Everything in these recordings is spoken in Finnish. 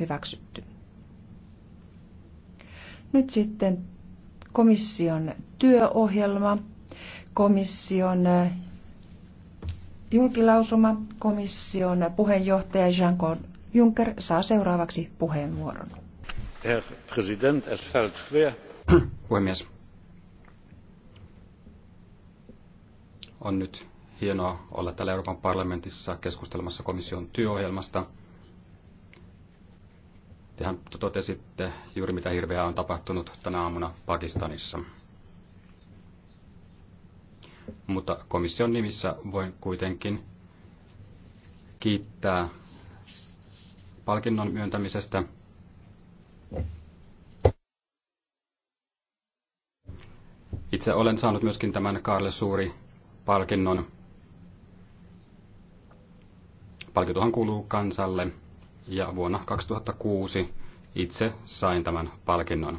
Hyväksytty. Nyt sitten komission työohjelma, komission eh, julkilausuma, komission puheenjohtaja Jean-Claude Juncker saa seuraavaksi puheenvuoron. Herr Präsident, es fällt schwer. Puhemies. On nyt hienoa olla täällä Euroopan parlamentissa keskustelemassa komission työohjelmasta – Tehän totesitte juuri mitä hirveää on tapahtunut tänä aamuna Pakistanissa. Mutta komission nimissä voin kuitenkin kiittää palkinnon myöntämisestä. Itse olen saanut myöskin tämän Karle Suuri palkinnon. Palkintohan kuuluu kansalle ja vuonna 2006 itse sain tämän palkinnon.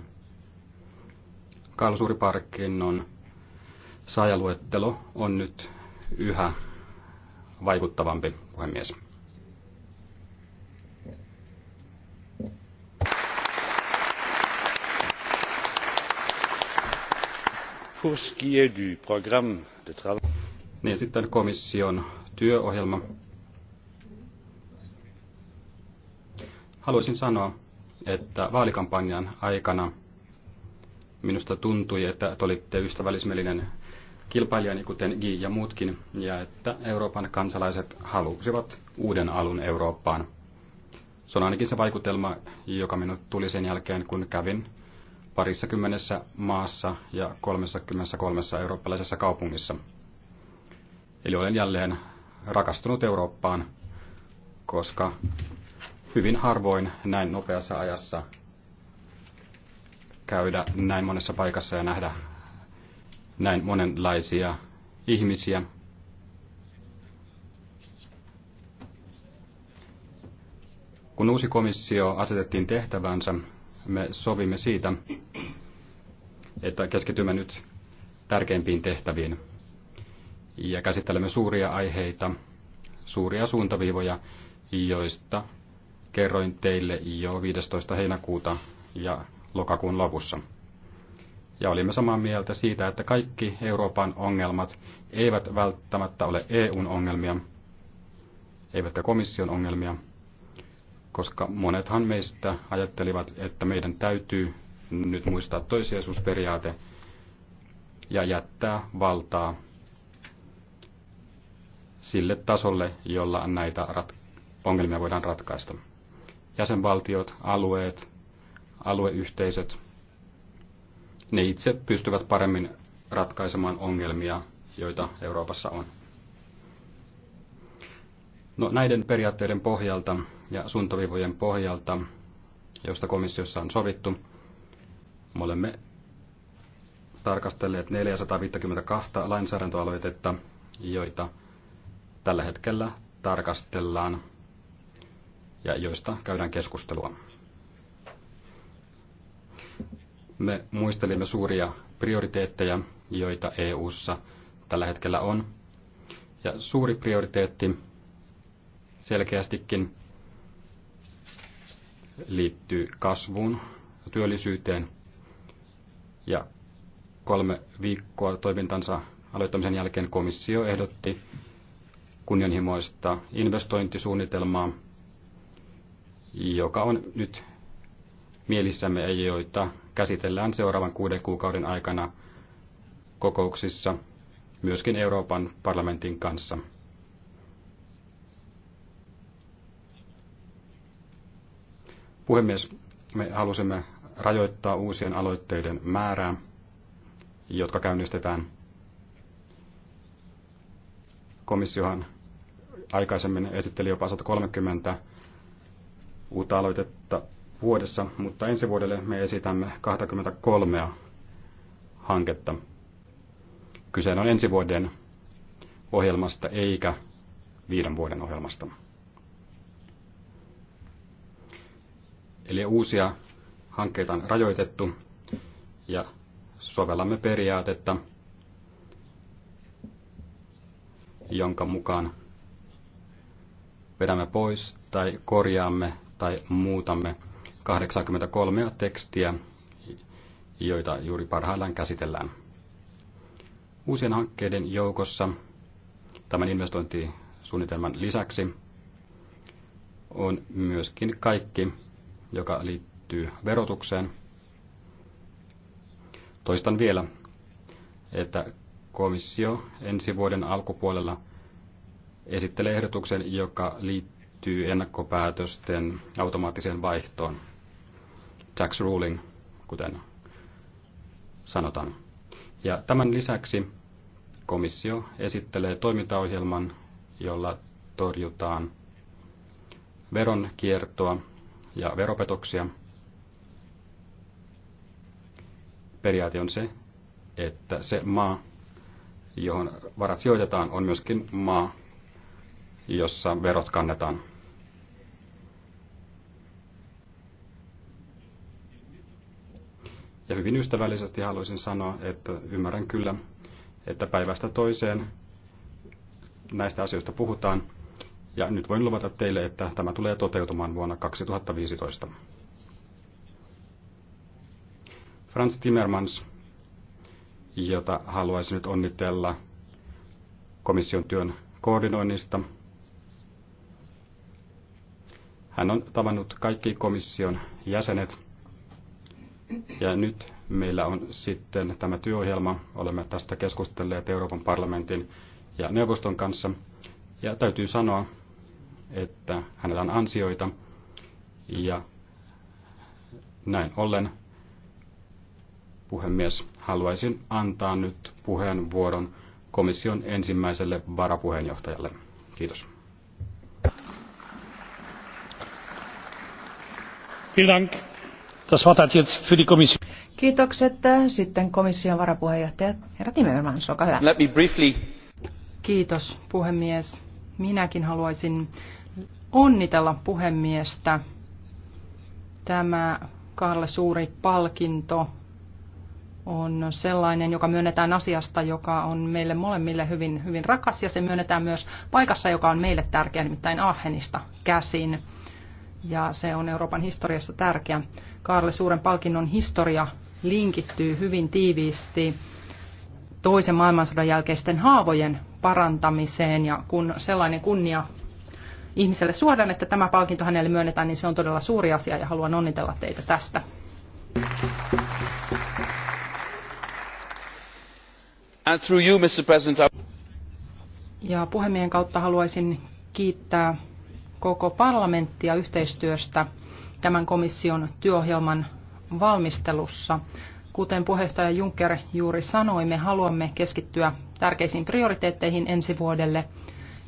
Kalsuuripalkinnon saajaluettelo on nyt yhä vaikuttavampi, puhemies. Niin sitten komission työohjelma Haluaisin sanoa, että vaalikampanjan aikana minusta tuntui, että te olitte ystävällismielinen kilpailijani, kuten Gi ja muutkin, ja että Euroopan kansalaiset halusivat uuden alun Eurooppaan. Se on ainakin se vaikutelma, joka minut tuli sen jälkeen, kun kävin parissa kymmenessä maassa ja 33 eurooppalaisessa kaupungissa. Eli olen jälleen rakastunut Eurooppaan, koska hyvin harvoin näin nopeassa ajassa käydä näin monessa paikassa ja nähdä näin monenlaisia ihmisiä. Kun uusi komissio asetettiin tehtävänsä, me sovimme siitä, että keskitymme nyt tärkeimpiin tehtäviin ja käsittelemme suuria aiheita, suuria suuntaviivoja, joista kerroin teille jo 15. heinäkuuta ja lokakuun lopussa. Ja olimme samaa mieltä siitä, että kaikki Euroopan ongelmat eivät välttämättä ole EUn ongelmia, eivätkä komission ongelmia, koska monethan meistä ajattelivat, että meidän täytyy nyt muistaa toisiaisuusperiaate ja jättää valtaa sille tasolle, jolla näitä rat- ongelmia voidaan ratkaista jäsenvaltiot, alueet, alueyhteisöt, ne itse pystyvät paremmin ratkaisemaan ongelmia, joita Euroopassa on. No, näiden periaatteiden pohjalta ja suuntavivojen pohjalta, josta komissiossa on sovittu, me olemme tarkastelleet 452 lainsäädäntöaloitetta, joita tällä hetkellä tarkastellaan ja joista käydään keskustelua. Me muistelimme suuria prioriteetteja, joita EU:ssa tällä hetkellä on. Ja suuri prioriteetti selkeästikin liittyy kasvuun ja työllisyyteen. Ja kolme viikkoa toimintansa aloittamisen jälkeen komissio ehdotti kunnianhimoista investointisuunnitelmaa, joka on nyt mielissämme ja joita käsitellään seuraavan kuuden kuukauden aikana kokouksissa myöskin Euroopan parlamentin kanssa. Puhemies, me halusimme rajoittaa uusien aloitteiden määrää, jotka käynnistetään. Komissiohan aikaisemmin esitteli jopa 130 uutta aloitetta vuodessa, mutta ensi vuodelle me esitämme 23 hanketta. Kyse on ensi vuoden ohjelmasta eikä viiden vuoden ohjelmasta. Eli uusia hankkeita on rajoitettu ja sovellamme periaatetta, jonka mukaan vedämme pois tai korjaamme tai muutamme 83 tekstiä, joita juuri parhaillaan käsitellään. Uusien hankkeiden joukossa tämän investointisuunnitelman lisäksi on myöskin kaikki, joka liittyy verotukseen. Toistan vielä, että komissio ensi vuoden alkupuolella esittelee ehdotuksen, joka liittyy liittyy ennakkopäätösten automaattiseen vaihtoon, tax ruling, kuten sanotaan. Ja tämän lisäksi komissio esittelee toimintaohjelman, jolla torjutaan veronkiertoa ja veropetoksia. Periaate on se, että se maa, johon varat sijoitetaan, on myöskin maa, jossa verot kannetaan. Ja hyvin ystävällisesti haluaisin sanoa, että ymmärrän kyllä, että päivästä toiseen näistä asioista puhutaan. Ja nyt voin luvata teille, että tämä tulee toteutumaan vuonna 2015. Franz Timmermans, jota haluaisin nyt onnitella komission työn koordinoinnista. Hän on tavannut kaikki komission jäsenet ja nyt meillä on sitten tämä työohjelma. Olemme tästä keskustelleet Euroopan parlamentin ja neuvoston kanssa. Ja täytyy sanoa, että hänellä on ansioita. Ja näin ollen, puhemies, haluaisin antaa nyt puheenvuoron komission ensimmäiselle varapuheenjohtajalle. Kiitos. Vielen Dank. Kiitokset. Sitten komission varapuheenjohtaja herra Timmermans, olkaa hyvä. Let me briefly... Kiitos puhemies. Minäkin haluaisin onnitella puhemiestä. Tämä Karle Suuri palkinto on sellainen, joka myönnetään asiasta, joka on meille molemmille hyvin, hyvin rakas ja se myönnetään myös paikassa, joka on meille tärkeä, nimittäin ahenista käsin ja se on Euroopan historiassa tärkeä. Kaarle Suuren palkinnon historia linkittyy hyvin tiiviisti toisen maailmansodan jälkeisten haavojen parantamiseen ja kun sellainen kunnia ihmiselle suodaan, että tämä palkinto hänelle myönnetään, niin se on todella suuri asia ja haluan onnitella teitä tästä. And through you, Mr. President, I... Ja puhemiehen kautta haluaisin kiittää koko parlamenttia yhteistyöstä tämän komission työohjelman valmistelussa. Kuten puheenjohtaja Juncker juuri sanoi, me haluamme keskittyä tärkeisiin prioriteetteihin ensi vuodelle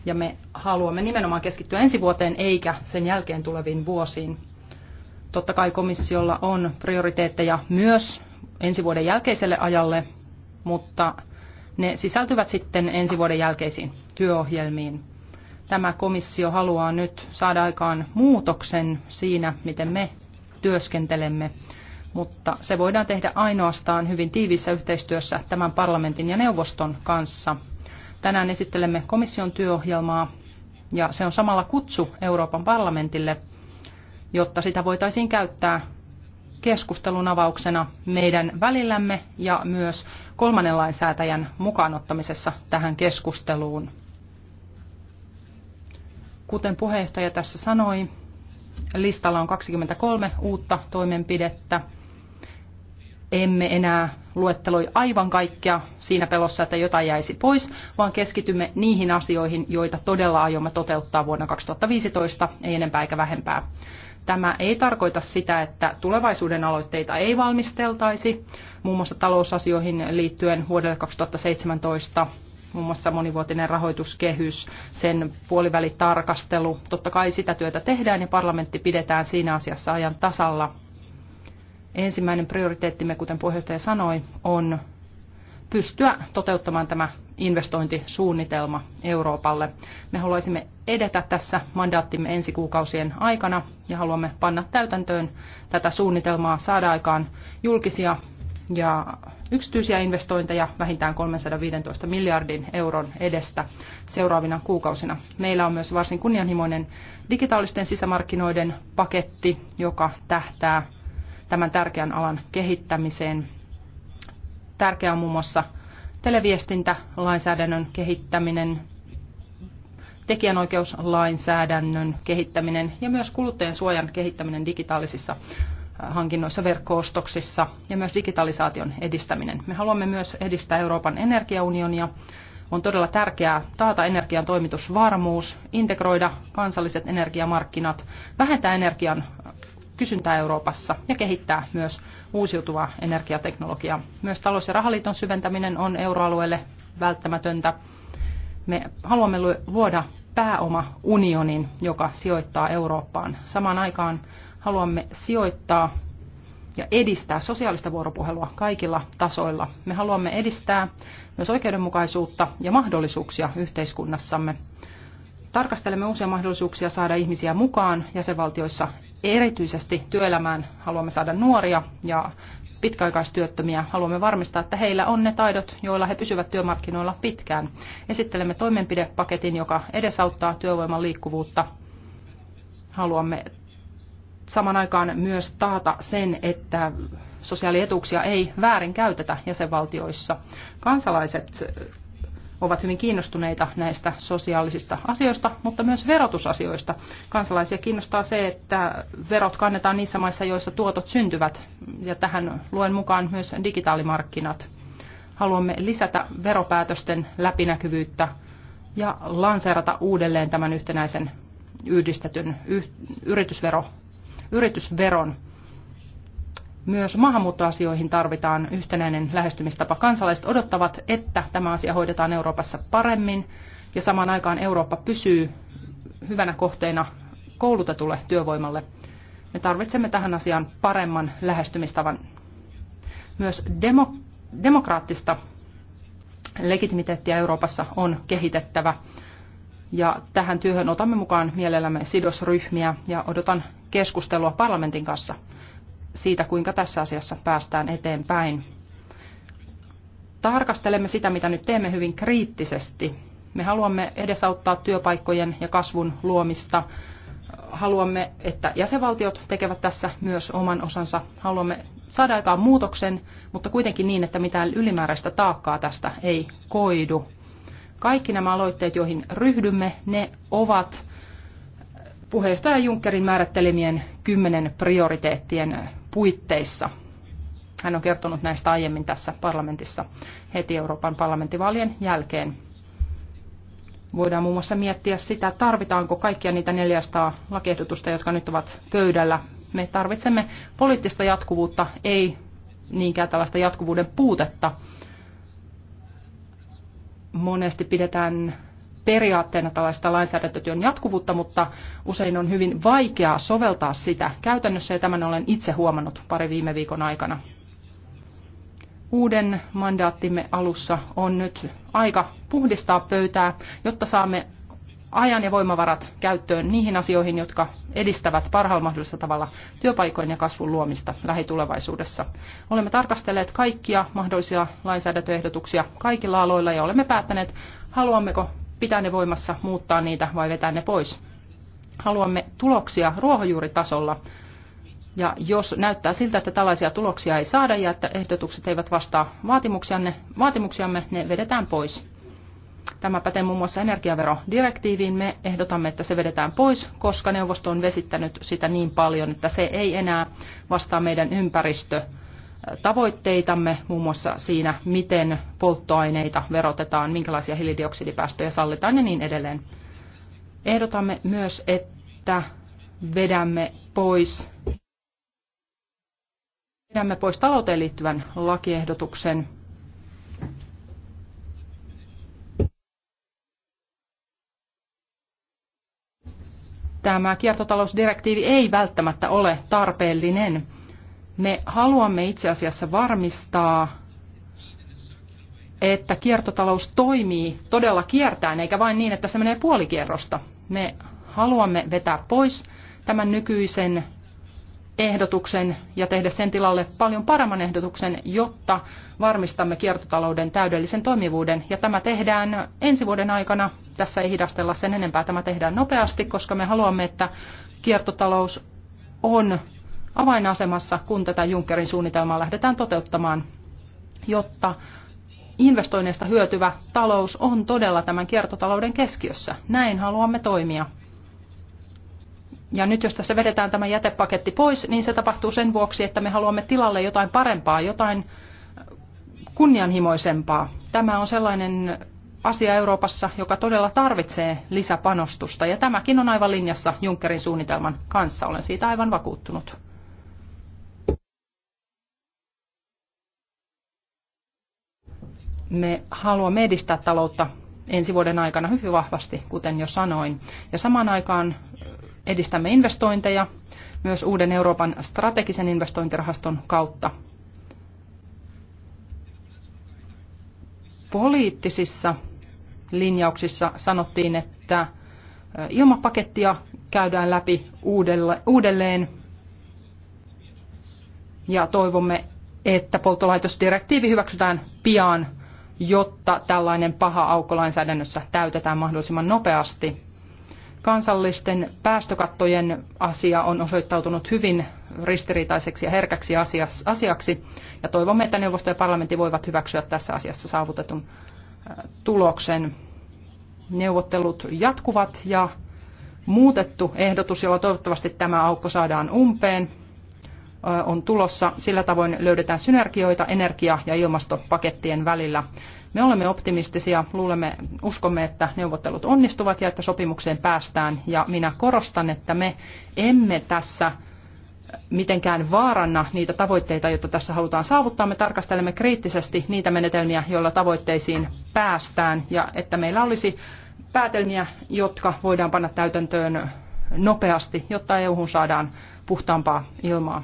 ja me haluamme nimenomaan keskittyä ensi vuoteen eikä sen jälkeen tuleviin vuosiin. Totta kai komissiolla on prioriteetteja myös ensi vuoden jälkeiselle ajalle, mutta ne sisältyvät sitten ensi vuoden jälkeisiin työohjelmiin. Tämä komissio haluaa nyt saada aikaan muutoksen siinä, miten me työskentelemme, mutta se voidaan tehdä ainoastaan hyvin tiiviissä yhteistyössä tämän parlamentin ja neuvoston kanssa. Tänään esittelemme komission työohjelmaa ja se on samalla kutsu Euroopan parlamentille, jotta sitä voitaisiin käyttää keskustelun avauksena meidän välillämme ja myös kolmannen lainsäätäjän mukaanottamisessa tähän keskusteluun. Kuten puheenjohtaja tässä sanoi, listalla on 23 uutta toimenpidettä. Emme enää luetteloi aivan kaikkea siinä pelossa, että jotain jäisi pois, vaan keskitymme niihin asioihin, joita todella aiomme toteuttaa vuonna 2015, ei enempää eikä vähempää. Tämä ei tarkoita sitä, että tulevaisuuden aloitteita ei valmisteltaisi, muun muassa talousasioihin liittyen vuodelle 2017 muun muassa monivuotinen rahoituskehys, sen puolivälitarkastelu. Totta kai sitä työtä tehdään ja parlamentti pidetään siinä asiassa ajan tasalla. Ensimmäinen prioriteettimme, kuten puheenjohtaja sanoi, on pystyä toteuttamaan tämä investointisuunnitelma Euroopalle. Me haluaisimme edetä tässä mandaattimme ensi kuukausien aikana ja haluamme panna täytäntöön tätä suunnitelmaa, saada aikaan julkisia ja yksityisiä investointeja vähintään 315 miljardin euron edestä seuraavina kuukausina. Meillä on myös varsin kunnianhimoinen digitaalisten sisämarkkinoiden paketti, joka tähtää tämän tärkeän alan kehittämiseen. Tärkeää on muun muassa televiestintä, lainsäädännön kehittäminen, tekijänoikeuslainsäädännön kehittäminen ja myös kuluttajien suojan kehittäminen digitaalisissa hankinnoissa, verkkoostoksissa ja myös digitalisaation edistäminen. Me haluamme myös edistää Euroopan energiaunionia. On todella tärkeää taata energian toimitusvarmuus, integroida kansalliset energiamarkkinat, vähentää energian äh, kysyntää Euroopassa ja kehittää myös uusiutuvaa energiateknologiaa. Myös talous- ja rahaliiton syventäminen on euroalueelle välttämätöntä. Me haluamme luoda pääomaunionin, joka sijoittaa Eurooppaan. Samaan aikaan haluamme sijoittaa ja edistää sosiaalista vuoropuhelua kaikilla tasoilla. Me haluamme edistää myös oikeudenmukaisuutta ja mahdollisuuksia yhteiskunnassamme. Tarkastelemme uusia mahdollisuuksia saada ihmisiä mukaan jäsenvaltioissa, erityisesti työelämään haluamme saada nuoria ja pitkäaikaistyöttömiä. Haluamme varmistaa, että heillä on ne taidot, joilla he pysyvät työmarkkinoilla pitkään. Esittelemme toimenpidepaketin, joka edesauttaa työvoiman liikkuvuutta. Haluamme samaan aikaan myös taata sen, että sosiaalietuuksia ei väärin käytetä jäsenvaltioissa. Kansalaiset ovat hyvin kiinnostuneita näistä sosiaalisista asioista, mutta myös verotusasioista. Kansalaisia kiinnostaa se, että verot kannetaan niissä maissa, joissa tuotot syntyvät, ja tähän luen mukaan myös digitaalimarkkinat. Haluamme lisätä veropäätösten läpinäkyvyyttä ja lanseerata uudelleen tämän yhtenäisen yhdistetyn yritysvero yritysveron. Myös maahanmuuttoasioihin tarvitaan yhtenäinen lähestymistapa. Kansalaiset odottavat, että tämä asia hoidetaan Euroopassa paremmin ja samaan aikaan Eurooppa pysyy hyvänä kohteena koulutetulle työvoimalle. Me tarvitsemme tähän asiaan paremman lähestymistavan. Myös demo, demokraattista legitimiteettiä Euroopassa on kehitettävä. Ja tähän työhön otamme mukaan mielellämme sidosryhmiä ja odotan keskustelua parlamentin kanssa siitä, kuinka tässä asiassa päästään eteenpäin. Tarkastelemme sitä, mitä nyt teemme hyvin kriittisesti. Me haluamme edesauttaa työpaikkojen ja kasvun luomista. Haluamme, että jäsenvaltiot tekevät tässä myös oman osansa. Haluamme saada aikaan muutoksen, mutta kuitenkin niin, että mitään ylimääräistä taakkaa tästä ei koidu. Kaikki nämä aloitteet, joihin ryhdymme, ne ovat puheenjohtaja Junckerin määrittelemien kymmenen prioriteettien puitteissa. Hän on kertonut näistä aiemmin tässä parlamentissa heti Euroopan parlamenttivaalien jälkeen. Voidaan muun muassa miettiä sitä, tarvitaanko kaikkia niitä 400 lakiehdotusta, jotka nyt ovat pöydällä. Me tarvitsemme poliittista jatkuvuutta, ei niinkään tällaista jatkuvuuden puutetta. Monesti pidetään periaatteena tällaista lainsäädäntötyön jatkuvuutta, mutta usein on hyvin vaikeaa soveltaa sitä käytännössä ja tämän olen itse huomannut pari viime viikon aikana. Uuden mandaattimme alussa on nyt aika puhdistaa pöytää, jotta saamme ajan ja voimavarat käyttöön niihin asioihin, jotka edistävät parhaalla mahdollisella tavalla työpaikojen ja kasvun luomista lähitulevaisuudessa. Olemme tarkastelleet kaikkia mahdollisia lainsäädäntöehdotuksia kaikilla aloilla ja olemme päättäneet, haluammeko pitää ne voimassa, muuttaa niitä vai vetää ne pois. Haluamme tuloksia ruohonjuuritasolla. Ja jos näyttää siltä, että tällaisia tuloksia ei saada ja että ehdotukset eivät vastaa vaatimuksiamme, ne vedetään pois. Tämä pätee muun muassa energiaverodirektiiviin. Me ehdotamme, että se vedetään pois, koska neuvosto on vesittänyt sitä niin paljon, että se ei enää vastaa meidän ympäristö- tavoitteitamme, muun muassa siinä, miten polttoaineita verotetaan, minkälaisia hiilidioksidipäästöjä sallitaan ja niin edelleen. Ehdotamme myös, että vedämme pois, vedämme pois talouteen liittyvän lakiehdotuksen. Tämä kiertotalousdirektiivi ei välttämättä ole tarpeellinen me haluamme itse asiassa varmistaa, että kiertotalous toimii todella kiertään, eikä vain niin, että se menee puolikierrosta. Me haluamme vetää pois tämän nykyisen ehdotuksen ja tehdä sen tilalle paljon paremman ehdotuksen, jotta varmistamme kiertotalouden täydellisen toimivuuden. Ja tämä tehdään ensi vuoden aikana. Tässä ei hidastella sen enempää. Tämä tehdään nopeasti, koska me haluamme, että kiertotalous on avainasemassa, kun tätä Junckerin suunnitelmaa lähdetään toteuttamaan, jotta investoinneista hyötyvä talous on todella tämän kiertotalouden keskiössä. Näin haluamme toimia. Ja nyt jos tässä vedetään tämä jätepaketti pois, niin se tapahtuu sen vuoksi, että me haluamme tilalle jotain parempaa, jotain kunnianhimoisempaa. Tämä on sellainen asia Euroopassa, joka todella tarvitsee lisäpanostusta. Ja tämäkin on aivan linjassa Junckerin suunnitelman kanssa. Olen siitä aivan vakuuttunut. Me haluamme edistää taloutta ensi vuoden aikana hyvin vahvasti, kuten jo sanoin. Ja samaan aikaan eh, edistämme investointeja myös uuden Euroopan strategisen investointirahaston kautta. Poliittisissa linjauksissa sanottiin, että eh, ilmapakettia käydään läpi uudelleen ja toivomme, että polttolaitosdirektiivi hyväksytään pian jotta tällainen paha aukko lainsäädännössä täytetään mahdollisimman nopeasti. Kansallisten päästökattojen asia on osoittautunut hyvin ristiriitaiseksi ja herkäksi asiaksi, ja toivomme, että neuvosto ja parlamentti voivat hyväksyä tässä asiassa saavutetun äh, tuloksen. Neuvottelut jatkuvat ja muutettu ehdotus, jolla toivottavasti tämä aukko saadaan umpeen, on tulossa. Sillä tavoin löydetään synergioita energia- ja ilmastopakettien välillä. Me olemme optimistisia, luulemme, uskomme, että neuvottelut onnistuvat ja että sopimukseen päästään. Ja minä korostan, että me emme tässä mitenkään vaaranna niitä tavoitteita, joita tässä halutaan saavuttaa. Me tarkastelemme kriittisesti niitä menetelmiä, joilla tavoitteisiin päästään ja että meillä olisi päätelmiä, jotka voidaan panna täytäntöön nopeasti, jotta EU-hun saadaan puhtaampaa ilmaa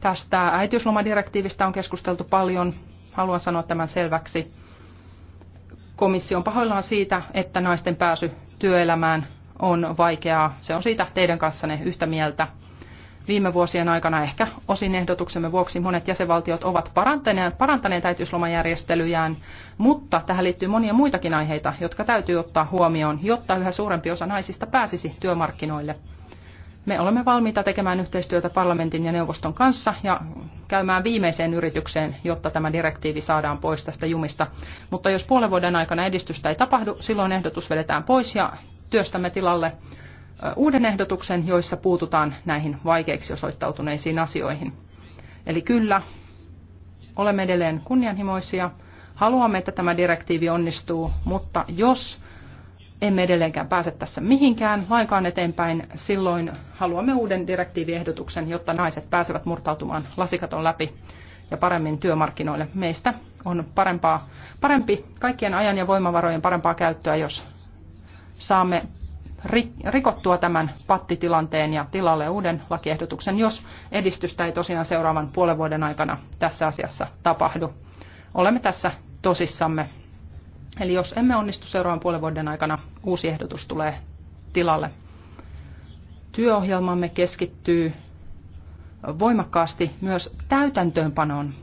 Tästä äitiyslomadirektiivistä on keskusteltu paljon. Haluan sanoa tämän selväksi. Komissio on pahoillaan siitä, että naisten pääsy työelämään on vaikeaa. Se on siitä teidän kanssanne yhtä mieltä. Viime vuosien aikana ehkä osin ehdotuksemme vuoksi monet jäsenvaltiot ovat parantaneet, parantaneet äitiyslomajärjestelyjään, mutta tähän liittyy monia muitakin aiheita, jotka täytyy ottaa huomioon, jotta yhä suurempi osa naisista pääsisi työmarkkinoille. Me olemme valmiita tekemään yhteistyötä parlamentin ja neuvoston kanssa ja käymään viimeiseen yritykseen, jotta tämä direktiivi saadaan pois tästä jumista. Mutta jos puolen vuoden aikana edistystä ei tapahdu, silloin ehdotus vedetään pois ja työstämme tilalle uuden ehdotuksen, joissa puututaan näihin vaikeiksi osoittautuneisiin asioihin. Eli kyllä, olemme edelleen kunnianhimoisia. Haluamme, että tämä direktiivi onnistuu, mutta jos emme edelleenkään pääse tässä mihinkään lainkaan eteenpäin. Silloin haluamme uuden direktiiviehdotuksen, jotta naiset pääsevät murtautumaan lasikaton läpi ja paremmin työmarkkinoille. Meistä on parempaa, parempi kaikkien ajan ja voimavarojen parempaa käyttöä, jos saamme rikottua tämän pattitilanteen ja tilalle uuden lakiehdotuksen, jos edistystä ei tosiaan seuraavan puolen vuoden aikana tässä asiassa tapahdu. Olemme tässä tosissamme Eli jos emme onnistu seuraavan puolen vuoden aikana, uusi ehdotus tulee tilalle. Työohjelmamme keskittyy voimakkaasti myös täytäntöönpanoon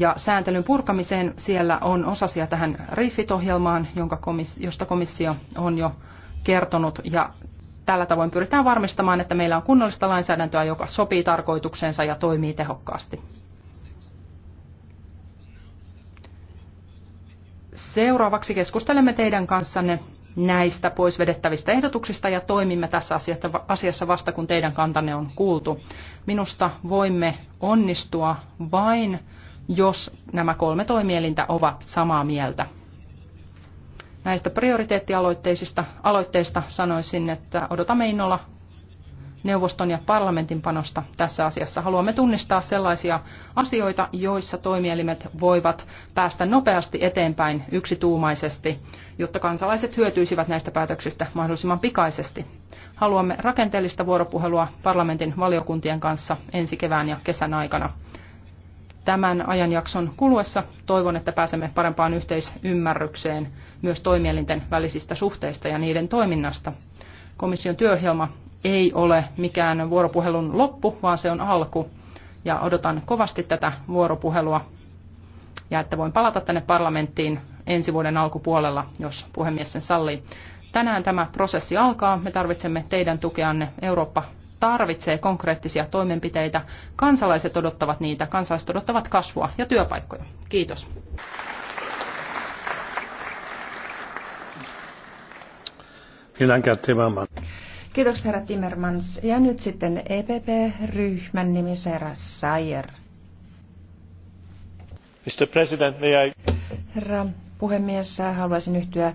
ja sääntelyn purkamiseen. Siellä on osasia tähän RIFIT-ohjelmaan, jonka josta komissio on jo kertonut. Ja tällä tavoin pyritään varmistamaan, että meillä on kunnollista lainsäädäntöä, joka sopii tarkoitukseensa ja toimii tehokkaasti. Seuraavaksi keskustelemme teidän kanssanne näistä pois vedettävistä ehdotuksista ja toimimme tässä asiassa vasta, kun teidän kantanne on kuultu. Minusta voimme onnistua vain, jos nämä kolme toimielintä ovat samaa mieltä. Näistä prioriteettialoitteista aloitteista sanoisin, että odotamme innolla neuvoston ja parlamentin panosta tässä asiassa. Haluamme tunnistaa sellaisia asioita, joissa toimielimet voivat päästä nopeasti eteenpäin yksituumaisesti, jotta kansalaiset hyötyisivät näistä päätöksistä mahdollisimman pikaisesti. Haluamme rakenteellista vuoropuhelua parlamentin valiokuntien kanssa ensi kevään ja kesän aikana. Tämän ajanjakson kuluessa toivon, että pääsemme parempaan yhteisymmärrykseen myös toimielinten välisistä suhteista ja niiden toiminnasta komission työohjelma ei ole mikään vuoropuhelun loppu, vaan se on alku. Ja odotan kovasti tätä vuoropuhelua ja että voin palata tänne parlamenttiin ensi vuoden alkupuolella, jos puhemies sen sallii. Tänään tämä prosessi alkaa. Me tarvitsemme teidän tukeanne. Eurooppa tarvitsee konkreettisia toimenpiteitä. Kansalaiset odottavat niitä. Kansalaiset odottavat kasvua ja työpaikkoja. Kiitos. Vielen Dank, Kiitokset herra Timmermans. Ja nyt sitten EPP-ryhmän nimissä herra Sayer. Mr. President, may I... Herra puhemies, äh, haluaisin yhtyä äh,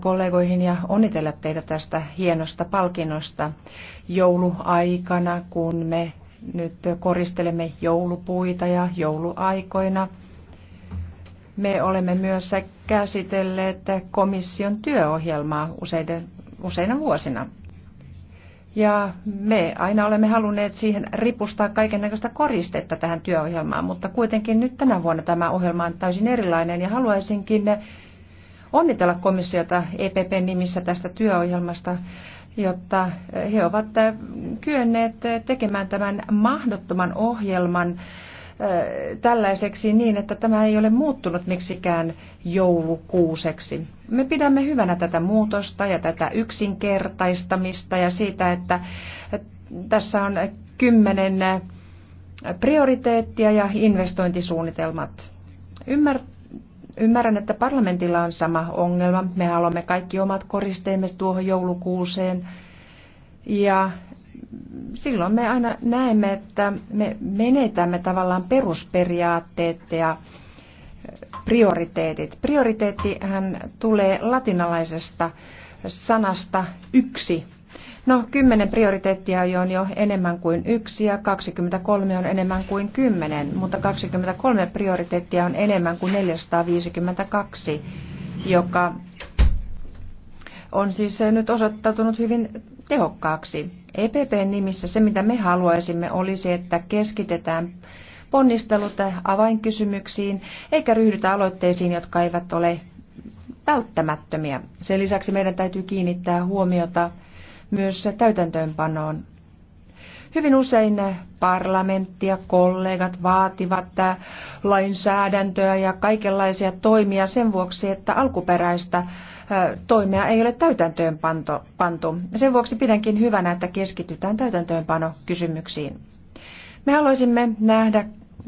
kollegoihin ja onnitella teitä tästä hienosta palkinnosta jouluaikana, kun me nyt koristelemme joulupuita ja jouluaikoina. Me olemme myös käsitelleet komission työohjelmaa useiden, useina vuosina. Ja me aina olemme halunneet siihen ripustaa kaiken näköistä koristetta tähän työohjelmaan, mutta kuitenkin nyt tänä vuonna tämä ohjelma on täysin erilainen ja haluaisinkin onnitella komissiota EPPn nimissä tästä työohjelmasta, jotta he ovat kyenneet tekemään tämän mahdottoman ohjelman tällaiseksi niin, että tämä ei ole muuttunut miksikään joulukuuseksi. Me pidämme hyvänä tätä muutosta ja tätä yksinkertaistamista ja siitä, että tässä on kymmenen prioriteettia ja investointisuunnitelmat. Ymmärtää Ymmärrän, että parlamentilla on sama ongelma. Me haluamme kaikki omat koristeemme tuohon joulukuuseen. Ja silloin me aina näemme, että me menetämme tavallaan perusperiaatteet ja eh, prioriteetit. Prioriteettihän tulee latinalaisesta sanasta yksi. No, kymmenen prioriteettia on jo enemmän kuin yksi ja 23 on enemmän kuin kymmenen, mutta 23 prioriteettia on enemmän kuin 452, joka on siis nyt osoittautunut hyvin tehokkaaksi. EPPn nimissä se, mitä me haluaisimme, olisi, että keskitetään ponnistelut avainkysymyksiin, eikä ryhdytä aloitteisiin, jotka eivät ole välttämättömiä. Sen lisäksi meidän täytyy kiinnittää huomiota myös täytäntöönpanoon. Hyvin usein parlamentti ja kollegat vaativat lainsäädäntöä ja kaikenlaisia toimia sen vuoksi, että alkuperäistä toimia ei ole täytäntöön pantu. Sen vuoksi pidänkin hyvänä, että keskitytään täytäntöönpanokysymyksiin. Me haluaisimme nähdä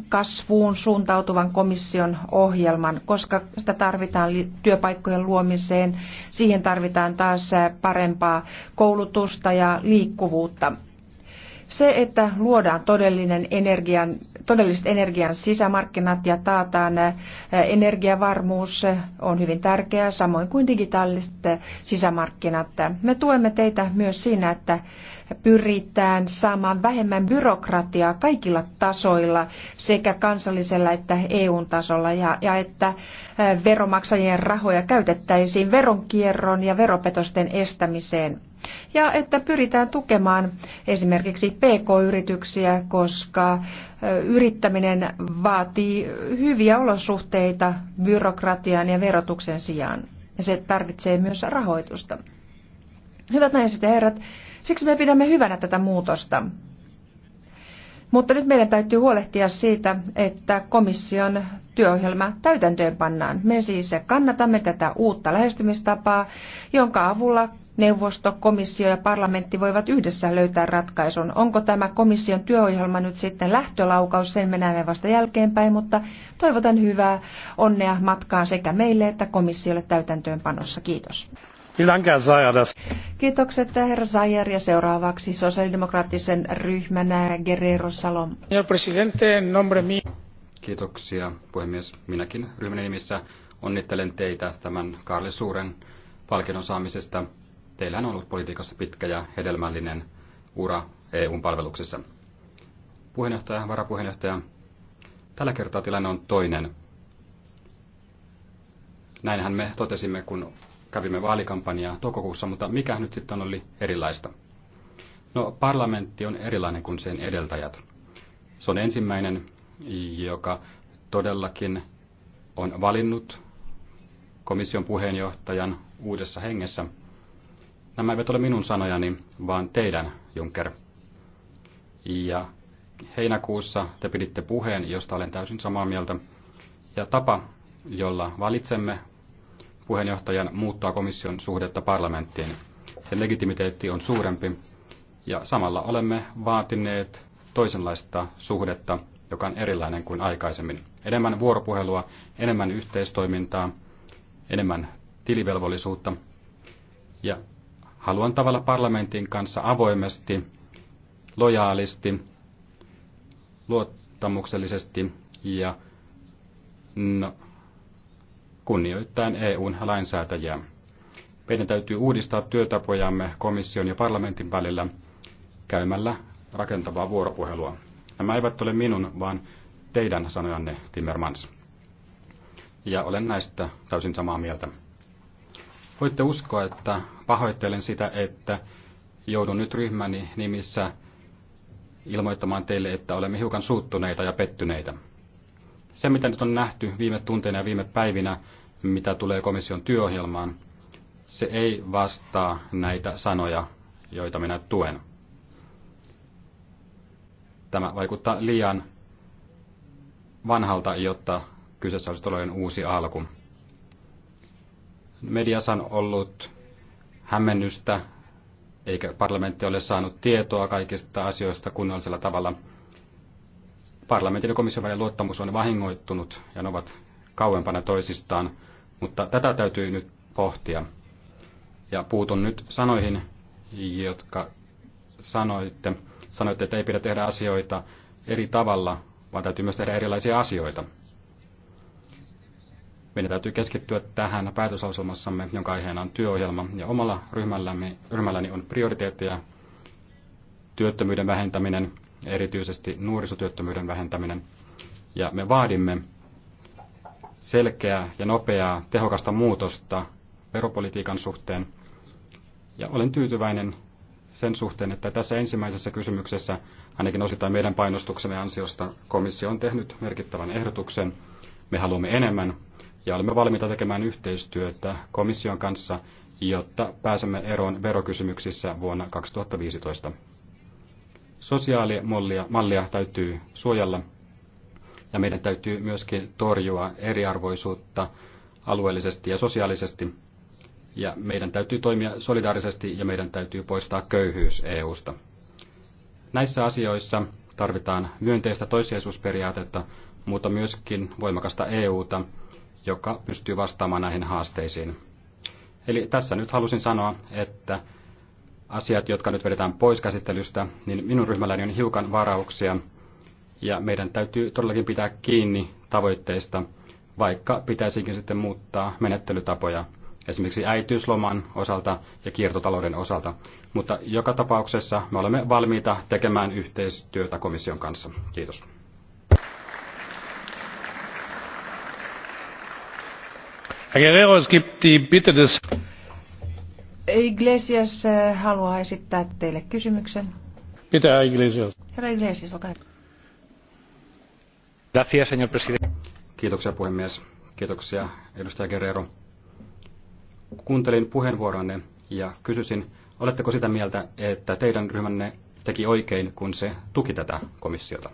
kasvuun suuntautuvan komission ohjelman, koska sitä tarvitaan työpaikkojen luomiseen. Siihen tarvitaan taas parempaa koulutusta ja liikkuvuutta. Se, että luodaan todellinen energian, todelliset energian sisämarkkinat ja taataan energiavarmuus on hyvin tärkeää, samoin kuin digitaaliset sisämarkkinat. Me tuemme teitä myös siinä, että pyritään saamaan vähemmän byrokratiaa kaikilla tasoilla, sekä kansallisella että EU-tasolla, ja, ja että veromaksajien rahoja käytettäisiin veronkierron ja veropetosten estämiseen ja että pyritään tukemaan esimerkiksi PK-yrityksiä, koska yrittäminen vaatii hyviä olosuhteita byrokratian ja verotuksen sijaan. Ja se tarvitsee myös rahoitusta. Hyvät naiset ja herrat, siksi me pidämme hyvänä tätä muutosta. Mutta nyt meidän täytyy huolehtia siitä, että komission työohjelma täytäntöön pannaan. Me siis kannatamme tätä uutta lähestymistapaa, jonka avulla neuvosto, komissio ja parlamentti voivat yhdessä löytää ratkaisun. Onko tämä komission työohjelma nyt sitten lähtölaukaus, sen me näemme vasta jälkeenpäin, mutta toivotan hyvää onnea matkaan sekä meille että komissiolle täytäntöönpanossa. Kiitos. Kiitokset herra Zajer ja seuraavaksi sosiaalidemokraattisen ryhmän Guerrero Salom. Kiitoksia puhemies. Minäkin ryhmän nimissä onnittelen teitä tämän Karli Suuren palkinnon saamisesta. Teillähän on ollut politiikassa pitkä ja hedelmällinen ura EUn palveluksessa. Puheenjohtaja, varapuheenjohtaja, tällä kertaa tilanne on toinen. Näinhän me totesimme, kun kävimme vaalikampanjaa toukokuussa, mutta mikä nyt sitten oli erilaista? No, parlamentti on erilainen kuin sen edeltäjät. Se on ensimmäinen, joka todellakin on valinnut komission puheenjohtajan uudessa hengessä – Nämä eivät ole minun sanojani, vaan teidän, Juncker. Ja heinäkuussa te piditte puheen, josta olen täysin samaa mieltä. Ja tapa, jolla valitsemme puheenjohtajan, muuttaa komission suhdetta parlamenttiin. Sen legitimiteetti on suurempi ja samalla olemme vaatineet toisenlaista suhdetta, joka on erilainen kuin aikaisemmin. Enemmän vuoropuhelua, enemmän yhteistoimintaa, enemmän tilivelvollisuutta. Ja haluan tavalla parlamentin kanssa avoimesti, lojaalisti, luottamuksellisesti ja no, kunnioittain EUn lainsäätäjiä. Meidän täytyy uudistaa työtapojamme komission ja parlamentin välillä käymällä rakentavaa vuoropuhelua. Nämä eivät ole minun, vaan teidän sanojanne, Timmermans. Ja olen näistä täysin samaa mieltä. Voitte uskoa, että pahoittelen sitä, että joudun nyt ryhmäni nimissä ilmoittamaan teille, että olemme hiukan suuttuneita ja pettyneitä. Se, mitä nyt on nähty viime tunteina ja viime päivinä, mitä tulee komission työohjelmaan, se ei vastaa näitä sanoja, joita minä tuen. Tämä vaikuttaa liian vanhalta, jotta kyseessä olisi todellinen uusi alku. Mediassa on ollut hämmennystä, eikä parlamentti ole saanut tietoa kaikista asioista kunnollisella tavalla. Parlamentin ja komission välinen luottamus on vahingoittunut ja ne ovat kauempana toisistaan, mutta tätä täytyy nyt pohtia. Ja puutun nyt sanoihin, jotka sanoitte. Sanoitte, että ei pidä tehdä asioita eri tavalla, vaan täytyy myös tehdä erilaisia asioita. Meidän täytyy keskittyä tähän päätöslauselmassamme, jonka aiheena on työohjelma, ja omalla ryhmällämme, ryhmälläni on prioriteetteja työttömyyden vähentäminen, erityisesti nuorisotyöttömyyden vähentäminen. Ja me vaadimme selkeää ja nopeaa tehokasta muutosta veropolitiikan suhteen. Ja olen tyytyväinen sen suhteen, että tässä ensimmäisessä kysymyksessä, ainakin osittain meidän painostuksemme ansiosta, komissio on tehnyt merkittävän ehdotuksen. Me haluamme enemmän ja olemme valmiita tekemään yhteistyötä komission kanssa, jotta pääsemme eroon verokysymyksissä vuonna 2015. Sosiaalimallia mallia täytyy suojella ja meidän täytyy myöskin torjua eriarvoisuutta alueellisesti ja sosiaalisesti. Ja meidän täytyy toimia solidaarisesti ja meidän täytyy poistaa köyhyys EUsta. Näissä asioissa tarvitaan myönteistä toissijaisuusperiaatetta, mutta myöskin voimakasta EUta, joka pystyy vastaamaan näihin haasteisiin. Eli tässä nyt halusin sanoa, että asiat, jotka nyt vedetään pois käsittelystä, niin minun ryhmälläni on hiukan varauksia, ja meidän täytyy todellakin pitää kiinni tavoitteista, vaikka pitäisikin sitten muuttaa menettelytapoja, esimerkiksi äitiysloman osalta ja kiertotalouden osalta. Mutta joka tapauksessa me olemme valmiita tekemään yhteistyötä komission kanssa. Kiitos. Iglesias äh, haluaa esittää teille kysymyksen. Mitä Iglesias? Herra Iglesias, olkaa hyvä. Gracias, señor presidente. Kiitoksia puhemies. Kiitoksia edustaja Guerrero. Kuuntelin puheenvuoronne ja kysyisin, oletteko sitä mieltä, että teidän ryhmänne teki oikein, kun se tuki tätä komissiota?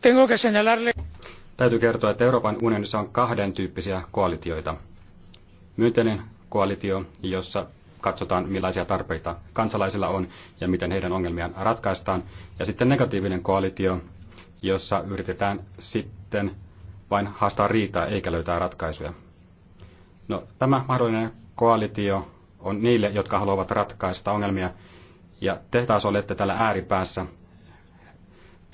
Tengo que señalarle Täytyy kertoa, että Euroopan unionissa on kahden tyyppisiä koalitioita. Myönteinen koalitio, jossa katsotaan millaisia tarpeita kansalaisilla on ja miten heidän ongelmiaan ratkaistaan. Ja sitten negatiivinen koalitio, jossa yritetään sitten vain haastaa riitaa eikä löytää ratkaisuja. No, tämä mahdollinen koalitio on niille, jotka haluavat ratkaista ongelmia, ja te taas olette täällä ääripäässä,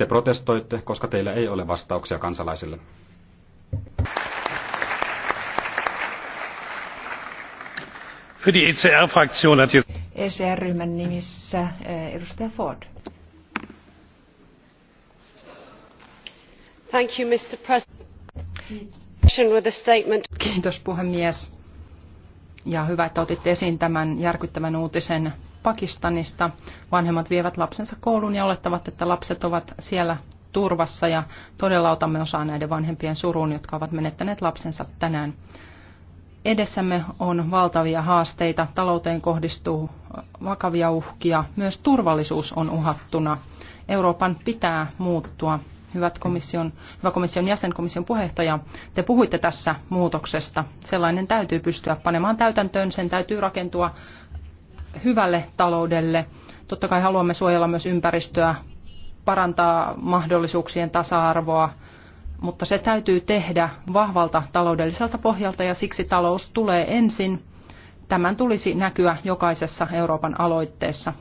te protestoitte, koska teillä ei ole vastauksia kansalaisille. Für die ECR-Fraktion hat ECR-ryhmän e nimissä eh, edustaja Ford. Thank you, Mr. President. Kiitos puhemies. Ja hyvä, että otitte esiin tämän järkyttävän uutisen Pakistanista. Vanhemmat vievät lapsensa kouluun ja olettavat, että lapset ovat siellä turvassa ja todella otamme osaa näiden vanhempien suruun, jotka ovat menettäneet lapsensa tänään. Edessämme on valtavia haasteita, talouteen kohdistuu vakavia uhkia, myös turvallisuus on uhattuna. Euroopan pitää muuttua. Hyvät komission, hyvä komission jäsen, komission puheenjohtaja, te puhuitte tässä muutoksesta. Sellainen täytyy pystyä panemaan täytäntöön, sen täytyy rakentua hyvälle taloudelle. Totta kai haluamme suojella myös ympäristöä, parantaa mahdollisuuksien tasa-arvoa, mutta se täytyy tehdä vahvalta taloudelliselta pohjalta ja siksi talous tulee ensin. Tämän tulisi näkyä jokaisessa Euroopan aloitteessa.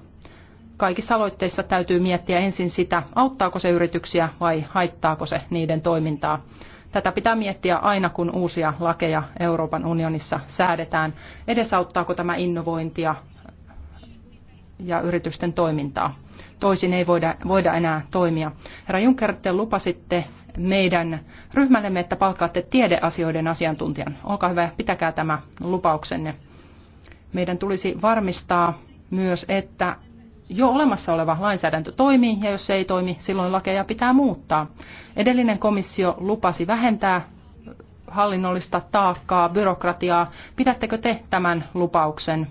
Kaikissa aloitteissa täytyy miettiä ensin sitä, auttaako se yrityksiä vai haittaako se niiden toimintaa. Tätä pitää miettiä aina, kun uusia lakeja Euroopan unionissa säädetään. Edesauttaako tämä innovointia ja yritysten toimintaa. Toisin ei voida, voida enää toimia. Herra Juncker, te lupasitte meidän ryhmällemme, että palkkaatte tiedeasioiden asiantuntijan. Olkaa hyvä, pitäkää tämä lupauksenne. Meidän tulisi varmistaa myös, että jo olemassa oleva lainsäädäntö toimii, ja jos se ei toimi, silloin lakeja pitää muuttaa. Edellinen komissio lupasi vähentää hallinnollista taakkaa, byrokratiaa. Pidättekö te tämän lupauksen?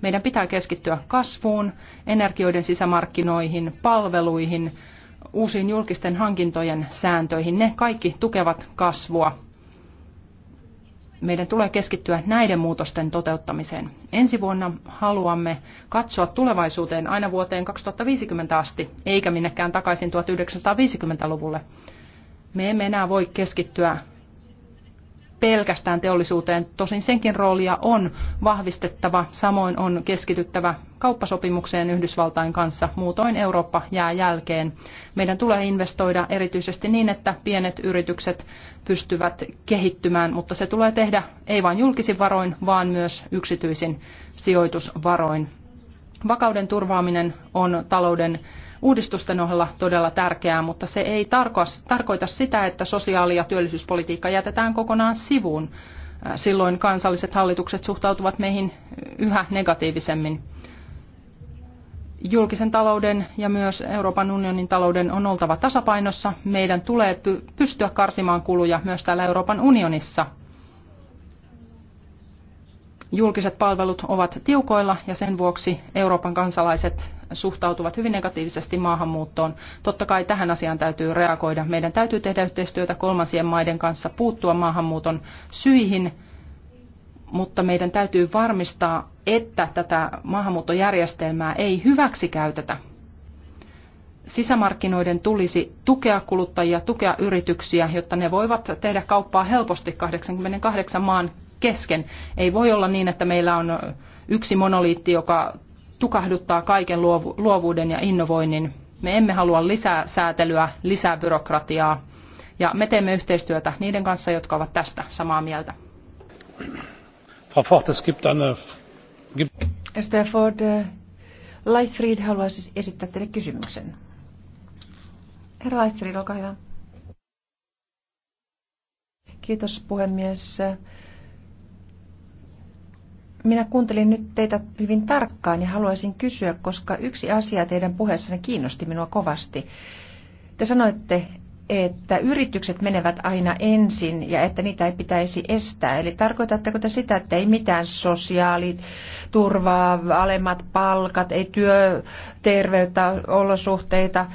Meidän pitää keskittyä kasvuun, energioiden sisämarkkinoihin, palveluihin, uusiin julkisten hankintojen sääntöihin. Ne kaikki tukevat kasvua. Meidän tulee keskittyä näiden muutosten toteuttamiseen. Ensi vuonna haluamme katsoa tulevaisuuteen aina vuoteen 2050 asti, eikä minnekään takaisin 1950-luvulle. Me emme enää voi keskittyä pelkästään teollisuuteen. Tosin senkin roolia on vahvistettava, samoin on keskityttävä kauppasopimukseen Yhdysvaltain kanssa, muutoin Eurooppa jää jälkeen. Meidän tulee investoida erityisesti niin, että pienet yritykset pystyvät kehittymään, mutta se tulee tehdä ei vain julkisin varoin, vaan myös yksityisin sijoitusvaroin. Vakauden turvaaminen on talouden uudistusten ohella todella tärkeää, mutta se ei tarkoita sitä, että sosiaali- ja työllisyyspolitiikka jätetään kokonaan sivuun. Äh, silloin kansalliset hallitukset suhtautuvat meihin yhä negatiivisemmin. Julkisen talouden ja myös Euroopan unionin talouden on oltava tasapainossa. Meidän tulee pystyä karsimaan kuluja myös täällä Euroopan unionissa – Julkiset palvelut ovat tiukoilla ja sen vuoksi Euroopan kansalaiset suhtautuvat hyvin negatiivisesti maahanmuuttoon. Totta kai tähän asiaan täytyy reagoida. Meidän täytyy tehdä yhteistyötä kolmansien maiden kanssa, puuttua maahanmuuton syihin, mutta meidän täytyy varmistaa, että tätä maahanmuuttojärjestelmää ei hyväksikäytetä. Sisämarkkinoiden tulisi tukea kuluttajia, tukea yrityksiä, jotta ne voivat tehdä kauppaa helposti 88 maan kesken. Ei voi olla niin, että meillä on yksi monoliitti, joka tukahduttaa kaiken luovuuden ja innovoinnin. Me emme halua lisää säätelyä, lisää byrokratiaa ja me teemme yhteistyötä niiden kanssa, jotka ovat tästä samaa mieltä. Frau Ford, es gibt eine... Äh, haluaisi siis esittää teille kysymyksen. Herra Leifried, olkaa hyvä. Kiitos puhemies. Minä kuuntelin nyt teitä hyvin tarkkaan ja haluaisin kysyä, koska yksi asia teidän puheessanne kiinnosti minua kovasti. Te sanoitte, että yritykset menevät aina ensin ja että niitä ei pitäisi estää. Eli tarkoitatteko te sitä, että ei mitään sosiaaliturvaa, alemmat palkat, ei työterveyttä, olosuhteita,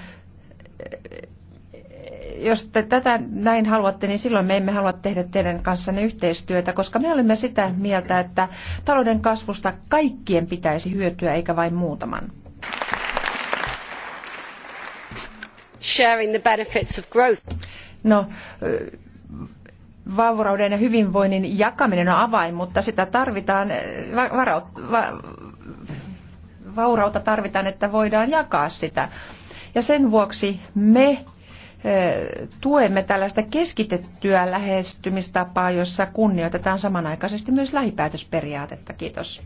jos te tätä näin haluatte, niin silloin me emme halua tehdä teidän kanssanne yhteistyötä, koska me olemme sitä mieltä, että talouden kasvusta kaikkien pitäisi hyötyä eikä vain muutaman. Sharing the benefits of growth. No, vaurauden ja hyvinvoinnin jakaminen on avain, mutta sitä tarvitaan, varaut, va, vaurauta tarvitaan, että voidaan jakaa sitä. Ja sen vuoksi me tuemme tällaista keskitettyä lähestymistapaa, jossa kunnioitetaan samanaikaisesti myös lähipäätösperiaatetta. Kiitos.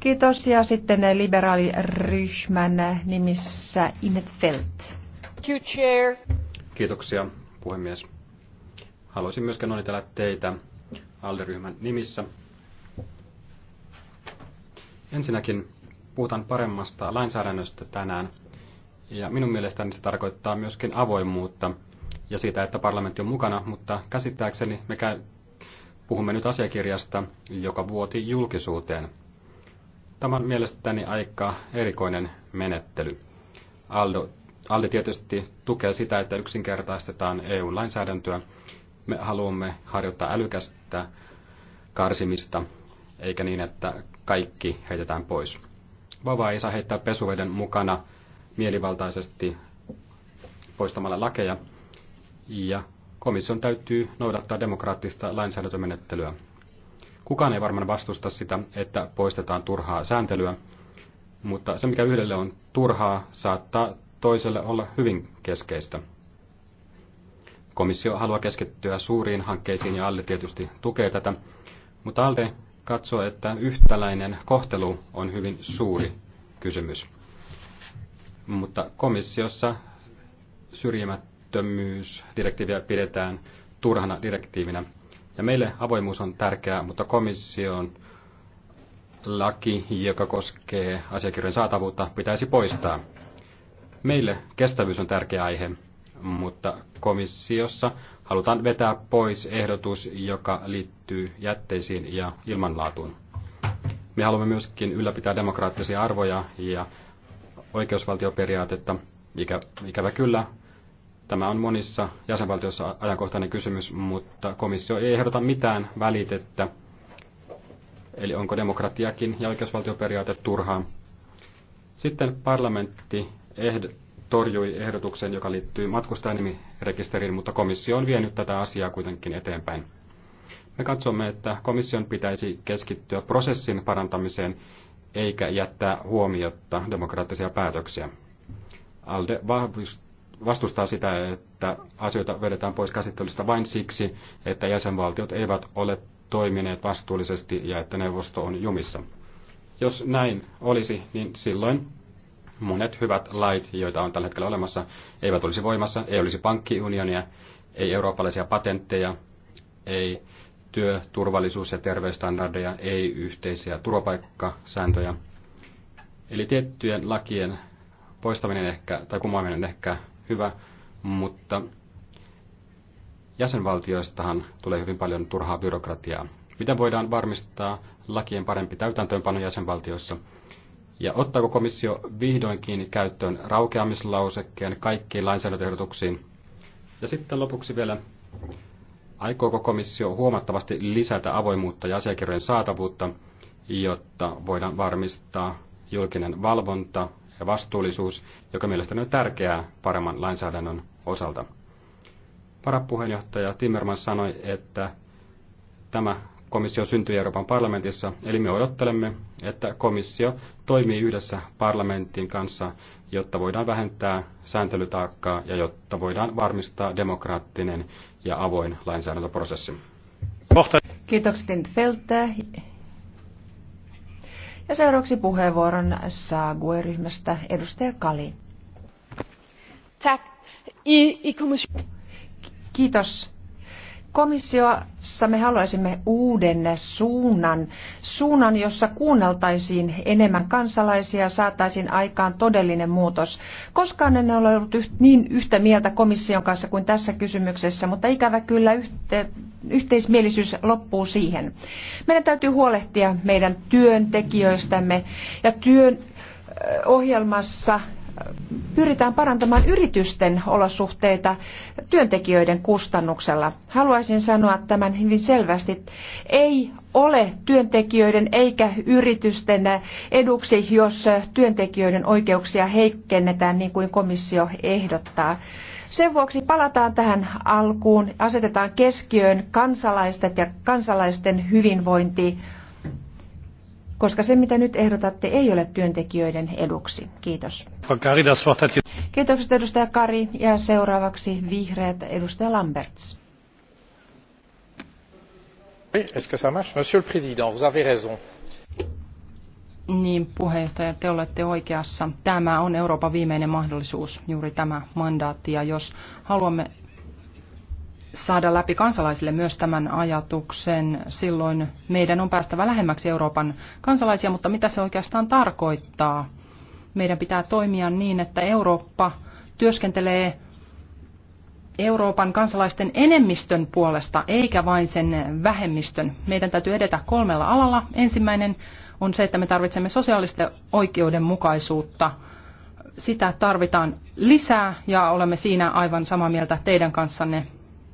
Kiitos. Ja sitten liberaaliryhmän nimissä Inet Felt. Kiitoksia, puhemies. Haluaisin myöskin onnitella teitä alderyhmän nimissä. Ensinnäkin puhutaan paremmasta lainsäädännöstä tänään – ja minun mielestäni se tarkoittaa myöskin avoimuutta ja siitä, että parlamentti on mukana, mutta käsittääkseni me käy, puhumme nyt asiakirjasta, joka vuoti julkisuuteen. Tämä on mielestäni aika erikoinen menettely. Aldo, Aldi tietysti tukee sitä, että yksinkertaistetaan EU-lainsäädäntöä. Me haluamme harjoittaa älykästä karsimista, eikä niin, että kaikki heitetään pois. Vavaa ei saa heittää pesuveden mukana mielivaltaisesti poistamalla lakeja, ja komission täytyy noudattaa demokraattista lainsäädäntömenettelyä. Kukaan ei varmaan vastusta sitä, että poistetaan turhaa sääntelyä, mutta se mikä yhdelle on turhaa, saattaa toiselle olla hyvin keskeistä. Komissio haluaa keskittyä suuriin hankkeisiin ja alle tietysti tukee tätä, mutta alle katsoo, että yhtäläinen kohtelu on hyvin suuri kysymys. Mutta komissiossa syrjimättömyysdirektiiviä pidetään turhana direktiivinä. Ja meille avoimuus on tärkeää, mutta komission laki, joka koskee asiakirjojen saatavuutta, pitäisi poistaa. Meille kestävyys on tärkeä aihe, mutta komissiossa halutaan vetää pois ehdotus, joka liittyy jätteisiin ja ilmanlaatuun. Me haluamme myöskin ylläpitää demokraattisia arvoja ja oikeusvaltioperiaatetta. Ikä, ikävä kyllä, tämä on monissa jäsenvaltioissa ajankohtainen kysymys, mutta komissio ei ehdota mitään välitettä. Eli onko demokratiakin ja oikeusvaltioperiaate turhaa? Sitten parlamentti ehd- torjui ehdotuksen, joka liittyy matkustajanimirekisteriin, mutta komissio on vienyt tätä asiaa kuitenkin eteenpäin. Me katsomme, että komission pitäisi keskittyä prosessin parantamiseen eikä jättää huomiota demokraattisia päätöksiä. ALDE vastustaa sitä, että asioita vedetään pois käsittelystä vain siksi, että jäsenvaltiot eivät ole toimineet vastuullisesti ja että neuvosto on jumissa. Jos näin olisi, niin silloin monet hyvät lait, joita on tällä hetkellä olemassa, eivät olisi voimassa, ei olisi pankkiunionia, ei eurooppalaisia patentteja, ei työ, turvallisuus- ja terveysstandardeja, ei yhteisiä turvapaikkasääntöjä. Eli tiettyjen lakien poistaminen ehkä, tai kumoaminen ehkä hyvä, mutta jäsenvaltioistahan tulee hyvin paljon turhaa byrokratiaa. Miten voidaan varmistaa lakien parempi täytäntöönpano jäsenvaltioissa? Ja ottaako komissio vihdoinkin käyttöön raukeamislausekkeen kaikkiin lainsäädäntöehdotuksiin? Ja sitten lopuksi vielä Aikooko komissio huomattavasti lisätä avoimuutta ja asiakirjojen saatavuutta, jotta voidaan varmistaa julkinen valvonta ja vastuullisuus, joka mielestäni on tärkeää paremman lainsäädännön osalta? Varapuheenjohtaja Timmermans sanoi, että tämä komissio syntyi Euroopan parlamentissa, eli me odottelemme, että komissio toimii yhdessä parlamentin kanssa, jotta voidaan vähentää sääntelytaakkaa ja jotta voidaan varmistaa demokraattinen ja avoin lainsäädäntöprosessi. Kiitokset Feltä. Ja seuraavaksi puheenvuoron saa GUE-ryhmästä edustaja Kali. Tack. I, i Kiitos Komissiossa me haluaisimme uuden suunnan, suunnan, jossa kuunneltaisiin enemmän kansalaisia ja saataisiin aikaan todellinen muutos. Koskaan en ole ollut niin yhtä mieltä komission kanssa kuin tässä kysymyksessä, mutta ikävä kyllä yhte, yhteismielisyys loppuu siihen. Meidän täytyy huolehtia meidän työntekijöistämme ja työn ohjelmassa pyritään parantamaan yritysten olosuhteita työntekijöiden kustannuksella. Haluaisin sanoa tämän hyvin selvästi. Ei ole työntekijöiden eikä yritysten eduksi, jos työntekijöiden oikeuksia heikennetään niin kuin komissio ehdottaa. Sen vuoksi palataan tähän alkuun, asetetaan keskiöön kansalaiset ja kansalaisten hyvinvointi koska se, mitä nyt ehdotatte, ei ole työntekijöiden eduksi. Kiitos. Kiitokset edustaja Kari ja seuraavaksi vihreät edustaja Lamberts. Niin, puheenjohtaja, te olette oikeassa. Tämä on Euroopan viimeinen mahdollisuus, juuri tämä mandaatti. Ja jos haluamme saada läpi kansalaisille myös tämän ajatuksen, silloin meidän on päästävä lähemmäksi Euroopan kansalaisia, mutta mitä se oikeastaan tarkoittaa? Meidän pitää toimia niin, että Eurooppa työskentelee Euroopan kansalaisten enemmistön puolesta, eikä vain sen vähemmistön. Meidän täytyy edetä kolmella alalla. Ensimmäinen on se, että me tarvitsemme sosiaalista oikeudenmukaisuutta. Sitä tarvitaan lisää ja olemme siinä aivan samaa mieltä teidän kanssanne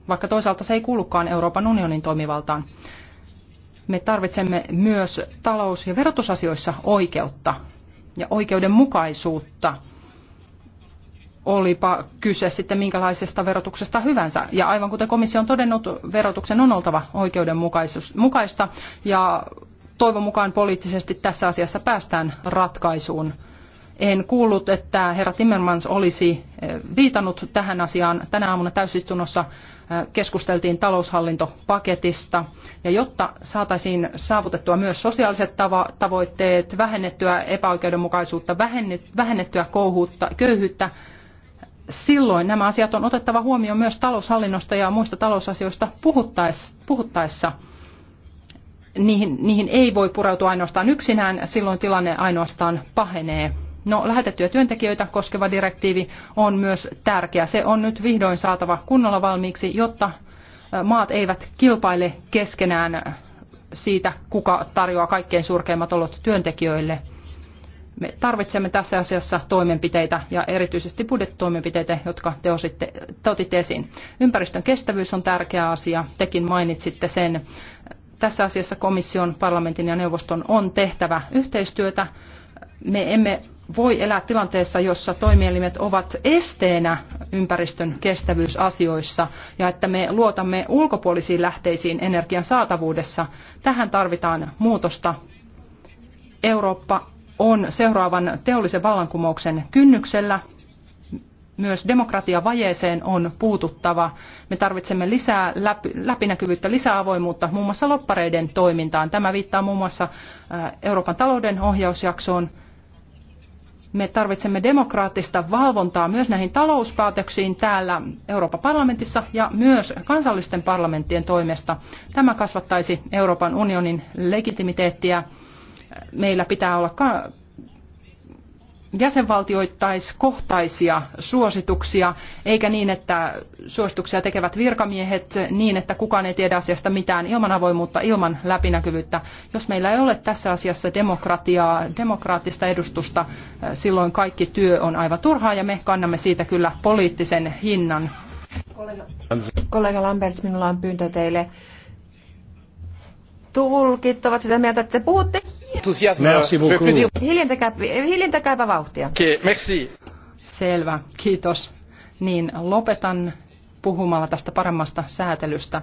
vaikka toisaalta se ei kuulukaan Euroopan unionin toimivaltaan. Me tarvitsemme myös talous- ja verotusasioissa oikeutta ja oikeudenmukaisuutta, olipa kyse sitten minkälaisesta verotuksesta hyvänsä. Ja aivan kuten komissio on todennut, verotuksen on oltava oikeudenmukaista ja toivon mukaan poliittisesti tässä asiassa päästään ratkaisuun. En kuullut, että herra Timmermans olisi eh, viitannut tähän asiaan tänä aamuna täysistunnossa, keskusteltiin taloushallintopaketista. Ja jotta saataisiin saavutettua myös sosiaaliset tavoitteet, vähennettyä epäoikeudenmukaisuutta, vähennettyä kouhuutta, köyhyyttä, silloin nämä asiat on otettava huomioon myös taloushallinnosta ja muista talousasioista puhuttaessa. Niihin, niihin ei voi pureutua ainoastaan yksinään, silloin tilanne ainoastaan pahenee. No, lähetettyjä työntekijöitä koskeva direktiivi on myös tärkeä. Se on nyt vihdoin saatava kunnolla valmiiksi, jotta maat eivät kilpaile keskenään siitä, kuka tarjoaa kaikkein surkeimmat olot työntekijöille. Me tarvitsemme tässä asiassa toimenpiteitä ja erityisesti budjettitoimenpiteitä, jotka te, ositte, te otitte esiin. Ympäristön kestävyys on tärkeä asia, tekin mainitsitte sen. Tässä asiassa komission, parlamentin ja neuvoston on tehtävä yhteistyötä. Me emme voi elää tilanteessa, jossa toimielimet ovat esteenä ympäristön kestävyysasioissa ja että me luotamme ulkopuolisiin lähteisiin energian saatavuudessa. Tähän tarvitaan muutosta. Eurooppa on seuraavan teollisen vallankumouksen kynnyksellä. Myös demokratiavajeeseen on puututtava. Me tarvitsemme lisää läpinäkyvyyttä, lisää avoimuutta muun muassa loppareiden toimintaan. Tämä viittaa muun muassa Euroopan talouden ohjausjaksoon – me tarvitsemme demokraattista valvontaa myös näihin talouspäätöksiin täällä Euroopan parlamentissa ja myös kansallisten parlamenttien toimesta. Tämä kasvattaisi Euroopan unionin legitimiteettiä. Meillä pitää olla jäsenvaltioittaiskohtaisia suosituksia, eikä niin, että suosituksia tekevät virkamiehet niin, että kukaan ei tiedä asiasta mitään ilman avoimuutta, ilman läpinäkyvyyttä. Jos meillä ei ole tässä asiassa demokratiaa, demokraattista edustusta, eh, silloin kaikki työ on aivan turhaa ja me kannamme siitä kyllä poliittisen hinnan. Kollega, kollega Lamberts, minulla on pyyntö teille. Tulkit ovat sitä mieltä, että te puhutte Hiljentäkää, hiljentäkääpä vauhtia. Okay, merci. Selvä, kiitos. Niin lopetan puhumalla tästä paremmasta säätelystä.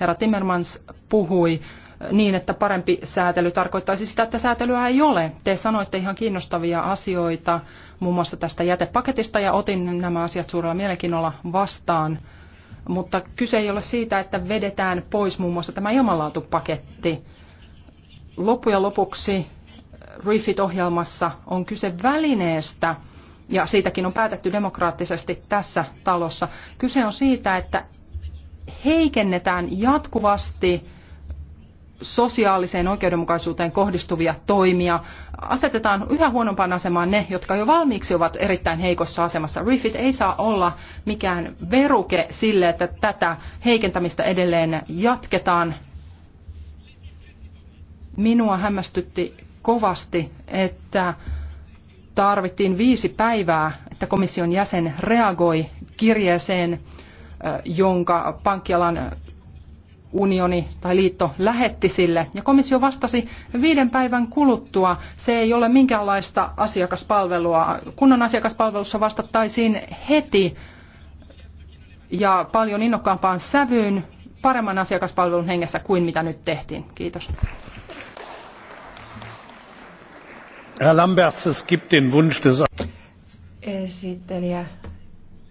Herra Timmermans puhui äh, niin, että parempi säätely tarkoittaisi sitä, että säätelyä ei ole. Te sanoitte ihan kiinnostavia asioita muun muassa tästä jätepaketista ja otin nämä asiat suurella mielenkiinnolla vastaan. Mutta kyse ei ole siitä, että vedetään pois muun muassa tämä ilmanlaatupaketti loppujen lopuksi REFIT-ohjelmassa on kyse välineestä, ja siitäkin on päätetty demokraattisesti tässä talossa. Kyse on siitä, että heikennetään jatkuvasti sosiaaliseen oikeudenmukaisuuteen kohdistuvia toimia. Asetetaan yhä huonompaan asemaan ne, jotka jo valmiiksi ovat erittäin heikossa asemassa. Refit ei saa olla mikään veruke sille, että tätä heikentämistä edelleen jatketaan Minua hämmästytti kovasti, että tarvittiin viisi päivää, että komission jäsen reagoi kirjeeseen, eh, jonka pankkialan unioni tai liitto lähetti sille. Ja komissio vastasi viiden päivän kuluttua. Se ei ole minkäänlaista asiakaspalvelua. Kunnan asiakaspalvelussa vastattaisiin heti ja paljon innokkaampaan sävyyn paremman asiakaspalvelun hengessä kuin mitä nyt tehtiin. Kiitos. Herr Lamberts, es gibt den Wunsch des... Esittelijä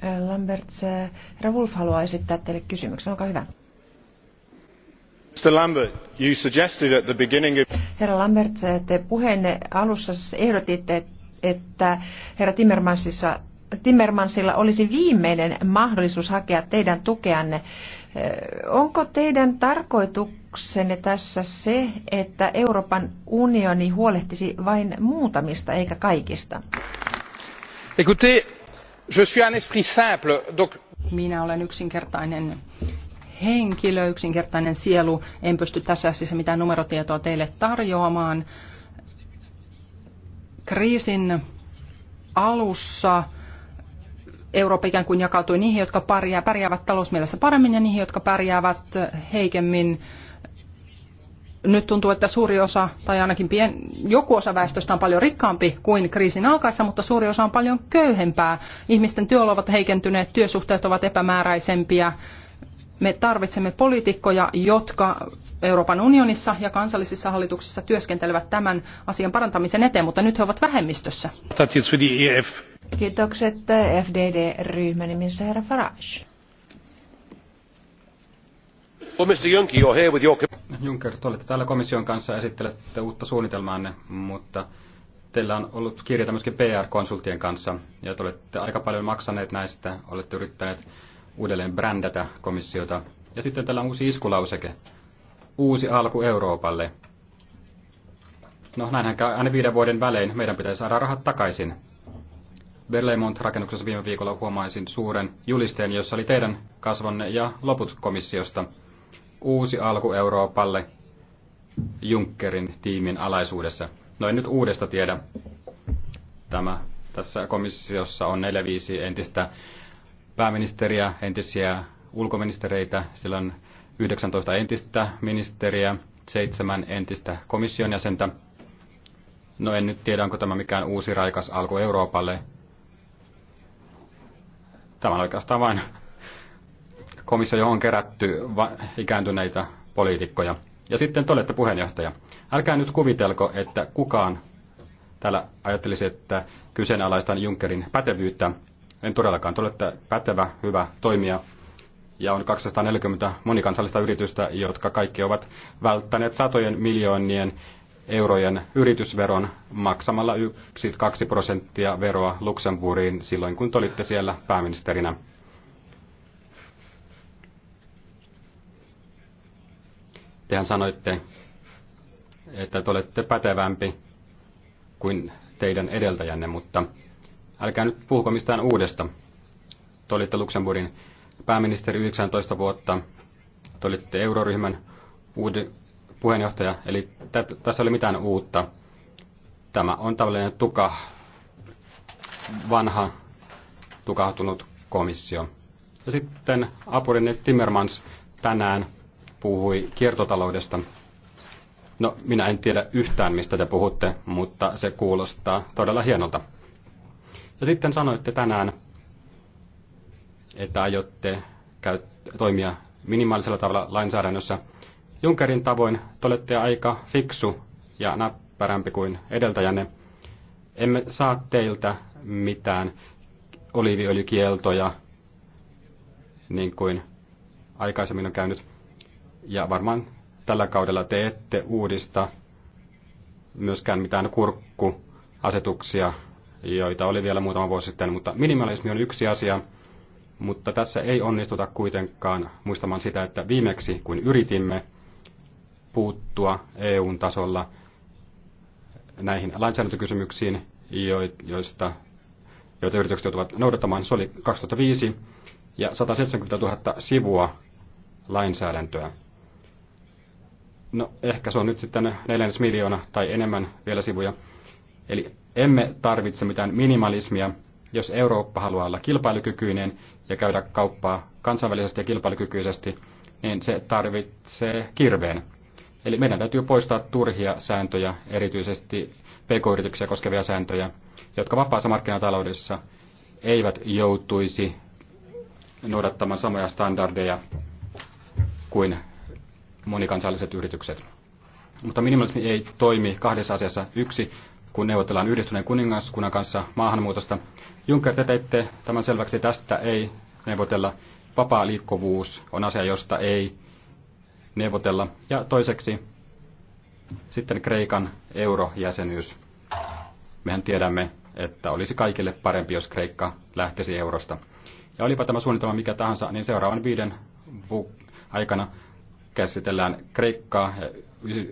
äh, Lamberts, herra äh, Wolf haluaa esittää teille kysymyksen, olkaa hyvä. Mr. Lambert, you suggested at the beginning of... Herra Lambert, äh, te puheenne alussa ehdotitte, että herra Timmermansissa Timmermansilla olisi viimeinen mahdollisuus hakea teidän tukeanne. Onko teidän tarkoitus ajatuksenne tässä se, että Euroopan unioni huolehtisi vain muutamista eikä kaikista? Écoutez, je suis un esprit simple, donc... Minä olen yksinkertainen henkilö, yksinkertainen sielu. En pysty tässä asiassa mitään numerotietoa teille tarjoamaan. Kriisin alussa Eurooppa ikään kuin jakautui niihin, jotka pärjäävät talousmielessä paremmin ja niihin, jotka pärjäävät heikemmin nyt tuntuu, että suuri osa, tai ainakin pien, joku osa väestöstä on paljon rikkaampi kuin kriisin alkaessa, mutta suuri osa on paljon köyhempää. Ihmisten työolot ovat heikentyneet, työsuhteet ovat epämääräisempiä. Me tarvitsemme poliitikkoja, jotka Euroopan unionissa ja kansallisissa hallituksissa työskentelevät tämän asian parantamisen eteen, mutta nyt he ovat vähemmistössä. E Kiitokset FDD-ryhmän nimissä herra Farage. Juncker, te olette täällä komission kanssa esittelette uutta suunnitelmaanne, mutta teillä on ollut kirjata myöskin PR-konsulttien kanssa, ja te olette aika paljon maksaneet näistä, olette yrittäneet uudelleen brändätä komissiota. Ja sitten täällä on uusi iskulauseke, uusi alku Euroopalle. No näinhän käy aina viiden vuoden välein, meidän pitäisi saada rahat takaisin. Berlaymont-rakennuksessa viime viikolla huomaisin suuren julisteen, jossa oli teidän kasvonne ja loput komissiosta – uusi alku Euroopalle Junckerin tiimin alaisuudessa. No en nyt uudesta tiedä. Tämä tässä komissiossa on 4-5 entistä pääministeriä, entisiä ulkoministereitä, sillä on 19 entistä ministeriä, seitsemän entistä komission jäsentä. No en nyt tiedä, onko tämä mikään uusi raikas alku Euroopalle. Tämä on oikeastaan vain komissio, johon on kerätty ikääntyneitä poliitikkoja. Ja sitten te olette puheenjohtaja. Älkää nyt kuvitelko, että kukaan täällä ajattelisi, että kyseenalaistan Junckerin pätevyyttä. En todellakaan. Te olette pätevä, hyvä toimija. Ja on 240 monikansallista yritystä, jotka kaikki ovat välttäneet satojen miljoonien eurojen yritysveron maksamalla 1-2 prosenttia veroa Luxemburgiin silloin, kun te olitte siellä pääministerinä. Tehän sanoitte, että te olette pätevämpi kuin teidän edeltäjänne, mutta älkää nyt puhuko mistään uudesta. Te olitte Luxemburgin pääministeri 19 vuotta, te olitte euroryhmän uuden puheenjohtaja, eli tässä oli mitään uutta. Tämä on tavallinen tuka, vanha, tukahtunut komissio. Ja sitten apurinne Timmermans tänään puhui kiertotaloudesta. No, minä en tiedä yhtään, mistä te puhutte, mutta se kuulostaa todella hienolta. Ja sitten sanoitte tänään, että aiotte käy, toimia minimaalisella tavalla lainsäädännössä. Junkerin tavoin te olette aika fiksu ja näppärämpi kuin edeltäjänne. Emme saa teiltä mitään oliiviöljykieltoja, niin kuin aikaisemmin on käynyt. Ja varmaan tällä kaudella te ette uudista myöskään mitään kurkkuasetuksia, joita oli vielä muutama vuosi sitten, mutta minimalismi on yksi asia, mutta tässä ei onnistuta kuitenkaan muistamaan sitä, että viimeksi kun yritimme puuttua EUn tasolla näihin lainsäädäntökysymyksiin, joista, joita yritykset joutuvat noudattamaan, se oli 2005 ja 170 000 sivua lainsäädäntöä no ehkä se on nyt sitten neljännes miljoona tai enemmän vielä sivuja. Eli emme tarvitse mitään minimalismia, jos Eurooppa haluaa olla kilpailukykyinen ja käydä kauppaa kansainvälisesti ja kilpailukykyisesti, niin se tarvitsee kirveen. Eli meidän täytyy poistaa turhia sääntöjä, erityisesti pk-yrityksiä koskevia sääntöjä, jotka vapaassa markkinataloudessa eivät joutuisi noudattamaan samoja standardeja kuin monikansalliset yritykset. Mutta minimalismi ei toimi kahdessa asiassa. Yksi, kun neuvotellaan yhdistyneen kuningaskunnan kanssa maahanmuutosta. Juncker, te teitte tämän selväksi, tästä ei neuvotella. Vapaa liikkuvuus on asia, josta ei neuvotella. Ja toiseksi sitten Kreikan eurojäsenyys. Mehän tiedämme, että olisi kaikille parempi, jos Kreikka lähtisi eurosta. Ja olipa tämä suunnitelma mikä tahansa, niin seuraavan viiden vu- aikana käsitellään Kreikkaa ja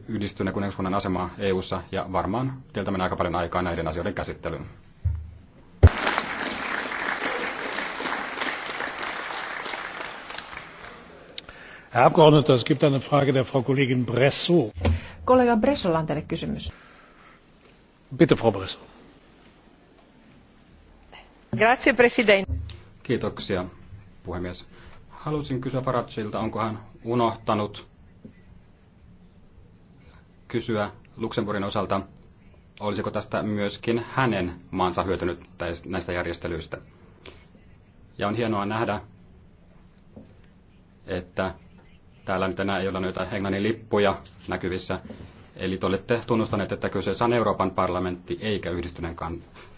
yhdistyneen kuningaskunnan asemaa EU-ssa ja varmaan teiltä menee aika paljon aikaa näiden asioiden käsittelyyn. Herr Abgeordneter, es gibt eine Frage der Frau Kollegin Bresso. Kollega Bressolla on teille kysymys. Bitte, Frau Bresso. Grazie, Presidente. Kiitoksia, puhemies Haluaisin kysyä Faradjilta, onko hän unohtanut kysyä Luxemburgin osalta, olisiko tästä myöskin hänen maansa hyötynyt näistä järjestelyistä. Ja on hienoa nähdä, että täällä nyt enää ei ole noita Englannin lippuja näkyvissä. Eli te olette tunnustaneet, että kyseessä on Euroopan parlamentti eikä yhdistyneen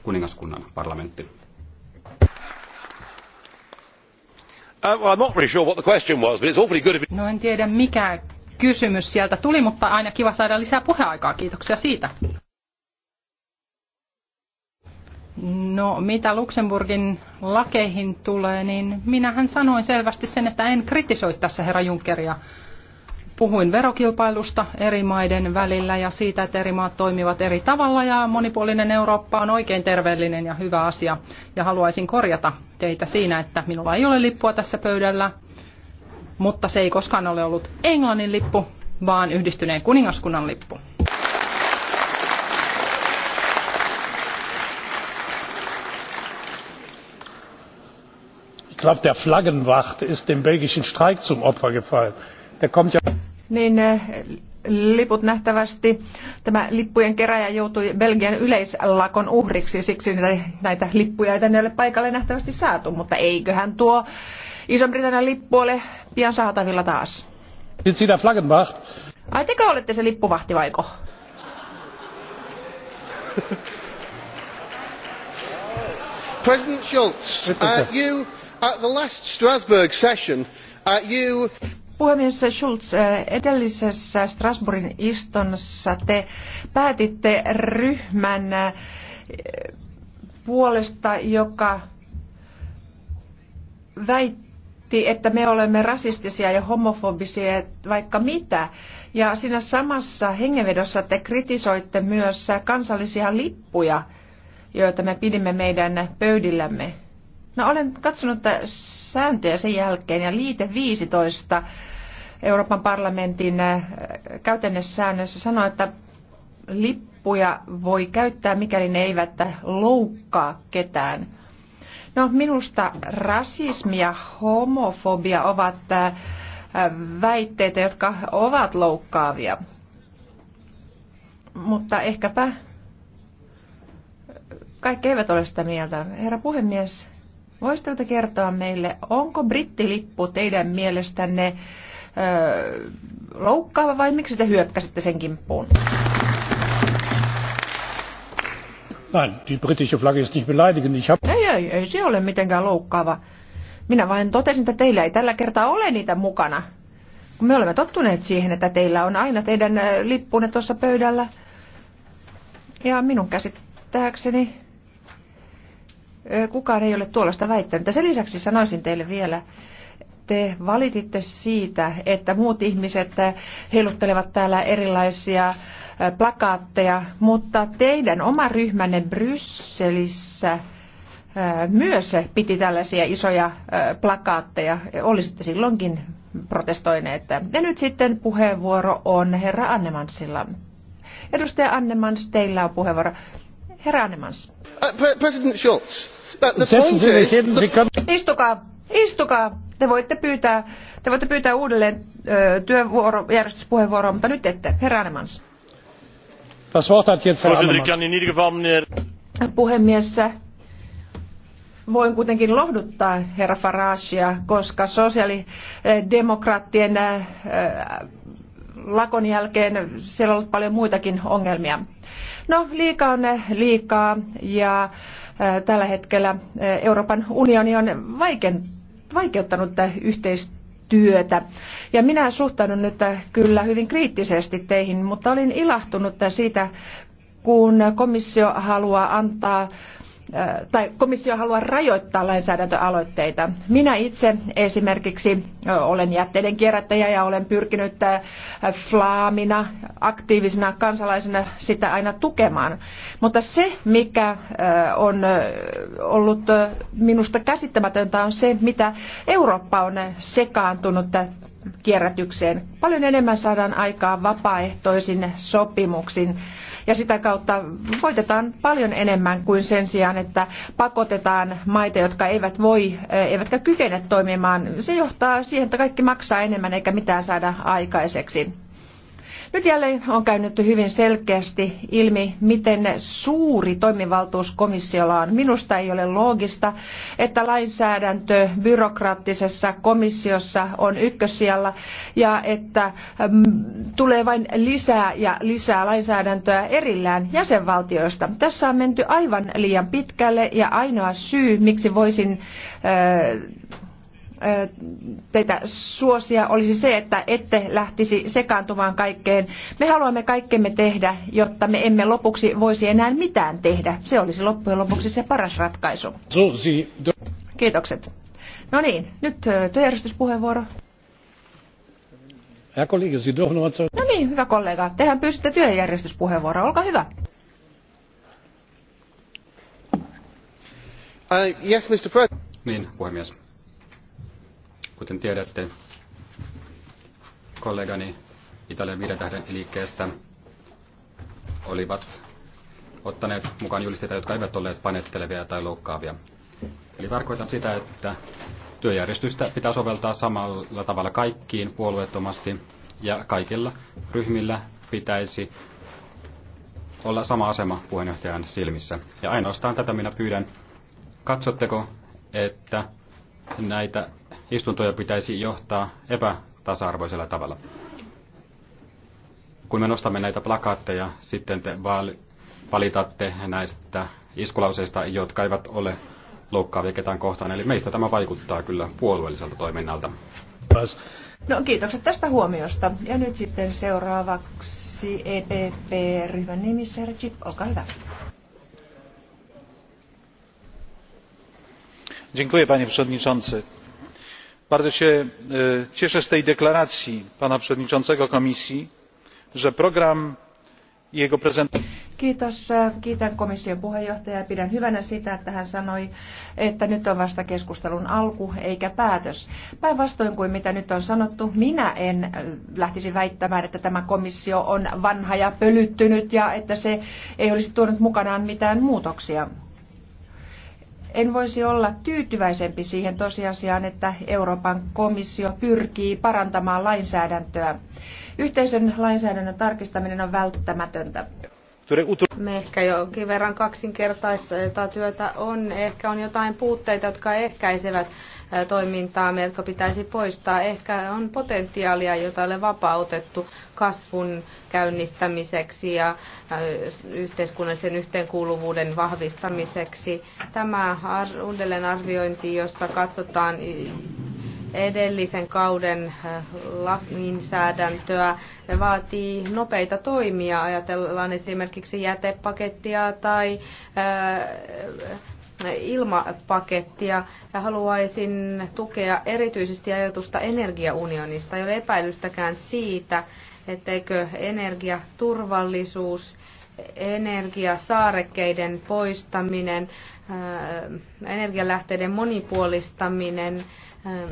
kuningaskunnan parlamentti. No en tiedä mikä kysymys sieltä tuli, mutta aina kiva saada lisää puheaikaa. Kiitoksia siitä. No mitä Luxemburgin lakeihin tulee, niin minähän sanoin selvästi sen, että en kritisoi tässä herra Junckeria. Puhuin verokilpailusta eri maiden välillä ja siitä, että eri maat toimivat eri tavalla ja monipuolinen Eurooppa on oikein terveellinen ja hyvä asia. Ja haluaisin korjata teitä siinä, että minulla ei ole lippua tässä pöydällä, mutta se ei koskaan ole ollut Englannin lippu, vaan yhdistyneen kuningaskunnan lippu. ich glaube der flaggenwacht ist dem belgischen streik zum opfer gefallen. Niin eh, liput nähtävästi. Tämä lippujen keräjä joutui Belgian yleislakon uhriksi, siksi näitä lippuja ei tänne ole paikalle nähtävästi saatu, mutta eiköhän tuo Iso-Britannian lippu ole pian saatavilla taas. Nyt sinä Flaggenbach. Ai tekö olette se lippuvahti vaiko? President Schulz, uh, you at the last Strasbourg session, uh, you Puhemies Schulz, eh, edellisessä Strasbourgin istunnossa te päätitte ryhmän eh, puolesta, joka väitti, että me olemme rasistisia ja homofobisia, vaikka mitä. Ja siinä samassa hengenvedossa te kritisoitte myös kansallisia lippuja, joita me pidimme meidän pöydillämme. No olen katsonut sääntöjä sen jälkeen ja liite 15 Euroopan parlamentin äh, käytännössäännössä sanoo, että lippuja voi käyttää, mikäli ne eivät loukkaa ketään. No minusta rasismi ja homofobia ovat äh, väitteitä, jotka ovat loukkaavia. Mutta ehkäpä kaikki eivät ole sitä mieltä. Herra puhemies, Voisitteko kertoa meille, onko brittilippu teidän mielestänne öö, loukkaava vai miksi te hyökkäsitte sen kimppuun? Nein, die britische Flagge ist nicht beleidigend. Ich hab... Ei, ei, ei se ole mitenkään loukkaava. Minä vain totesin, että teillä ei tällä kertaa ole niitä mukana. Kun me olemme tottuneet siihen, että teillä on aina teidän lippunne tuossa pöydällä. Ja minun käsittääkseni Kukaan ei ole tuollaista väittänyt. Ja sen lisäksi sanoisin teille vielä, te valititte siitä, että muut ihmiset heiluttelevat täällä erilaisia plakaatteja, mutta teidän oma ryhmänne Brysselissä myös piti tällaisia isoja plakaatteja. Olisitte silloinkin protestoineet. Ja nyt sitten puheenvuoro on herra Annemansilla. Edustaja Annemans, teillä on puheenvuoro. Herra Annemans. Uh, President Schultz. Istukaa, istukaa. Te voitte pyytää, te voitte pyytää uudelleen ö, työvuorojärjestyspuheenvuoroa, mutta nyt ette. Herra Annemans. Das Wort hat jetzt Puhemies, voin kuitenkin lohduttaa herra Faragea, koska sosiaalidemokraattien lakon jälkeen siellä on ollut paljon muitakin ongelmia. No, liikaa on eh, liikaa ja eh, tällä hetkellä eh, Euroopan unioni on vaikeuttanut yhteistyötä. Ja minä suhtaudun nyt kyllä hyvin kriittisesti teihin, mutta olin ilahtunut siitä, kun komissio haluaa antaa tai komissio haluaa rajoittaa lainsäädäntöaloitteita. Minä itse esimerkiksi olen jätteiden kierrättäjä ja olen pyrkinyt flaamina, aktiivisena kansalaisena sitä aina tukemaan. Mutta se, mikä on ollut minusta käsittämätöntä, on se, mitä Eurooppa on sekaantunut kierrätykseen. Paljon enemmän saadaan aikaa vapaaehtoisin sopimuksin ja sitä kautta voitetaan paljon enemmän kuin sen sijaan, että pakotetaan maita, jotka eivät voi, eh, eivätkä kykene toimimaan. Se johtaa siihen, että kaikki maksaa enemmän eikä mitään saada aikaiseksi. Nyt jälleen on käynyt hyvin selkeästi ilmi, miten suuri toimivaltuus komissiolla on. Minusta ei ole loogista, että lainsäädäntö byrokraattisessa komissiossa on ykkösijalla ja että mm, tulee vain lisää ja lisää lainsäädäntöä erillään jäsenvaltioista. Tässä on menty aivan liian pitkälle ja ainoa syy, miksi voisin äh, teitä suosia olisi se, että ette lähtisi sekaantumaan kaikkeen. Me haluamme kaikkemme tehdä, jotta me emme lopuksi voisi enää mitään tehdä. Se olisi loppujen lopuksi se paras ratkaisu. Kiitokset. No niin, nyt työjärjestyspuheenvuoro. No niin, hyvä kollega. Tehän pystytte työjärjestyspuheenvuoroa. Olkaa hyvä. Uh, yes, Mr. President. Niin, puhemies Kuten tiedätte, kollegani Italian viiden tähden liikkeestä olivat ottaneet mukaan julisteita, jotka eivät olleet panettelevia tai loukkaavia. Eli tarkoitan sitä, että työjärjestystä pitää soveltaa samalla tavalla kaikkiin puolueettomasti ja kaikilla ryhmillä pitäisi olla sama asema puheenjohtajan silmissä. Ja ainoastaan tätä minä pyydän. Katsotteko, että näitä istuntoja pitäisi johtaa epätasa-arvoisella tavalla. Kun me nostamme näitä plakaatteja, sitten te valitatte näistä iskulauseista, jotka eivät ole loukkaavia ketään kohtaan. Eli meistä tämä vaikuttaa kyllä puolueelliselta toiminnalta. No kiitokset tästä huomiosta. Ja nyt sitten seuraavaksi EPP-ryhmän nimi Sergi, olkaa hyvä. Dziękuję panie przewodniczący bardzo się e, cieszę z tej deklaracji pana przewodniczącego komisji że program i jego prezentacja e, Kiitän komission puheenjohtajaa. Pidän hyvänä sitä, että hän sanoi, että nyt on vasta keskustelun alku eikä päätös. Päinvastoin kuin mitä nyt on sanottu, minä en e, lähtisi väittämään, että tämä komissio on vanha ja pölyttynyt ja että se ei olisi tuonut mukanaan mitään muutoksia en voisi olla tyytyväisempi siihen tosiasiaan, että Euroopan komissio pyrkii parantamaan lainsäädäntöä. Yhteisen lainsäädännön tarkistaminen on välttämätöntä. Me ehkä jonkin verran kaksinkertaista työtä on, ehkä on jotain puutteita, jotka ehkäisevät toimintaa, jotka pitäisi poistaa. Ehkä on potentiaalia, jota ole vapautettu kasvun käynnistämiseksi ja yhteiskunnallisen yhteenkuuluvuuden vahvistamiseksi. Tämä uudelleenarviointi, jossa katsotaan edellisen kauden lainsäädäntöä vaatii nopeita toimia. Ajatellaan esimerkiksi jätepakettia tai ilmapakettia ja haluaisin tukea erityisesti ajatusta energiaunionista. Ei ole epäilystäkään siitä, etteikö energiaturvallisuus, energiasaarekkeiden poistaminen, energialähteiden monipuolistaminen, Ehm,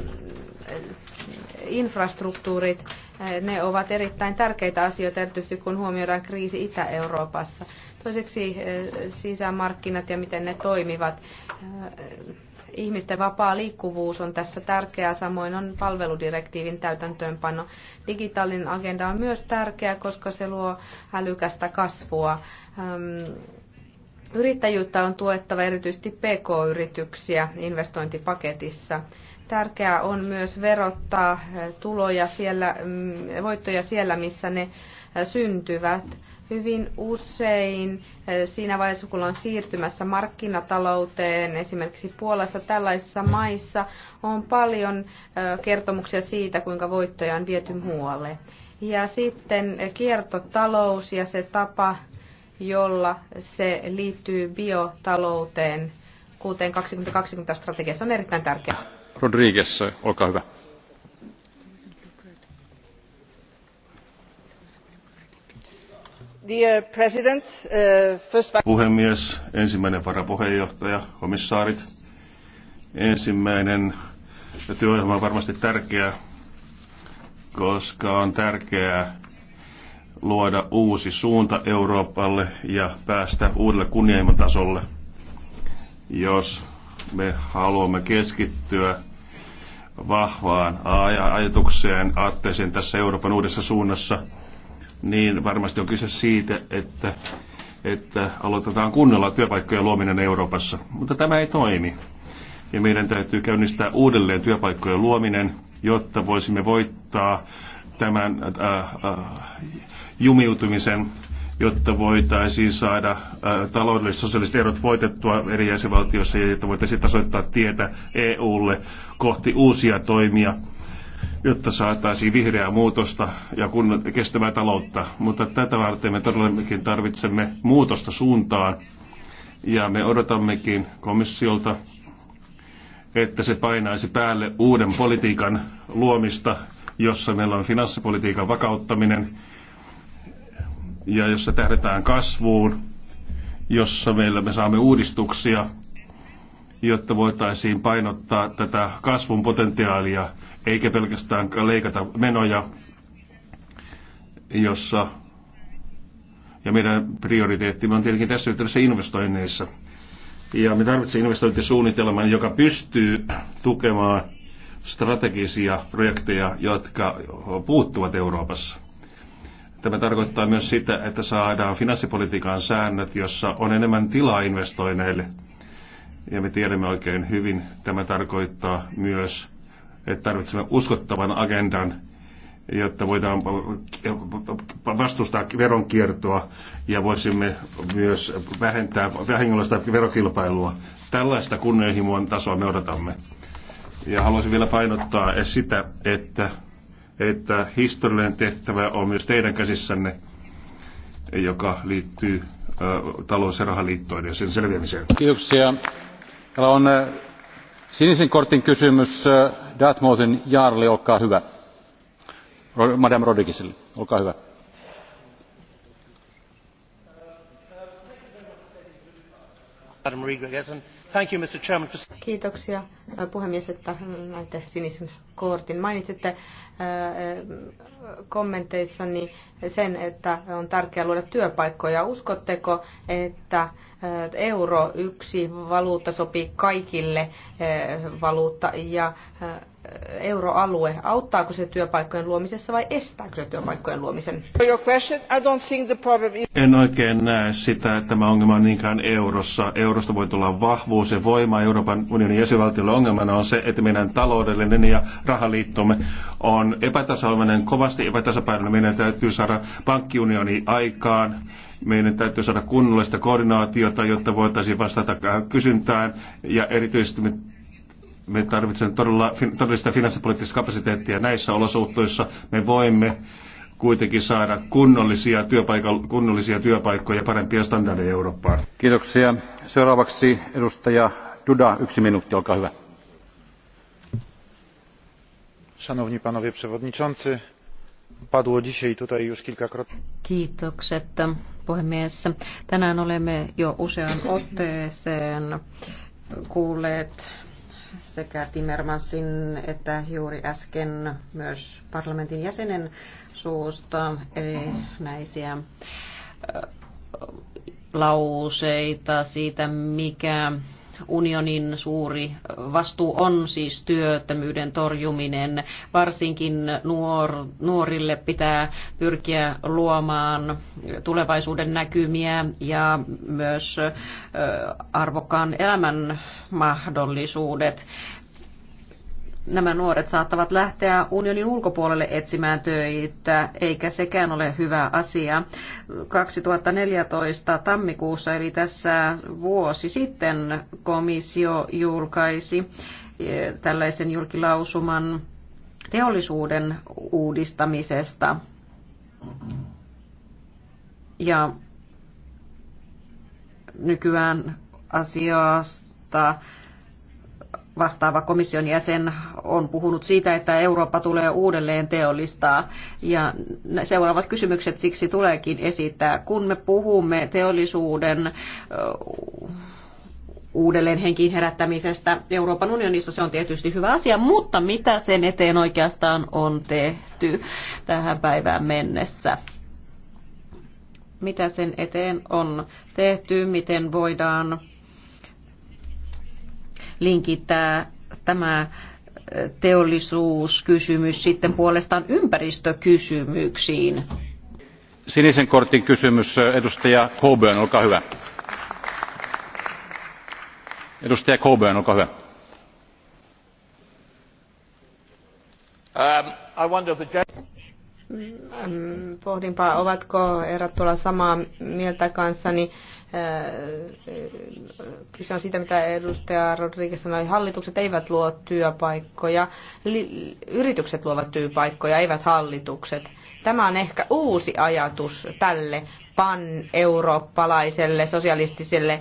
infrastruktuurit, eh, ne ovat erittäin tärkeitä asioita, erityisesti kun huomioidaan kriisi Itä-Euroopassa. Toiseksi eh, sisämarkkinat ja miten ne toimivat. Eh, ihmisten vapaa liikkuvuus on tässä tärkeää, samoin on palveludirektiivin täytäntöönpano. Digitaalinen agenda on myös tärkeä, koska se luo älykästä kasvua. Ehm, yrittäjyyttä on tuettava erityisesti PK-yrityksiä investointipaketissa. Tärkeää on myös verottaa tuloja siellä, mm, voittoja siellä, missä ne syntyvät. Hyvin usein siinä vaiheessa, kun on siirtymässä markkinatalouteen, esimerkiksi Puolassa tällaisissa maissa, on paljon kertomuksia siitä, kuinka voittoja on viety muualle. Ja sitten kiertotalous ja se tapa, jolla se liittyy biotalouteen, kuten 2020 strategiassa on erittäin tärkeää arvoisa uh, puhemies ensimmäinen varapuheenjohtaja komissaarit ensimmäinen työohjelma on varmasti tärkeä koska on tärkeää luoda uusi suunta Euroopalle ja päästä uudelle kunnianhimon tasolle jos me haluamme keskittyä vahvaan ajatukseen, aatteeseen tässä Euroopan uudessa suunnassa, niin varmasti on kyse siitä, että, että aloitetaan kunnolla työpaikkojen luominen Euroopassa. Mutta tämä ei toimi. Ja meidän täytyy käynnistää uudelleen työpaikkojen luominen, jotta voisimme voittaa tämän äh, äh, jumiutumisen jotta voitaisiin saada taloudelliset sosiaaliset erot voitettua eri jäsenvaltioissa ja jotta voitaisiin tasoittaa tietä EUlle kohti uusia toimia jotta saataisiin vihreää muutosta ja kun kestävää taloutta. Mutta tätä varten me todellakin tarvitsemme muutosta suuntaan ja me odotammekin komissiolta, että se painaisi päälle uuden politiikan luomista, jossa meillä on finanssipolitiikan vakauttaminen, ja jossa tähdetään kasvuun, jossa meillä me saamme uudistuksia, jotta voitaisiin painottaa tätä kasvun potentiaalia, eikä pelkästään leikata menoja, jossa ja meidän prioriteettimme on tietenkin tässä yhteydessä investoinneissa. Ja me tarvitsemme investointisuunnitelman, joka pystyy tukemaan strategisia projekteja, jotka puuttuvat Euroopassa. Tämä tarkoittaa myös sitä, että saadaan finanssipolitiikan säännöt, jossa on enemmän tilaa investoineille. Ja me tiedämme oikein hyvin, tämä tarkoittaa myös, että tarvitsemme uskottavan agendan, jotta voidaan vastustaa veronkiertoa ja voisimme myös vähentää vahingollista verokilpailua. Tällaista kunnianhimon tasoa me odotamme. Ja haluaisin vielä painottaa sitä, että että historiallinen tehtävä on myös teidän käsissänne, joka liittyy talous- ja rahaliittoon ja sen selviämiseen. Kiitoksia. Täällä on sinisen kortin kysymys Dartmouthin Jaarli, olkaa hyvä. Madame Rodriguezille, olkaa hyvä. Kiitoksia puhemies, että näitte sinisen kortin. Mainitsitte kommenteissani sen, että on tärkeää luoda työpaikkoja. Uskotteko, että euro yksi valuutta sopii kaikille valuutta ja euroalue, auttaako se työpaikkojen luomisessa vai estääkö se työpaikkojen luomisen? En oikein näe sitä, että tämä ongelma on niinkään eurossa. Eurosta voi tulla vahvuus ja voima Euroopan unionin jäsenvaltiolle. Ongelmana on se, että meidän taloudellinen ja rahaliittomme on epätasainen, kovasti epätasapainoinen. Meidän täytyy saada pankkiunioni aikaan meidän täytyy saada kunnollista koordinaatiota, jotta voitaisiin vastata kysyntään ja erityisesti me tarvitsemme todella, todellista finanssipoliittista kapasiteettia näissä olosuhteissa. Me voimme kuitenkin saada kunnollisia, työpaikka, kunnollisia työpaikkoja ja parempia standardeja Eurooppaan. Kiitoksia. Seuraavaksi edustaja Duda, yksi minuutti, olkaa hyvä. Szanowni panowie przewodniczący, padło dzisiaj tutaj już kilkakrotnie. Kiitokset puhemies. Tänään olemme jo usean otteeseen kuulleet sekä Timmermansin että juuri äsken myös parlamentin jäsenen suusta näisiä lauseita siitä, mikä unionin suuri vastuu on siis työttömyyden torjuminen. Varsinkin nuor, nuorille pitää pyrkiä luomaan tulevaisuuden näkymiä ja myös arvokkaan elämän mahdollisuudet nämä nuoret saattavat lähteä unionin ulkopuolelle etsimään töitä, eikä sekään ole hyvä asia. 2014 tammikuussa, eli tässä vuosi sitten, komissio julkaisi eh, tällaisen julkilausuman teollisuuden uudistamisesta. Ja nykyään asiasta vastaava komission jäsen on puhunut siitä, että Eurooppa tulee uudelleen teollistaa. Ja seuraavat kysymykset siksi tuleekin esittää. Kun me puhumme teollisuuden uudelleen henkiin herättämisestä Euroopan unionissa, se on tietysti hyvä asia, mutta mitä sen eteen oikeastaan on tehty tähän päivään mennessä? Mitä sen eteen on tehty, miten voidaan linkittää tämä teollisuuskysymys sitten puolestaan ympäristökysymyksiin. Sinisen kortin kysymys, edustaja Coburn, olkaa hyvä. Edustaja Coburn, olkaa hyvä. Um, mm, mm, pohdinpa, ovatko erät tuolla samaa mieltä kanssani. Niin Kyse on siitä, mitä edustaja Rodriguez sanoi, hallitukset eivät luo työpaikkoja, yritykset luovat työpaikkoja, eivät hallitukset. Tämä on ehkä uusi ajatus tälle pan-eurooppalaiselle sosialistiselle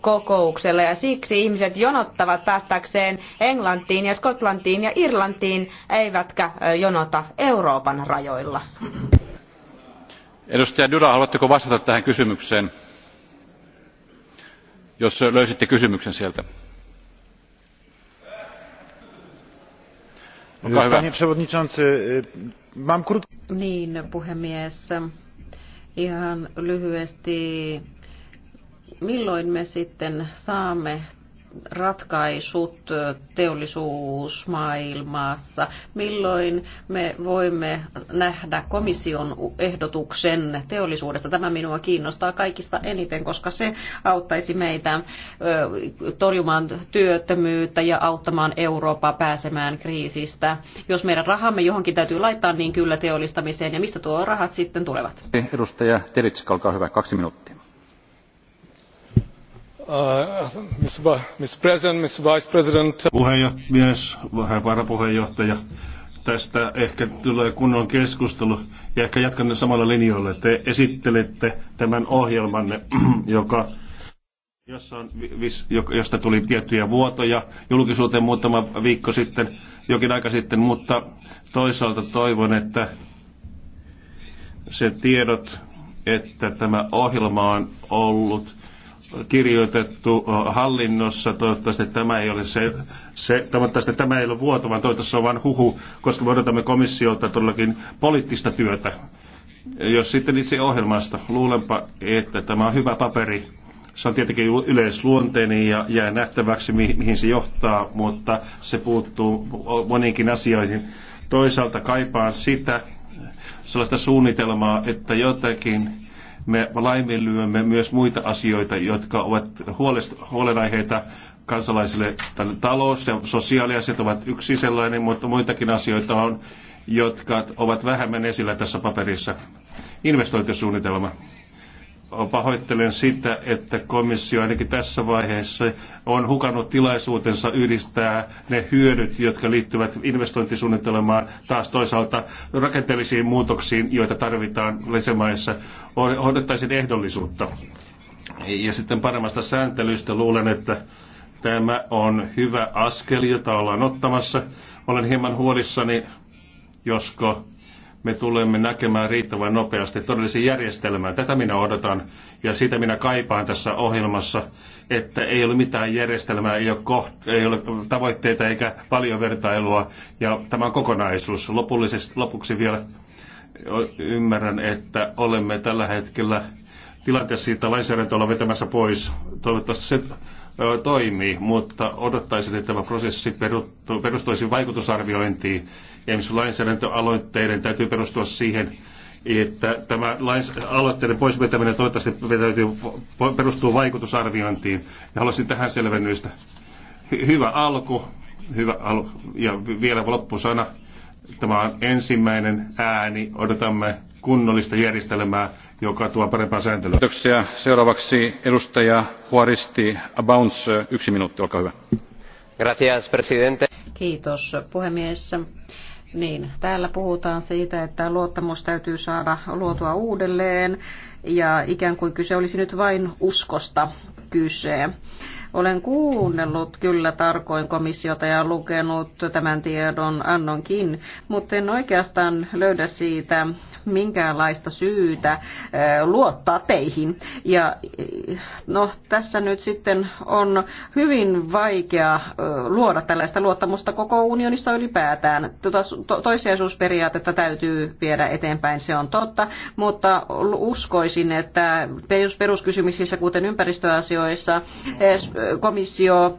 kokoukselle ja siksi ihmiset jonottavat päästäkseen Englantiin ja Skotlantiin ja Irlantiin eivätkä jonota Euroopan rajoilla. Edustaja Duda, haluatteko vastata tähän kysymykseen? jos löysitte kysymyksen sieltä. Panie przewodniczący, mam krótki... Niin, puhemies. Ihan lyhyesti, milloin me sitten saamme ratkaisut teollisuusmaailmassa? Milloin me voimme nähdä komission ehdotuksen teollisuudesta? Tämä minua kiinnostaa kaikista eniten, koska se auttaisi meitä torjumaan työttömyyttä ja auttamaan Eurooppaa pääsemään kriisistä. Jos meidän rahamme johonkin täytyy laittaa, niin kyllä teollistamiseen. Ja mistä tuo rahat sitten tulevat? Edustaja Teritsk, olkaa hyvä, kaksi minuuttia puhemies varapuheenjohtaja tästä ehkä tulee kunnon keskustelu ja ehkä jatkamme samalla linjoilla. Te esittelette tämän ohjelmanne, joka jossa on, josta tuli tiettyjä vuotoja julkisuuteen muutama viikko sitten, jokin aika sitten, mutta toisaalta toivon, että se tiedot, että tämä ohjelma on ollut kirjoitettu hallinnossa. Toivottavasti tämä ei ole, se, se, toivottavasti tämä ei ole vuoto, vaan toivottavasti se on vain huhu, koska me odotamme komissiolta todellakin poliittista työtä. Jos sitten itse ohjelmasta, luulenpa, että tämä on hyvä paperi. Se on tietenkin yleisluonteinen ja jää nähtäväksi, mihin se johtaa, mutta se puuttuu moniinkin asioihin. Toisaalta kaipaan sitä, sellaista suunnitelmaa, että jotakin me laiminlyömme myös muita asioita, jotka ovat huolest- huolenaiheita kansalaisille. Talous- ja sosiaaliasiat ovat yksi sellainen, mutta muitakin asioita on, jotka ovat vähemmän esillä tässä paperissa. Investointisuunnitelma pahoittelen sitä, että komissio ainakin tässä vaiheessa on hukannut tilaisuutensa yhdistää ne hyödyt, jotka liittyvät investointisuunnitelmaan taas toisaalta rakenteellisiin muutoksiin, joita tarvitaan lisämaissa. Odottaisin ehdollisuutta. Ja sitten paremmasta sääntelystä luulen, että tämä on hyvä askel, jota ollaan ottamassa. Olen hieman huolissani, josko me tulemme näkemään riittävän nopeasti todellisen järjestelmän. Tätä minä odotan ja sitä minä kaipaan tässä ohjelmassa, että ei ole mitään järjestelmää, ei ole, koht- ei ole tavoitteita eikä paljon vertailua ja tämä on kokonaisuus. Lopullisesti, lopuksi vielä ymmärrän, että olemme tällä hetkellä tilanteessa siitä lainsäädäntö olla vetämässä pois. Toivottavasti se toimii, mutta odottaisin, että tämä prosessi perustuisi vaikutusarviointiin esimerkiksi lainsäädäntöaloitteiden täytyy perustua siihen, että tämä lains- aloitteiden poisvetäminen toivottavasti täytyy, perustuu vaikutusarviointiin. Ja haluaisin tähän selvennystä. hyvä alku, hyvä alku ja vielä loppusana. Tämä on ensimmäinen ääni. Odotamme kunnollista järjestelmää, joka tuo parempaa sääntelyä. Kiitoksia. Seuraavaksi edustaja Huaristi Abounds. Yksi minuutti, olkaa hyvä. Gracias, presidente. Kiitos, puhemies. Niin, täällä puhutaan siitä, että luottamus täytyy saada luotua uudelleen ja ikään kuin kyse olisi nyt vain uskosta kyse. Olen kuunnellut kyllä tarkoin komissiota ja lukenut tämän tiedon annonkin, mutta en oikeastaan löydä siitä minkäänlaista syytä luottaa teihin. Ja no, tässä nyt sitten on hyvin vaikea luoda tällaista luottamusta koko unionissa ylipäätään. Tota, to, toissijaisuusperiaatetta täytyy viedä eteenpäin, se on totta, mutta uskoisin, että peruskysymyksissä, kuten ympäristöasioissa, komissio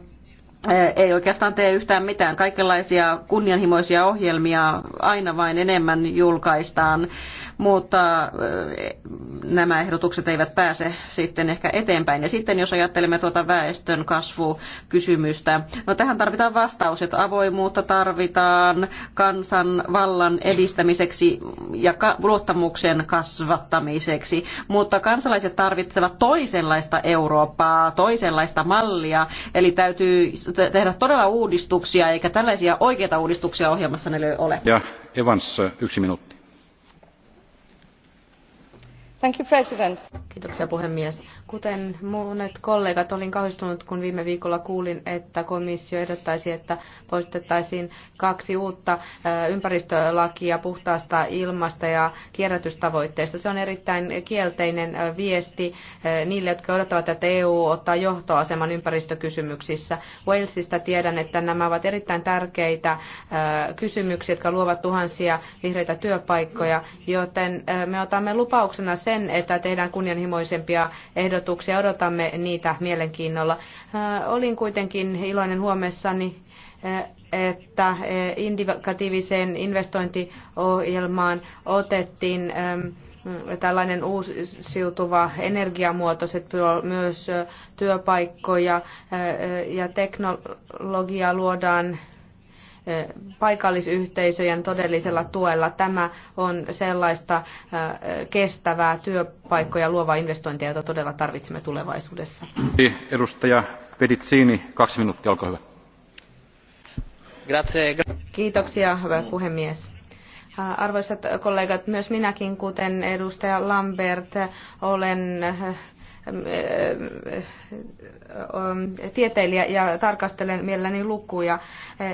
Äh, ei oikeastaan tee yhtään mitään. Kaikenlaisia kunnianhimoisia ohjelmia aina vain enemmän julkaistaan mutta e, nämä ehdotukset eivät pääse sitten ehkä eteenpäin. Ja sitten jos ajattelemme tuota väestön kasvukysymystä, no tähän tarvitaan vastaus, että avoimuutta tarvitaan kansanvallan edistämiseksi ja luottamuksen kasvattamiseksi, mutta kansalaiset tarvitsevat toisenlaista Eurooppaa, toisenlaista mallia, eli täytyy tehdä todella uudistuksia, eikä tällaisia oikeita uudistuksia ohjelmassa ne ole. Ja Evans, yksi minuutti arvoisa you, puhemies. Kuten monet kollegat, olin kauhistunut, kun viime viikolla kuulin, että komissio ehdottaisi, että poistettaisiin kaksi uutta ympäristölakia puhtaasta ilmasta ja kierrätystavoitteista. Se on erittäin kielteinen viesti niille, jotka odottavat, että EU ottaa johtoaseman ympäristökysymyksissä. Walesista tiedän, että nämä ovat erittäin tärkeitä kysymyksiä, jotka luovat tuhansia vihreitä työpaikkoja, joten me otamme lupauksena sen, että tehdään kunnianhimoisempia ehdotuksia ehdotuksia, odotamme niitä mielenkiinnolla. Olin kuitenkin iloinen huomessani, että indikatiiviseen investointiohjelmaan otettiin tällainen uusiutuva energiamuoto, se myös työpaikkoja ja teknologiaa luodaan paikallisyhteisöjen todellisella tuella. Tämä on sellaista kestävää työpaikkoja luovaa investointia, jota todella tarvitsemme tulevaisuudessa. Edustaja Pedicini, kaksi minuuttia, olkaa hyvä. Kiitoksia, hyvä puhemies. Arvoisat kollegat, myös minäkin, kuten edustaja Lambert, olen tieteilijä ja tarkastelen mielelläni lukuja.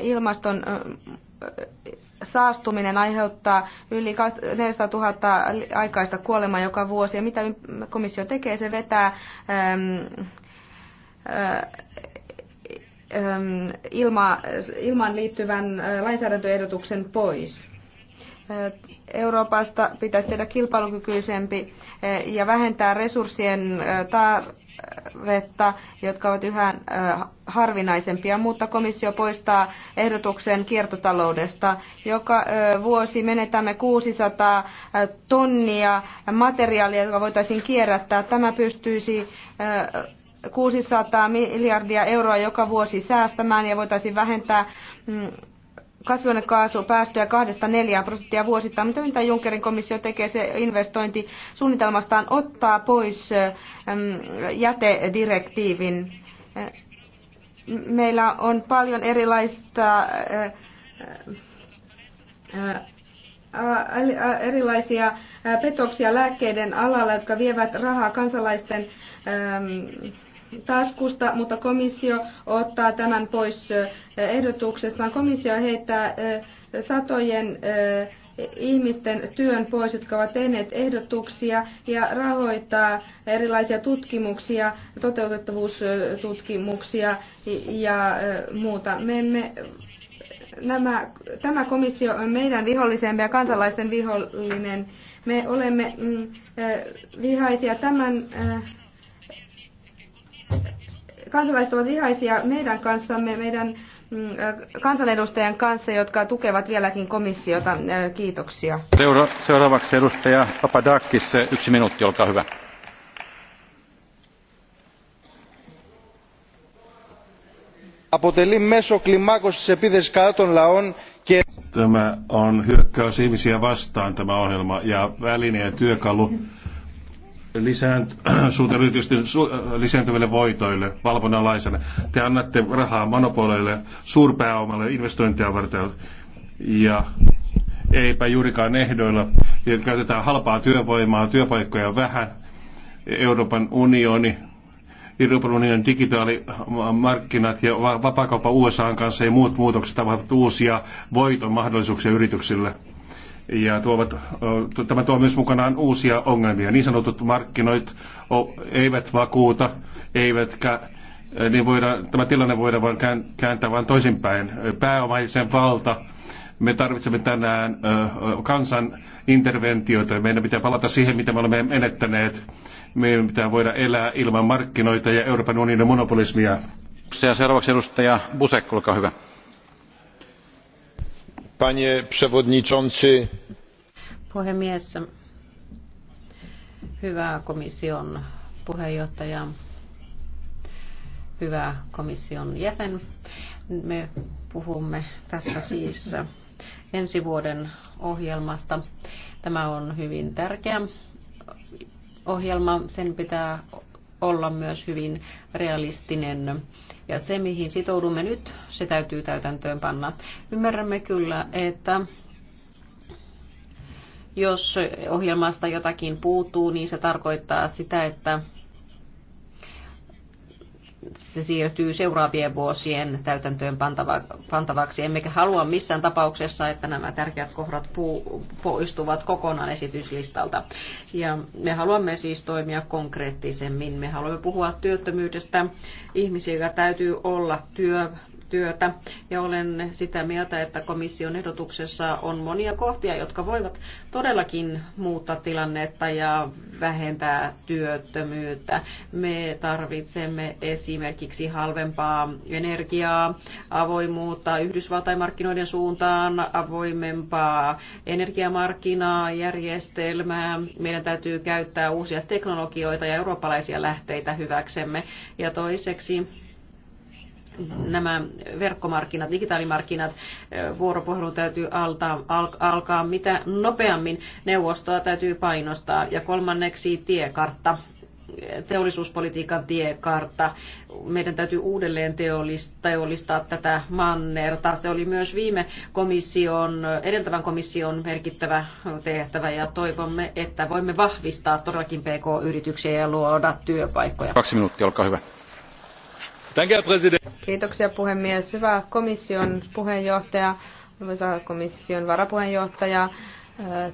Ilmaston saastuminen aiheuttaa yli 400 000 aikaista kuolemaa joka vuosi. Ja mitä komissio tekee? Se vetää ilmaan liittyvän lainsäädäntöehdotuksen pois. Euroopasta pitäisi tehdä kilpailukykyisempi eh, ja vähentää resurssien eh, tarvetta, jotka ovat yhä eh, harvinaisempia, mutta komissio poistaa ehdotuksen kiertotaloudesta. Joka vuosi menetämme 600 tonnia materiaalia, joka voitaisiin kierrättää. Tämä pystyisi 600 miljardia euroa joka vuosi säästämään ja voitaisiin vähentää mm, kasvihuonekaasupäästöjä 2-4 prosenttia vuosittain. Mitä, mitä Junckerin komissio tekee, se suunnitelmastaan ottaa pois jätedirektiivin. Meillä on paljon erilaista erilaisia petoksia lääkkeiden alalla, jotka vievät rahaa kansalaisten taskusta, mutta komissio ottaa tämän pois ehdotuksestaan. Komissio heittää satojen ihmisten työn pois, jotka ovat tehneet ehdotuksia ja rahoittaa erilaisia tutkimuksia, toteutettavuustutkimuksia ja muuta. Me emme Nämä, tämä komissio on meidän vihollisemme ja kansalaisten vihollinen. Me olemme mm, vihaisia tämän äh, kansalaiset ovat vihaisia meidän kanssamme, meidän mm, kansanedustajien kanssa, jotka tukevat vieläkin komissiota. Kiitoksia. seuraavaksi edustaja Papadakis, yksi minuutti, olkaa hyvä. αποτελεί μέσο κλιμάκωσης επίθεσης κατά laon. λαών και... Tämä on hyökkäys ihmisiä vastaan tämä ohjelma ja väline ja työkalu lisääntyville yritysten lisääntyville voitoille valvonnanlaisena. Te annatte rahaa monopoleille, suurpääomalle, investointeja varten ja eipä juurikaan ehdoilla. Ja käytetään halpaa työvoimaa, työpaikkoja vähän. Euroopan unioni, Euroopan unionin digitaalimarkkinat ja vapaakauppa USA kanssa ja muut muutokset ovat uusia voiton mahdollisuuksia yrityksille ja tuovat, tämä tuo myös mukanaan uusia ongelmia. Niin sanotut markkinoit eivät vakuuta, eivätkä niin voidaan, tämä tilanne voidaan vain kääntää vain toisinpäin. Pääomaisen valta, me tarvitsemme tänään kansan interventioita. Meidän pitää palata siihen, mitä me olemme menettäneet. Meidän pitää voida elää ilman markkinoita ja Euroopan unionin monopolismia. Seuraavaksi edustaja Busek, olkaa hyvä Panie przewodniczący. Puhemies, hyvä komission puheenjohtaja, hyvä komission jäsen. Me puhumme tässä siis ensi vuoden ohjelmasta. Tämä on hyvin tärkeä ohjelma. Sen pitää olla myös hyvin realistinen. Ja se, mihin sitoudumme nyt, se täytyy täytäntöön panna. Ymmärrämme kyllä, että jos ohjelmasta jotakin puuttuu, niin se tarkoittaa sitä, että se siirtyy seuraavien vuosien täytäntöön pantava, pantavaksi. Emmekä halua missään tapauksessa, että nämä tärkeät kohdat puu, poistuvat kokonaan esityslistalta. Ja me haluamme siis toimia konkreettisemmin. Me haluamme puhua työttömyydestä. joilla täytyy olla työ yhteistyötä ja olen sitä mieltä, että komission ehdotuksessa on monia kohtia, jotka voivat todellakin muuttaa tilannetta ja vähentää työttömyyttä. Me tarvitsemme esimerkiksi halvempaa energiaa, avoimuutta Yhdysvaltain markkinoiden suuntaan, avoimempaa energiamarkkinaa, järjestelmää. Meidän täytyy käyttää uusia teknologioita ja eurooppalaisia lähteitä hyväksemme. Ja toiseksi nämä verkkomarkkinat, digitaalimarkkinat, vuoropuhelu täytyy altaa, al, alkaa mitä nopeammin. Neuvostoa täytyy painostaa. Ja kolmanneksi tiekartta teollisuuspolitiikan tiekartta. Meidän täytyy uudelleen teollistaa tätä mannerta. Se oli myös viime komission, edeltävän komission merkittävä tehtävä ja toivomme, että voimme vahvistaa todellakin PK-yrityksiä ja luoda työpaikkoja. Kaksi minuuttia, olkaa hyvä. Kiitoksia puhemies. Hyvä komission puheenjohtaja, arvoisa komission varapuheenjohtaja.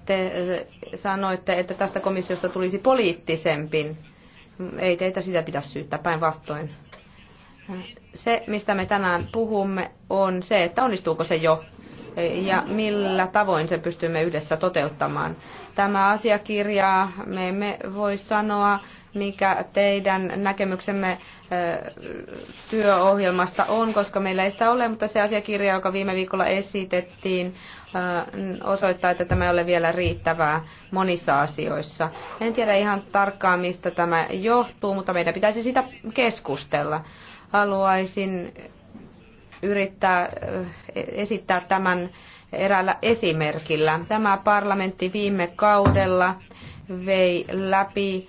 Te eh, sanoitte, että tästä komissiosta tulisi poliittisempi. Ei teitä sitä pidä syyttää päinvastoin. Se, mistä me tänään puhumme, on se, että onnistuuko se jo ja millä tavoin se pystymme yhdessä toteuttamaan. Tämä asiakirja, me emme voi sanoa, mikä teidän näkemyksemme työohjelmasta on, koska meillä ei sitä ole, mutta se asiakirja, joka viime viikolla esitettiin, osoittaa, että tämä ei ole vielä riittävää monissa asioissa. En tiedä ihan tarkkaan, mistä tämä johtuu, mutta meidän pitäisi sitä keskustella. Haluaisin yrittää e- esittää tämän eräällä esimerkillä. Tämä parlamentti viime kaudella vei läpi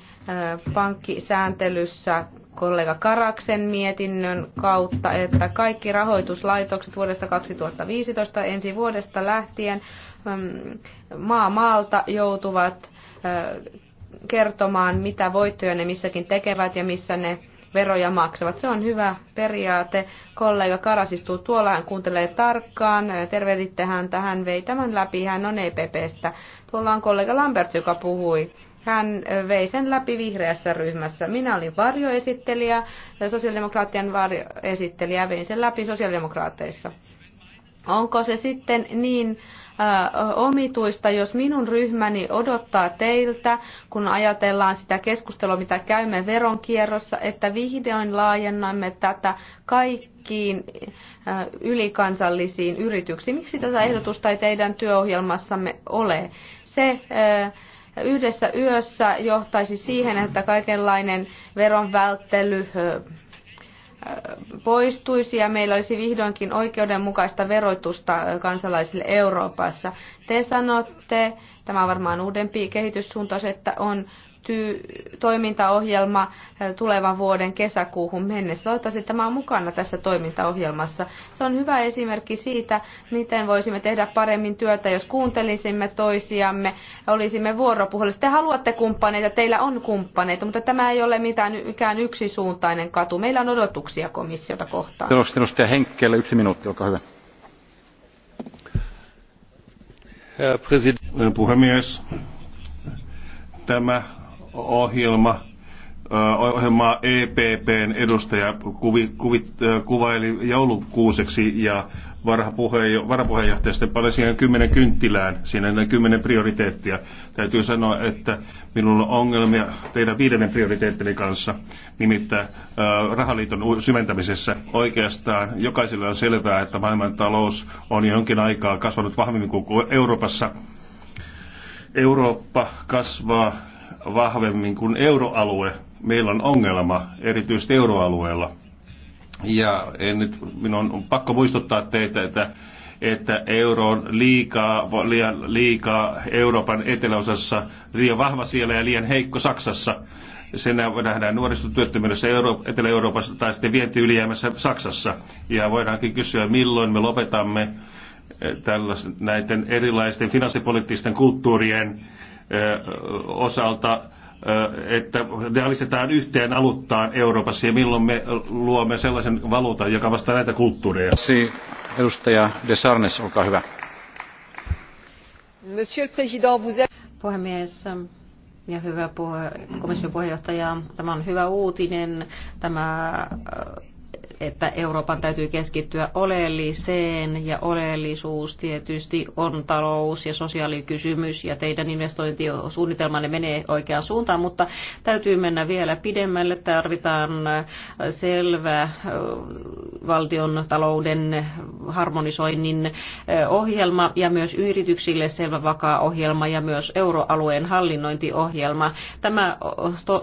pankkisääntelyssä kollega Karaksen mietinnön kautta, että kaikki rahoituslaitokset vuodesta 2015 ensi vuodesta lähtien mm, maa maalta joutuvat kertomaan, mitä voittoja ne missäkin tekevät ja missä ne veroja maksavat. Se on hyvä periaate. Kollega Karas istuu tuolla, hän kuuntelee tarkkaan. Tervehditte häntä, hän vei tämän läpi, hän on EPPstä. Tuolla on kollega Lambert, joka puhui. Hän vei sen läpi vihreässä ryhmässä. Minä olin varjoesittelijä, sosiaalidemokraattien varjoesittelijä, vein sen läpi sosiaalidemokraateissa. Onko se sitten niin omituista, jos minun ryhmäni odottaa teiltä, kun ajatellaan sitä keskustelua, mitä käymme veronkierrossa, että vihdoin laajennamme tätä kaikkiin ylikansallisiin yrityksiin. Miksi tätä ehdotusta ei teidän työohjelmassamme ole? Se yhdessä yössä johtaisi siihen, että kaikenlainen veronvälttely poistuisi ja meillä olisi vihdoinkin oikeudenmukaista verotusta kansalaisille Euroopassa. Te sanotte, tämä on varmaan uudempi kehityssuuntaus, että on toimintaohjelma tulevan vuoden kesäkuuhun mennessä. Toivottavasti tämä on mukana tässä toimintaohjelmassa. Se on hyvä esimerkki siitä, miten voisimme tehdä paremmin työtä, jos kuuntelisimme toisiamme, olisimme vuoropuhelussa. Te haluatte kumppaneita, teillä on kumppaneita, mutta tämä ei ole mitään ikään yksisuuntainen katu. Meillä on odotuksia komissiota kohtaan. Edustaja Henkkeelle yksi minuutti, olkaa hyvä. Herr puhemies, tämä ohjelma, ohjelmaa EPPn edustaja kuvi, kuvit, kuvaili joulukuuseksi ja varapuheenjohtaja sitten paljon siihen kymmenen kynttilään, siinä on kymmenen prioriteettia. Täytyy sanoa, että minulla on ongelmia teidän viidennen prioriteettini kanssa, nimittäin rahaliiton syventämisessä. Oikeastaan jokaiselle on selvää, että maailman talous on jonkin aikaa kasvanut vahvemmin kuin Euroopassa. Eurooppa kasvaa vahvemmin kuin euroalue. Meillä on ongelma, erityisesti euroalueella. Ja en nyt, minun on pakko muistuttaa teitä, että, että euro on liikaa, liian liikaa Euroopan eteläosassa, liian vahva siellä ja liian heikko Saksassa. Sen nähdään nuorisotyöttömyydessä Euro- Etelä-Euroopassa tai sitten vientiylijäämässä Saksassa. Ja voidaankin kysyä, milloin me lopetamme eh, tällaisen näiden erilaisten finanssipoliittisten kulttuurien osalta että realistetaan yhteen aluttaan Euroopassa ja milloin me luomme sellaisen valuutan, joka vastaa näitä kulttuureja. Si, edustaja Desarnes, olkaa hyvä. Monsieur le Président, vous... Puhemies, ja hyvä puhe, komission puheenjohtaja, tämä on hyvä uutinen, tämä että Euroopan täytyy keskittyä oleelliseen ja oleellisuus tietysti on talous ja sosiaalikysymys ja teidän investointisuunnitelmanne menee oikeaan suuntaan, mutta täytyy mennä vielä pidemmälle. Tarvitaan selvä valtion talouden harmonisoinnin ohjelma ja myös yrityksille selvä vakaa ohjelma ja myös euroalueen hallinnointiohjelma. Tämä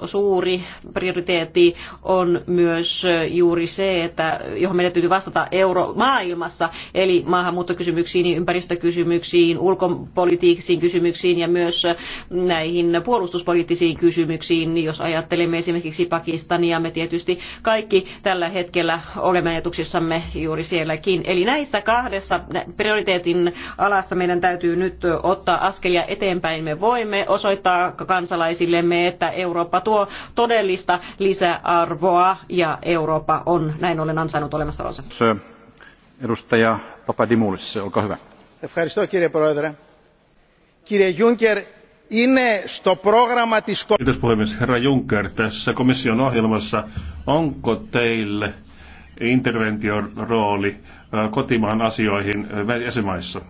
suuri prioriteetti on myös juuri se, että, johon meidän täytyy vastata euro maailmassa, eli maahanmuuttokysymyksiin, niin ympäristökysymyksiin, ulkopolitiiksiin kysymyksiin ja myös näihin puolustuspoliittisiin kysymyksiin. Niin jos ajattelemme esimerkiksi Pakistania, me tietysti kaikki tällä hetkellä olemme ajatuksissamme juuri sielläkin. Eli näissä kahdessa prioriteetin alassa meidän täytyy nyt ottaa askelia eteenpäin. Me voimme osoittaa kansalaisillemme, että Eurooppa tuo todellista lisäarvoa ja Eurooppa on näin näin ollen ansainnut olemassaolonsa. Edustaja olkaa hyvä. Ευχαριστώ κύριε Πρόεδρε. Κύριε Juncker, είναι στο πρόγραμμα της... Kiitos puhemies. Herra Juncker, tässä komission ohjelmassa onko teille intervention rooli kotimaan asioihin jäsenmaissa?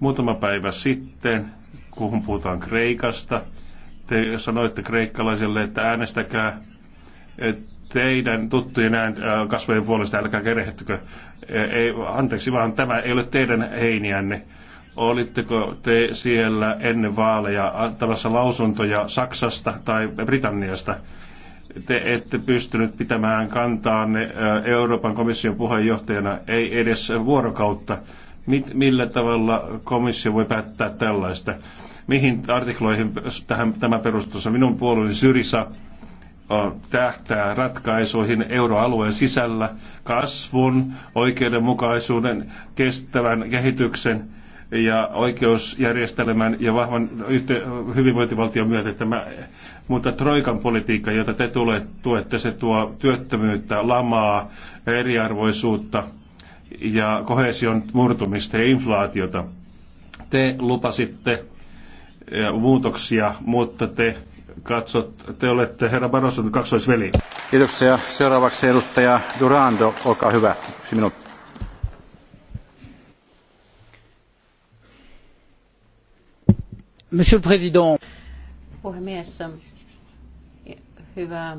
Muutama päivä sitten, kun puhutaan Kreikasta, te sanoitte kreikkalaisille, että äänestäkää teidän tuttujen ään, kasvojen puolesta, älkää kerehettykö. E, ei, anteeksi vaan, tämä ei ole teidän heiniänne. Olitteko te siellä ennen vaaleja antamassa lausuntoja Saksasta tai Britanniasta? Te ette pystynyt pitämään kantaanne Euroopan komission puheenjohtajana, ei edes vuorokautta. Mit, millä tavalla komissio voi päättää tällaista? Mihin artikloihin tähän, tämä perustuu? Minun puolueeni Syrisa tähtää ratkaisuihin euroalueen sisällä kasvun, oikeudenmukaisuuden, kestävän kehityksen ja oikeusjärjestelmän ja vahvan hyvinvointivaltion myötä tämä, mutta Troikan politiikka, jota te tuette, se tuo työttömyyttä, lamaa, eriarvoisuutta ja kohesion murtumista ja inflaatiota. Te lupasitte muutoksia, mutta te katsot, te olette herra Barroson kaksoisveli. Kiitoksia. Seuraavaksi edustaja Durando, olkaa hyvä. Yksi minuutti. Monsieur le Président. Puhemies, hyvä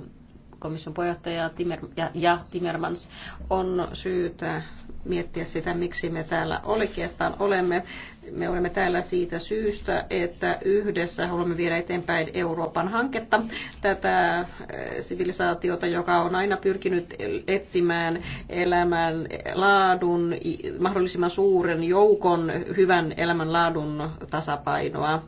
komission puheenjohtaja Timmer, ja, ja Timmermans on syytä miettiä sitä, miksi me täällä oikeastaan olemme. Me olemme täällä siitä syystä, että yhdessä haluamme viedä eteenpäin Euroopan hanketta, tätä sivilisaatiota, joka on aina pyrkinyt etsimään elämän laadun, mahdollisimman suuren joukon hyvän elämän laadun tasapainoa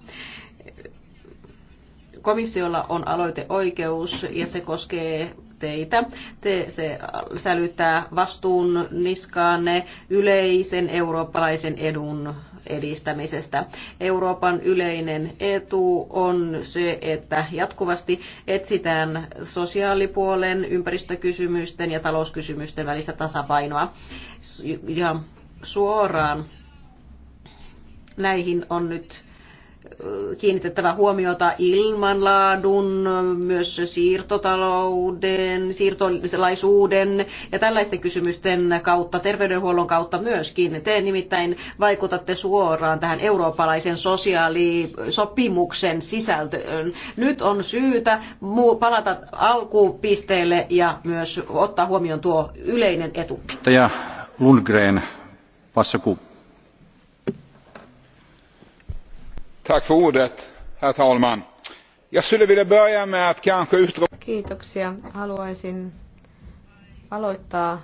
komissiolla on aloiteoikeus ja se koskee teitä. Te, se sälyttää vastuun niskaanne yleisen eurooppalaisen edun edistämisestä. Euroopan yleinen etu on se, että jatkuvasti etsitään sosiaalipuolen, ympäristökysymysten ja talouskysymysten välistä tasapainoa. Ja suoraan näihin on nyt kiinnitettävä huomiota ilmanlaadun, myös siirtotalouden, siirtolaisuuden ja tällaisten kysymysten kautta, terveydenhuollon kautta myöskin. Te nimittäin vaikutatte suoraan tähän eurooppalaisen sosiaalisopimuksen sisältöön. Nyt on syytä palata alkupisteelle ja myös ottaa huomioon tuo yleinen etu. Ja Lundgren, Passaku Kiitoksia. Haluaisin aloittaa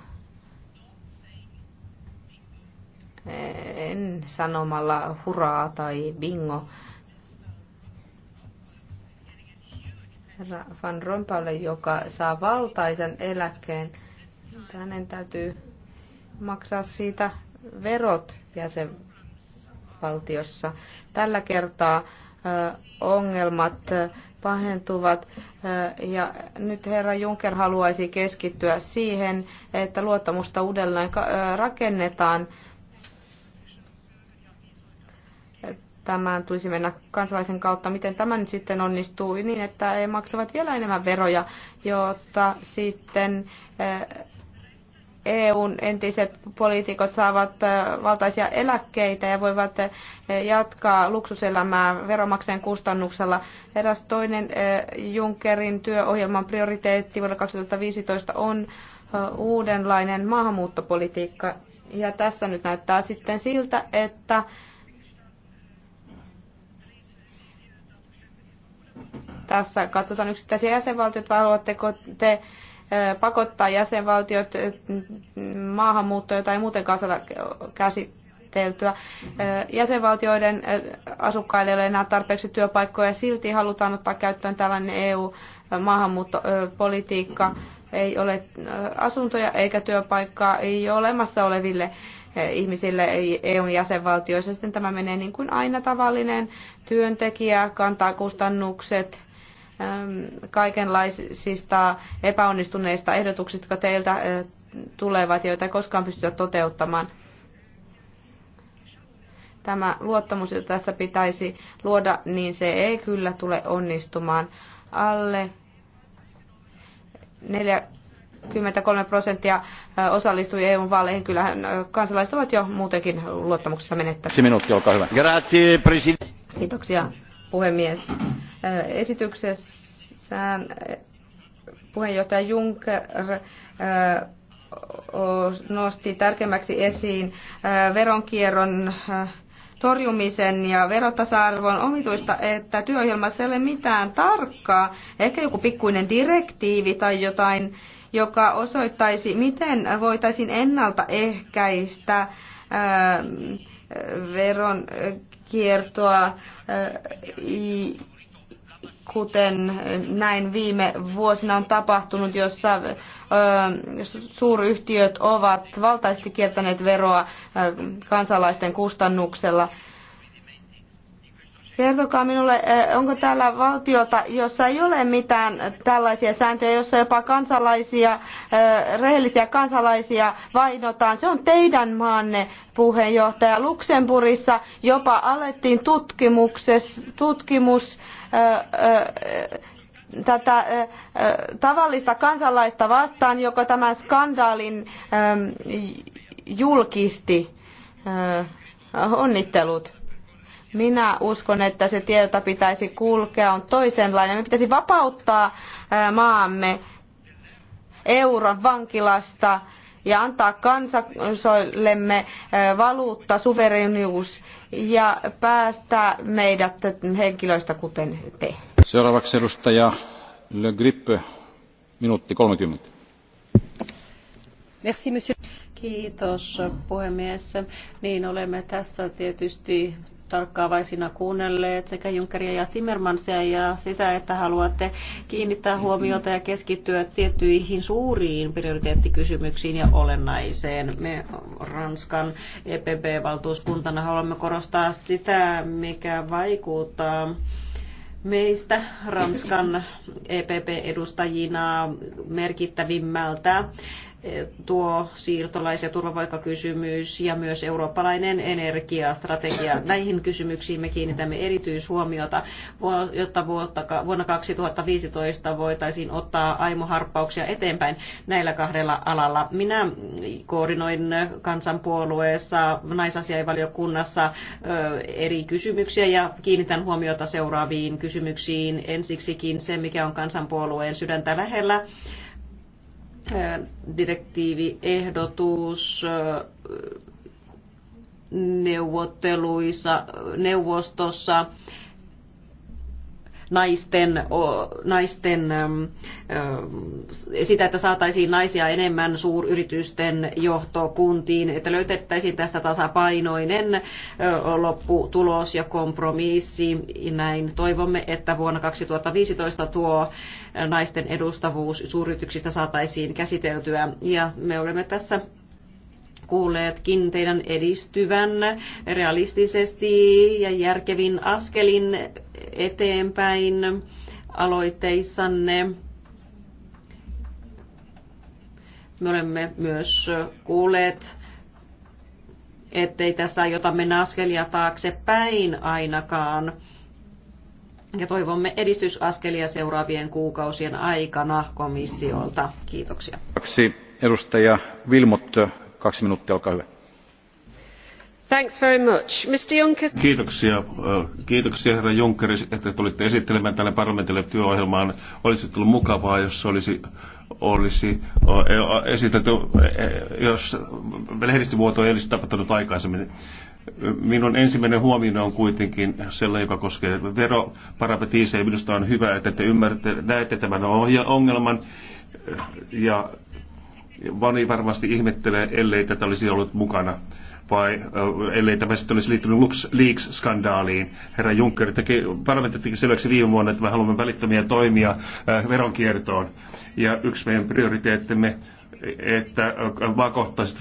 en sanomalla hurraa tai bingo. Herra Van Rompalle, joka saa valtaisen eläkkeen, hänen täytyy maksaa siitä verot se osavaltiossa. Tällä kertaa ongelmat pahentuvat ja nyt herra Juncker haluaisi keskittyä siihen, että luottamusta uudelleen rakennetaan. Tämän tulisi mennä kansalaisen kautta. Miten tämä nyt sitten onnistuu niin, että he maksavat vielä enemmän veroja, jotta sitten EUn entiset poliitikot saavat valtaisia eläkkeitä ja voivat jatkaa luksuselämää veromaksajan kustannuksella. Eräs toinen Junckerin työohjelman prioriteetti vuodelle 2015 on uudenlainen maahanmuuttopolitiikka. Ja tässä nyt näyttää sitten siltä, että tässä katsotaan yksittäisiä jäsenvaltioita, vai haluatteko te pakottaa jäsenvaltiot maahanmuuttoja tai muuten käsiteltyä. Jäsenvaltioiden asukkaille ei ole enää tarpeeksi työpaikkoja, silti halutaan ottaa käyttöön tällainen EU-maahanmuuttopolitiikka. Ei ole asuntoja eikä työpaikkaa ei ole olemassa oleville ihmisille eu jäsenvaltioissa. Sitten tämä menee niin kuin aina tavallinen työntekijä, kantaa kustannukset, Ähm, kaikenlaisista epäonnistuneista ehdotuksista, jotka teiltä äh, tulevat, joita ei koskaan pystytä toteuttamaan. Tämä luottamus, jota tässä pitäisi luoda, niin se ei kyllä tule onnistumaan. Alle 43 prosenttia äh, osallistui EU-vaaleihin. Kyllähän äh, kansalaiset ovat jo muutenkin luottamuksessa menettäneet. olkaa hyvä. Kiitoksia, puhemies Esityksessään eh, puheenjohtaja Juncker eh, nosti tärkeimmäksi esiin eh, veronkierron torjumisen ja verotasa-arvon omituista, että työohjelmassa ei ole mitään tarkkaa, ehkä joku pikkuinen direktiivi tai jotain, joka osoittaisi, miten voitaisiin ennaltaehkäistä veronkiertoa kuten näin viime vuosina on tapahtunut, jossa suuryhtiöt ovat valtaisesti kiertäneet veroa kansalaisten kustannuksella. Kertokaa minulle, onko täällä valtiota, jossa ei ole mitään tällaisia sääntöjä, jossa jopa kansalaisia, rehellisiä kansalaisia vainotaan. Se on teidän maanne puheenjohtaja. Luxemburissa jopa alettiin tutkimus tätä tavallista kansalaista vastaan, joka tämän skandaalin julkisti. Onnittelut. Minä uskon, että se tie, jota pitäisi kulkea, on toisenlainen. Me pitäisi vapauttaa maamme euron vankilasta ja antaa kansoillemme valuutta, suverenius ja päästää meidät henkilöistä kuten te. Seuraavaksi edustaja Le Grip, minuutti 30. Merci, Kiitos puhemies. Niin olemme tässä tietysti tarkkaavaisina kuunnelleet sekä Junckeria ja Timmermansia ja sitä, että haluatte kiinnittää huomiota ja keskittyä tiettyihin suuriin prioriteettikysymyksiin ja olennaiseen. Me Ranskan EPP-valtuuskuntana haluamme korostaa sitä, mikä vaikuttaa meistä Ranskan EPP-edustajina merkittävimmältä tuo siirtolais- ja turvapaikkakysymys ja myös eurooppalainen energiastrategia. Näihin kysymyksiin me kiinnitämme erityishuomiota, jotta vuonna 2015 voitaisiin ottaa aimoharppauksia eteenpäin näillä kahdella alalla. Minä koordinoin kansanpuolueessa, naisasiainvaliokunnassa eri kysymyksiä ja kiinnitän huomiota seuraaviin kysymyksiin. Ensiksikin se, mikä on kansanpuolueen sydäntä lähellä direktiiviehdotus neuvotteluissa neuvostossa naisten, naisten sitä, että saataisiin naisia enemmän suuryritysten johtokuntiin, että löytettäisiin tästä tasapainoinen lopputulos ja kompromissi. Näin toivomme, että vuonna 2015 tuo naisten edustavuus suuryrityksistä saataisiin käsiteltyä. Ja me olemme tässä kuulleetkin teidän edistyvän realistisesti ja järkevin askelin eteenpäin aloitteissanne. Me olemme myös kuulleet, ettei tässä aiota mennä askelia taaksepäin ainakaan. Ja toivomme edistysaskelia seuraavien kuukausien aikana komissiolta. Kiitoksia. Kaksi edustaja Vilmot, kaksi minuuttia, olkaa hyvä Thanks very much. Mr. Juncker. Kiitoksia. Kiitoksia herra Juncker, että tulitte esittelemään tälle parlamentille työohjelmaan. Olisi tullut mukavaa, jos olisi olisi e, esitetty, e, jos lehdistövuoto ei olisi tapahtunut aikaisemmin. Minun ensimmäinen huomio on kuitenkin sellainen, joka koskee veroparapetiiseja. Minusta on hyvä, että te ymmärrätte, näette tämän ongelman ja moni varmasti ihmettelee, ellei tätä olisi ollut mukana vai ellei tämä sitten olisi liittynyt lux leaks skandaaliin Herra Juncker teki, parlamentti teki selväksi viime vuonna, että me haluamme välittömiä toimia veronkiertoon. Ja yksi meidän prioriteettimme että maakohtaiset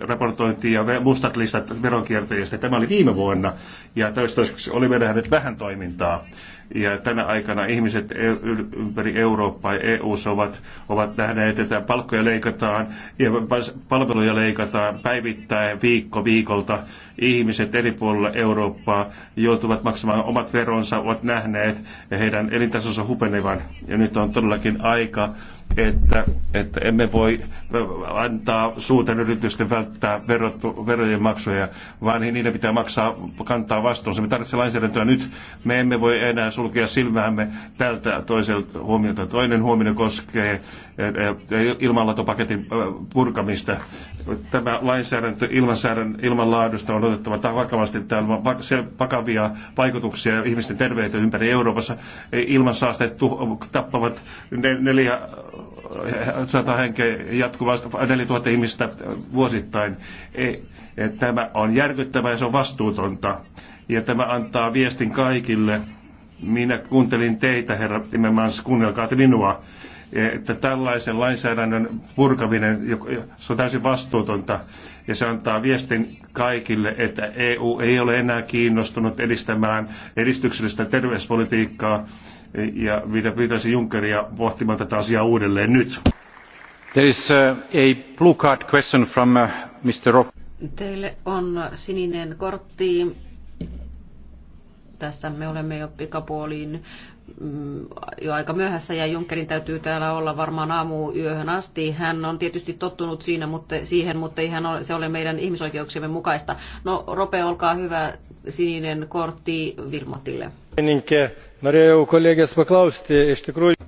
raportointi ja mustat listat veronkiertäjistä. Tämä oli viime vuonna ja toistaiseksi oli nähnyt vähän toimintaa. Ja tänä aikana ihmiset ympäri Eurooppaa ja EU ovat, ovat nähneet, että palkkoja leikataan ja palveluja leikataan päivittäin viikko viikolta. Ihmiset eri puolilla Eurooppaa joutuvat maksamaan omat veronsa, ovat nähneet heidän elintasonsa hupenevan. Ja nyt on todellakin aika että, että emme voi antaa suurten yritysten välttää verot, verojen maksuja, vaan niiden pitää maksaa, kantaa vastuunsa. Me tarvitsemme lainsäädäntöä nyt. Me emme voi enää sulkea silmäämme tältä toiselta huomiota. Toinen huomio koskee eh, eh, ilmanlatopaketin eh, purkamista. Tämä lainsäädäntö ilmanlaadusta on otettava vakavasti. Täällä on vakavia vaikutuksia ihmisten terveyteen ympäri Euroopassa. Ilmansaasteet tappavat neljä 100 henkeä jatkuvasti, 4000 ihmistä vuosittain. E, e, tämä on järkyttävää ja se on vastuutonta. Ja tämä antaa viestin kaikille. Minä kuuntelin teitä, herra Timmermans, kuunnelkaa te minua e, että tällaisen lainsäädännön purkaminen, se on täysin vastuutonta ja se antaa viestin kaikille, että EU ei ole enää kiinnostunut edistämään edistyksellistä terveyspolitiikkaa ja mitä pyytäisin Junckeria pohtimaan tätä asiaa uudelleen nyt. There is uh, a blue card question from uh, Mr. Rob. Teille on sininen kortti. Tässä me olemme jo pikapuoliin mm, jo aika myöhässä ja Junckerin täytyy täällä olla varmaan yöhön asti. Hän on tietysti tottunut siinä, mutta, siihen, mutta hän ole, se ole meidän ihmisoikeuksiemme mukaista. No Rope, olkaa hyvä, sininen kortti Vilmatille.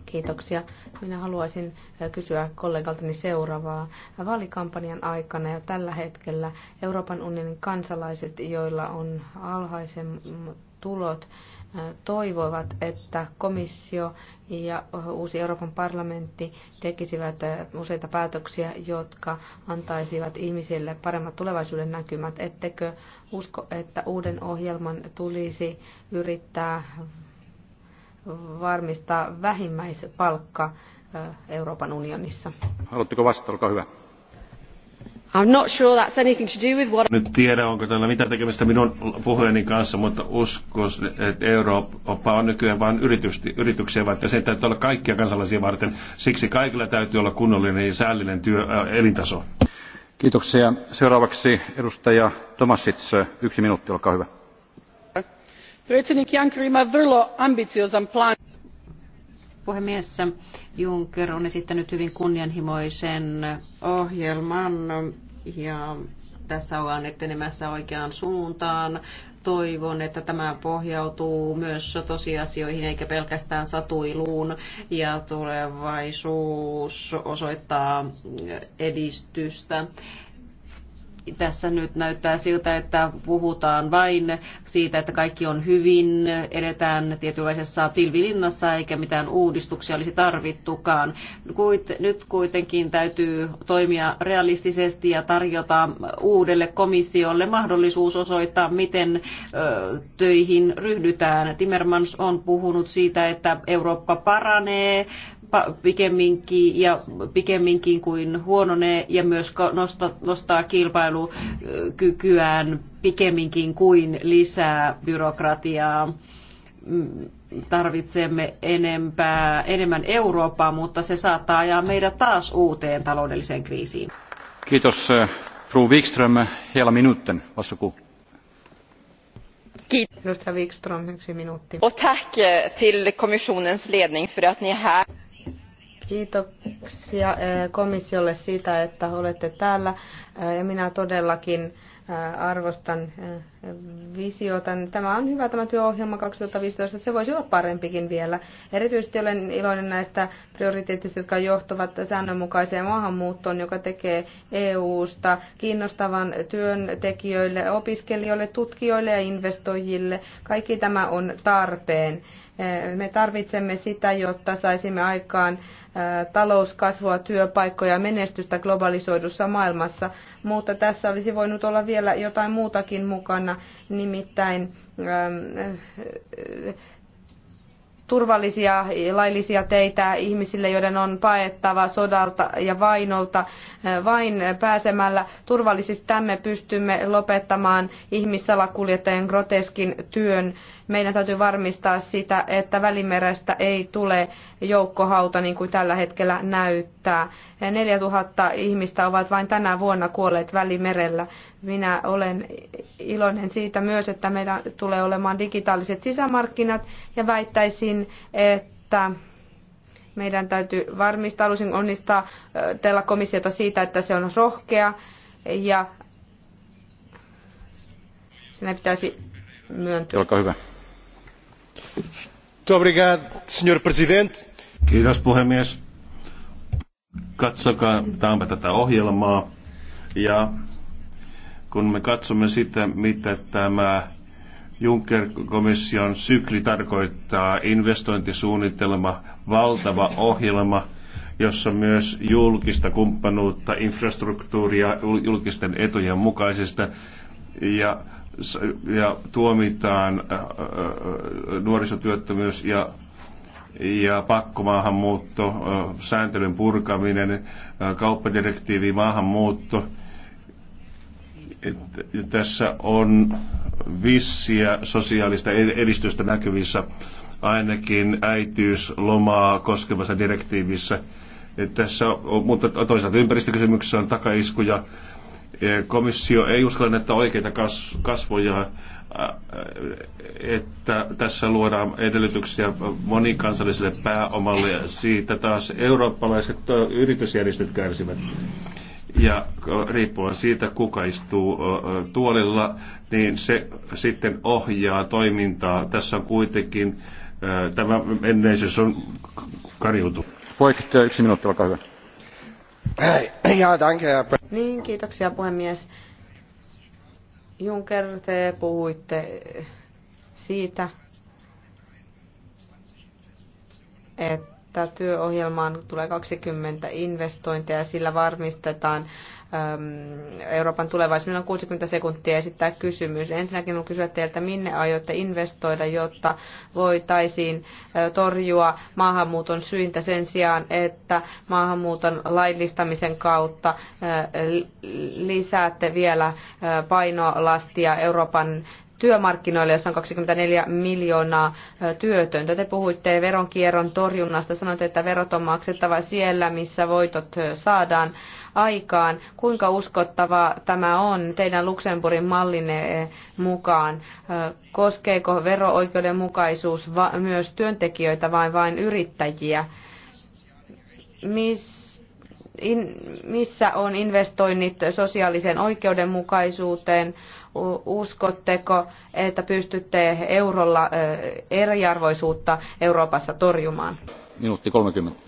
Kiitoksia. Minä haluaisin kysyä kollegaltani seuraavaa. Vaalikampanjan aikana ja tällä hetkellä Euroopan unionin kansalaiset, joilla on alhaisemmat tulot, toivoivat, että komissio ja uusi Euroopan parlamentti tekisivät useita päätöksiä, jotka antaisivat ihmisille paremmat tulevaisuuden näkymät. Ettekö usko, että uuden ohjelman tulisi yrittää varmistaa vähimmäispalkka Euroopan unionissa? Haluatteko vastata? Olkaa hyvä. I'm not sure that's anything to do with what... Nyt tiedä, onko tällä mitä tekemistä minun puheeni kanssa, mutta usko, että Eurooppa on nykyään vain yrityksiä varten. Sen täytyy olla kaikkia kansalaisia varten. Siksi kaikilla täytyy olla kunnollinen ja säällinen työ, äh, elintaso. Kiitoksia. Seuraavaksi edustaja Tomasic. Yksi minuutti, olkaa hyvä. Predsjednik Juncker virlo, vrlo ambiciozan plan puhemies. Juncker on esittänyt hyvin kunnianhimoisen ohjelman ja tässä ollaan etenemässä oikeaan suuntaan. Toivon, että tämä pohjautuu myös tosiasioihin eikä pelkästään satuiluun ja tulevaisuus osoittaa edistystä tässä nyt näyttää siltä, että puhutaan vain siitä, että kaikki on hyvin, edetään tietynlaisessa pilvilinnassa eikä mitään uudistuksia olisi tarvittukaan. Nyt kuitenkin täytyy toimia realistisesti ja tarjota uudelle komissiolle mahdollisuus osoittaa, miten töihin ryhdytään. Timmermans on puhunut siitä, että Eurooppa paranee pikemminkin, ja pikemminkin kuin huononee ja myös nostaa, nostaa kilpailukykyään pikemminkin kuin lisää byrokratiaa mm, tarvitsemme enempää, enemmän Eurooppaa, mutta se saattaa ajaa meidät taas uuteen taloudelliseen kriisiin. Kiitos, eh, fru Wikström. Hela minuutten, vastuku. Kiitos, Wikström, yksi minuutti. Och tack eh, till kommissionens ledning för att ni är här. Kiitoksia eh, komissiolle siitä, että olette täällä. Eh, ja minä todellakin eh, arvostan visiota. Tämä on hyvä tämä työohjelma 2015. Se voisi olla parempikin vielä. Erityisesti olen iloinen näistä prioriteetista, jotka johtuvat säännönmukaiseen maahanmuuttoon, joka tekee EU-sta kiinnostavan työntekijöille, opiskelijoille, tutkijoille ja investoijille. Kaikki tämä on tarpeen. Eh, me tarvitsemme sitä, jotta saisimme aikaan eh, talouskasvua, työpaikkoja ja menestystä globalisoidussa maailmassa, mutta tässä olisi voinut olla vielä jotain muutakin mukana, nimittäin eh, turvallisia laillisia teitä ihmisille, joiden on paettava sodalta ja vainolta. Vain pääsemällä turvallisesti tämme pystymme lopettamaan ihmissalakuljettajien groteskin työn meidän täytyy varmistaa sitä, että Välimerestä ei tule joukkohauta niin kuin tällä hetkellä näyttää. 4000 ihmistä ovat vain tänä vuonna kuolleet Välimerellä. Minä olen iloinen siitä myös, että meillä tulee olemaan digitaaliset sisämarkkinat ja väittäisin, että meidän täytyy varmistaa, haluaisin onnistaa teillä komissiota siitä, että se on rohkea ja sinne pitäisi myöntyä. Olkaa hyvä. Kiitos puhemies. katsokaapa tätä ohjelmaa. Ja kun me katsomme sitä, mitä tämä Juncker-komission sykli tarkoittaa, investointisuunnitelma, valtava ohjelma, jossa myös julkista kumppanuutta, infrastruktuuria julkisten etujen mukaisesti ja ja tuomitaan äh, äh, äh, nuorisotyöttömyys ja ja pakkomaahanmuutto, sääntelyn purkaminen, kauppadirektiivi, maahanmuutto. Tässä on vissiä sosiaalista edistystä näkyvissä ainakin äitiyslomaa koskevassa direktiivissä. Tässä, mutta toisaalta ympäristökysymyksessä on takaiskuja komissio ei uskalla näyttää oikeita kasvoja, että tässä luodaan edellytyksiä monikansalliselle pääomalle ja siitä taas eurooppalaiset yritysjärjestöt kärsivät. Ja riippuen siitä, kuka istuu tuolilla, niin se sitten ohjaa toimintaa. Tässä on kuitenkin tämä menneisyys on karjutu. Voitte yksi minuutti, olkaa hyvä Niin, kiitoksia puhemies. Juncker, te puhuitte eh, siitä, että työohjelmaan tulee 20 investointeja ja sillä varmistetaan Ähm, Euroopan tulevaisuudella on 60 sekuntia esittää kysymys. Ensinnäkin on kysyä teiltä, minne aiotte investoida, jotta voitaisiin torjua maahanmuuton syintä sen sijaan, että maahanmuuton laillistamisen kautta lisäätte vielä painolastia Euroopan työmarkkinoille, jossa on 24 miljoonaa työtöntä. Te puhuitte veronkierron torjunnasta, sanoitte, että verot on maksettava siellä, missä voitot saadaan aikaan. Kuinka uskottava tämä on teidän Luxemburgin mallinne eh, mukaan? Eh, koskeeko vero-oikeudenmukaisuus myös työntekijöitä vai vain yrittäjiä? Missä missä on investoinnit sosiaaliseen oikeudenmukaisuuteen? Uskotteko, että pystytte eurolla eh, eriarvoisuutta Euroopassa torjumaan? Minuutti 30.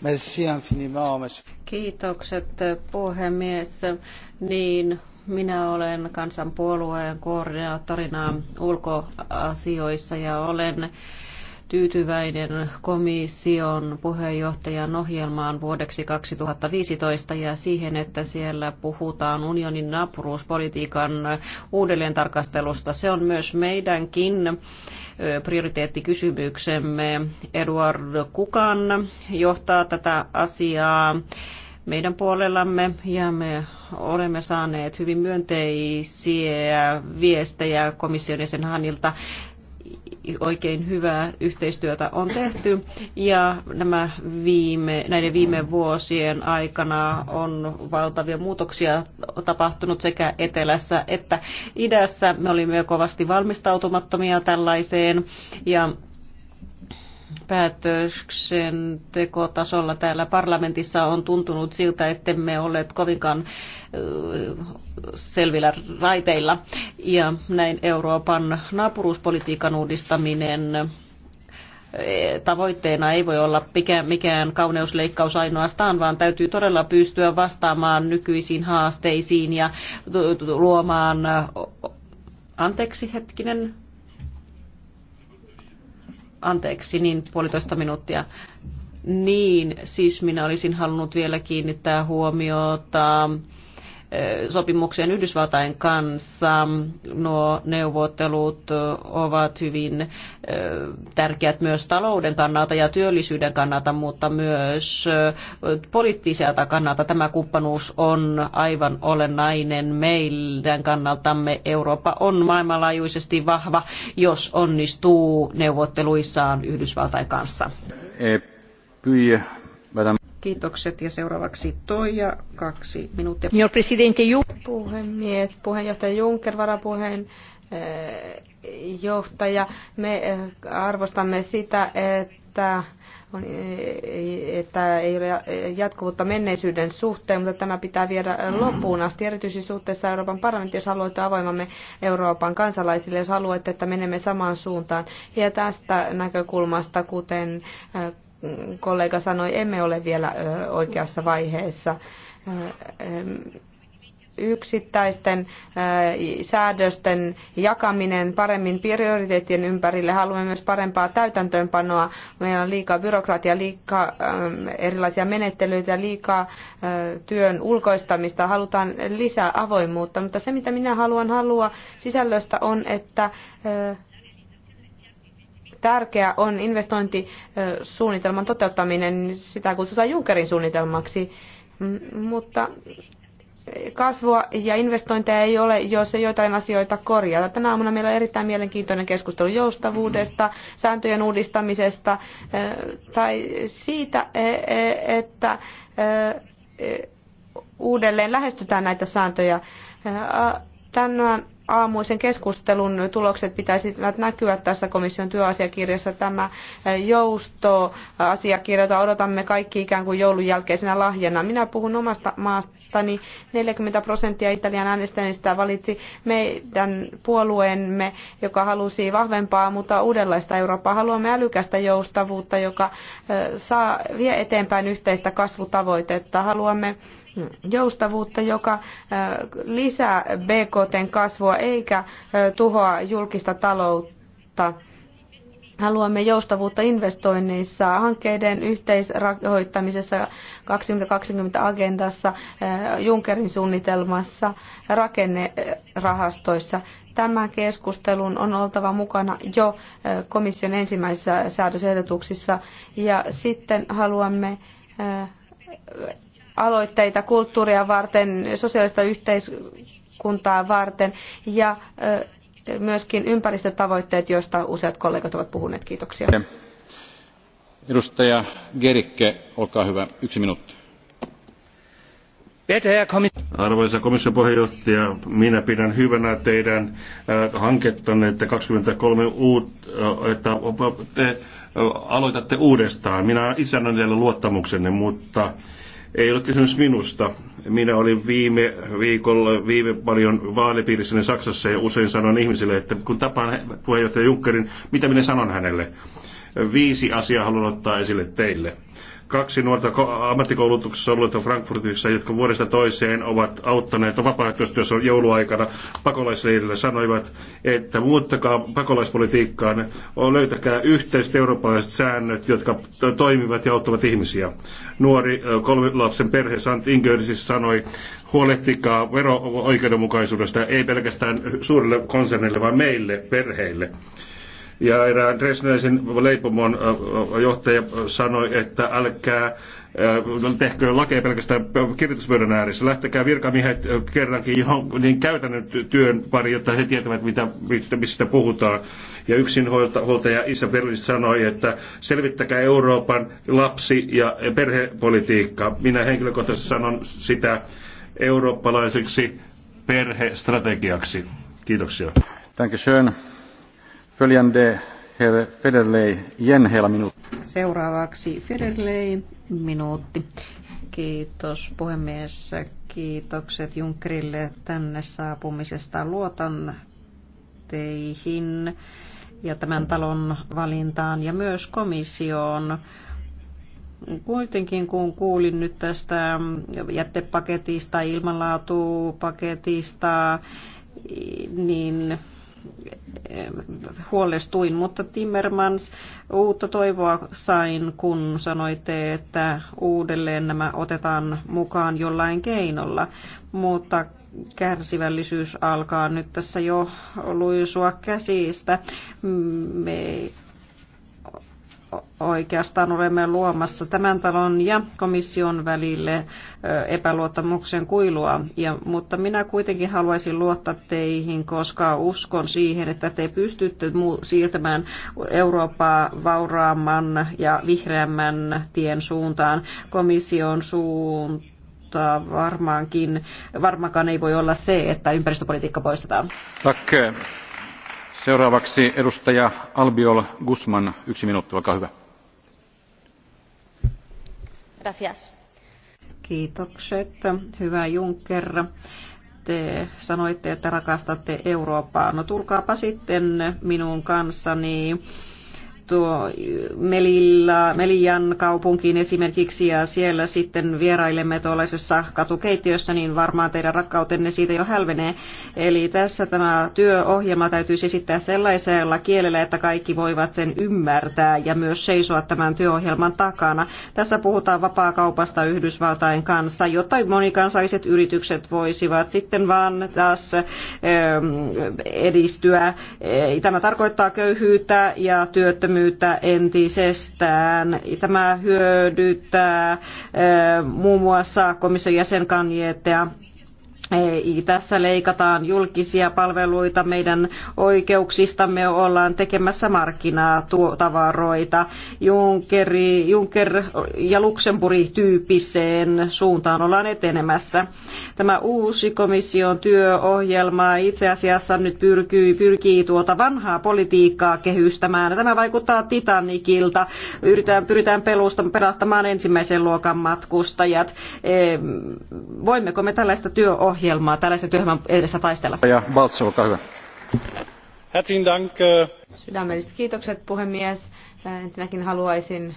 Merci infiniment, Kiitokset puhemies. Niin, minä olen kansanpuolueen koordinaattorina ulkoasioissa ja olen tyytyväinen komission puheenjohtajan ohjelmaan vuodeksi 2015 ja siihen, että siellä puhutaan unionin naapuruuspolitiikan uudelleentarkastelusta. Se on myös meidänkin prioriteettikysymyksemme. Eduard Kukan johtaa tätä asiaa meidän puolellamme ja me olemme saaneet hyvin myönteisiä viestejä komission jäsenhanilta. Hanilta oikein hyvää yhteistyötä on tehty ja nämä viime, näiden viime vuosien aikana on valtavia muutoksia tapahtunut sekä etelässä että idässä. Me olimme kovasti valmistautumattomia tällaiseen ja päätöksentekotasolla täällä parlamentissa on tuntunut siltä, että me olleet kovinkaan selvillä raiteilla. Ja näin Euroopan naapuruuspolitiikan uudistaminen tavoitteena ei voi olla mikään kauneusleikkaus ainoastaan, vaan täytyy todella pystyä vastaamaan nykyisiin haasteisiin ja luomaan, anteeksi hetkinen, anteeksi, niin puolitoista minuuttia. Niin, siis minä olisin halunnut vielä kiinnittää huomiota sopimukseen Yhdysvaltain kanssa. Nuo neuvottelut ovat hyvin tärkeät myös talouden kannalta ja työllisyyden kannalta, mutta myös poliittiselta kannalta tämä kumppanuus on aivan olennainen meidän kannaltamme. Eurooppa on maailmanlaajuisesti vahva, jos onnistuu neuvotteluissaan Yhdysvaltain kanssa. E, Kiitokset ja seuraavaksi Toija, kaksi minuuttia. Signor Presidente Juncker. Puhemies, puheenjohtaja Juncker, varapuheen eh, johtaja. Me eh, arvostamme sitä, että on, eh, että ei ole jatkuvuutta menneisyyden suhteen, mutta tämä pitää viedä loppuun asti, erityisesti suhteessa Euroopan parlamenttiin, jos haluatte avoimamme Euroopan kansalaisille, jos haluatte, että menemme samaan suuntaan. Ja tästä näkökulmasta, kuten kollega sanoi, emme ole vielä oikeassa vaiheessa yksittäisten säädösten jakaminen paremmin prioriteettien ympärille. Haluamme myös parempaa täytäntöönpanoa. Meillä on liikaa byrokratiaa, liikaa erilaisia menettelyitä, liikaa työn ulkoistamista. Halutaan lisää avoimuutta, mutta se mitä minä haluan halua sisällöstä on, että tärkeä on investointisuunnitelman toteuttaminen, sitä kutsutaan Junckerin suunnitelmaksi, mutta kasvua ja investointeja ei ole, jos ei joitain asioita korjata. Tänä aamuna meillä on erittäin mielenkiintoinen keskustelu joustavuudesta, sääntöjen uudistamisesta eh, tai siitä, e, e, että e, uudelleen lähestytään näitä sääntöjä. Eh, tänään aamuisen keskustelun tulokset pitäisi näkyä tässä komission työasiakirjassa. Tämä joustoasiakirja, jota odotamme kaikki ikään kuin joulun jälkeisenä lahjana. Minä puhun omasta maastani. 40 prosenttia Italian äänestäjistä valitsi meidän puolueemme, joka halusi vahvempaa, mutta uudenlaista Eurooppaa. Haluamme älykästä joustavuutta, joka saa, vie eteenpäin yhteistä kasvutavoitetta. Haluamme joustavuutta, joka lisää BKTn kasvua eikä tuhoa julkista taloutta. Haluamme joustavuutta investoinneissa, hankkeiden yhteisrahoittamisessa 2020-agendassa, Junckerin suunnitelmassa, rakennerahastoissa. Tämän keskustelun on oltava mukana jo komission ensimmäisissä säädösehdotuksissa ja sitten haluamme aloitteita kulttuuria varten, sosiaalista yhteiskuntaa varten ja myöskin ympäristötavoitteet, joista useat kollegat ovat puhuneet. Kiitoksia. Edustaja Gerikke, olkaa hyvä. Yksi minuutti. Arvoisa komission puheenjohtaja, minä pidän hyvänä teidän hankettanne, että 23 uut, että te aloitatte uudestaan. Minä isän teille luottamuksenne, mutta ei ole kysymys minusta. Minä olin viime viikolla, viime paljon vaalipiirissäni niin Saksassa ja usein sanon ihmisille, että kun tapaan puheenjohtaja Junckerin, mitä minä sanon hänelle? Viisi asiaa haluan ottaa esille teille kaksi nuorta ammattikoulutuksessa ollutta Frankfurtissa, jotka vuodesta toiseen ovat auttaneet vapaaehtoistyössä jouluaikana pakolaisleirillä, sanoivat, että muuttakaa pakolaispolitiikkaa, löytäkää yhteiset eurooppalaiset säännöt, jotka toimivat ja auttavat ihmisiä. Nuori kolmen lapsen perhe Sant Ingörsissä sanoi, huolehtikaa vero-oikeudenmukaisuudesta ei pelkästään suurille konserneille, vaan meille, perheille. Ja erään Dresdensin leipomon johtaja sanoi, että älkää no, tehkö lakeja pelkästään kirjoituspöydän ääressä. Lähtekää virkamiehet kerrankin johon, niin käytännön työn pari, jotta he tietävät, mitä, mistä, mistä puhutaan. Ja yksinhuoltaja Isa Berlis sanoi, että selvittäkää Euroopan lapsi- ja perhepolitiikka. Minä henkilökohtaisesti sanon sitä eurooppalaiseksi perhestrategiaksi. Kiitoksia. you. Följande herr Federley, Jenhela minuutti. Seuraavaksi Federley, minuutti. Kiitos puhemies. Kiitokset Junkerille tänne saapumisesta. Luotan teihin ja tämän talon valintaan ja myös komissioon. Kuitenkin kun kuulin nyt tästä jättepaketista, ilmanlaatupaketista, niin huolestuin, mutta Timmermans uutta toivoa sain, kun sanoitte, että uudelleen nämä otetaan mukaan jollain keinolla, mutta kärsivällisyys alkaa nyt tässä jo luisua käsistä. Me oikeastaan olemme luomassa tämän talon ja komission välille epäluottamuksen kuilua. Ja, mutta minä kuitenkin haluaisin luottaa teihin, koska uskon siihen, että te pystytte siirtämään Eurooppaa vauraamman ja vihreämmän tien suuntaan komission suuntaan mutta varmaankin, varmaankaan ei voi olla se, että ympäristöpolitiikka poistetaan. Tack arvoisa edustaja guzman yksi minuutti hyvä. Kiitokset, hyvä Juncker te sanoitte, että rakastatte Eurooppaa. No tulkaapa sitten minun kanssani tuo Melilla, Melian kaupunkiin esimerkiksi ja siellä sitten vierailemme tuollaisessa katukeittiössä, niin varmaan teidän rakkautenne siitä jo hälvenee. Eli tässä tämä työohjelma täytyy esittää sellaisella kielellä, että kaikki voivat sen ymmärtää ja myös seisoa tämän työohjelman takana. Tässä puhutaan vapaakaupasta Yhdysvaltain kanssa, jotta monikansaiset yritykset voisivat sitten vaan taas ehm, edistyä. Tämä tarkoittaa köyhyyttä ja työttömyyttä työttömyyttä entisestään. Tämä hyödyttää eh, muun muassa komission jäsenkanjetea tässä leikataan julkisia palveluita, meidän oikeuksistamme ollaan tekemässä markkinatavaroita Junkeri, Juncker ja Luxemburgin tyyppiseen suuntaan ollaan etenemässä. Tämä uusi komission työohjelma itse asiassa nyt pyrkii, pyrkii tuota vanhaa politiikkaa kehystämään. Tämä vaikuttaa Titanikilta. Yritetään, pyritään pelastamaan ensimmäisen luokan matkustajat. Voimmeko me tällaista työohjelmaa ohjelmaa tällaisen työhjelmän edessä taistella. Ja Baltso, olkaa hyvä. Herzlichen Dank. Äh. Sydämelliset kiitokset puhemies. Äh, ensinnäkin haluaisin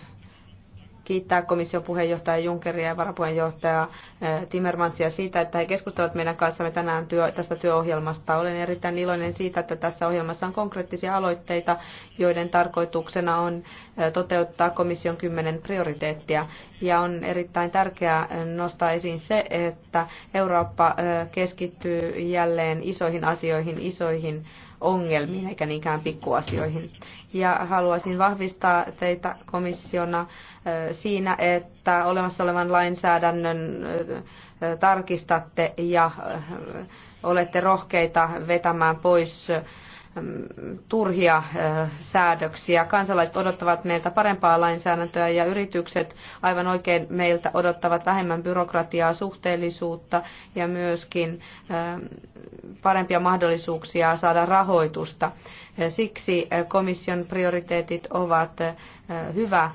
kiittää komission puheenjohtaja Junckeria ja varapuheenjohtaja eh, Timmermansia siitä, että he keskustelevat meidän kanssamme tänään työ, tästä työohjelmasta. Olen erittäin iloinen siitä, että tässä ohjelmassa on konkreettisia aloitteita, joiden tarkoituksena on eh, toteuttaa komission kymmenen prioriteettia. Ja on erittäin tärkeää eh, nostaa esiin se, että Eurooppa keskittyy jälleen isoihin asioihin, isoihin ongelmiin eikä niinkään pikkuasioihin. Ja haluaisin vahvistaa teitä komissiona siinä, että olemassa olevan lainsäädännön tarkistatte ja olette rohkeita vetämään pois turhia äh, säädöksiä. Kansalaiset odottavat meiltä parempaa lainsäädäntöä ja yritykset aivan oikein meiltä odottavat vähemmän byrokratiaa, suhteellisuutta ja myöskin parempia mahdollisuuksia saada rahoitusta. Äh, siksi äh, komission prioriteetit ovat hyvä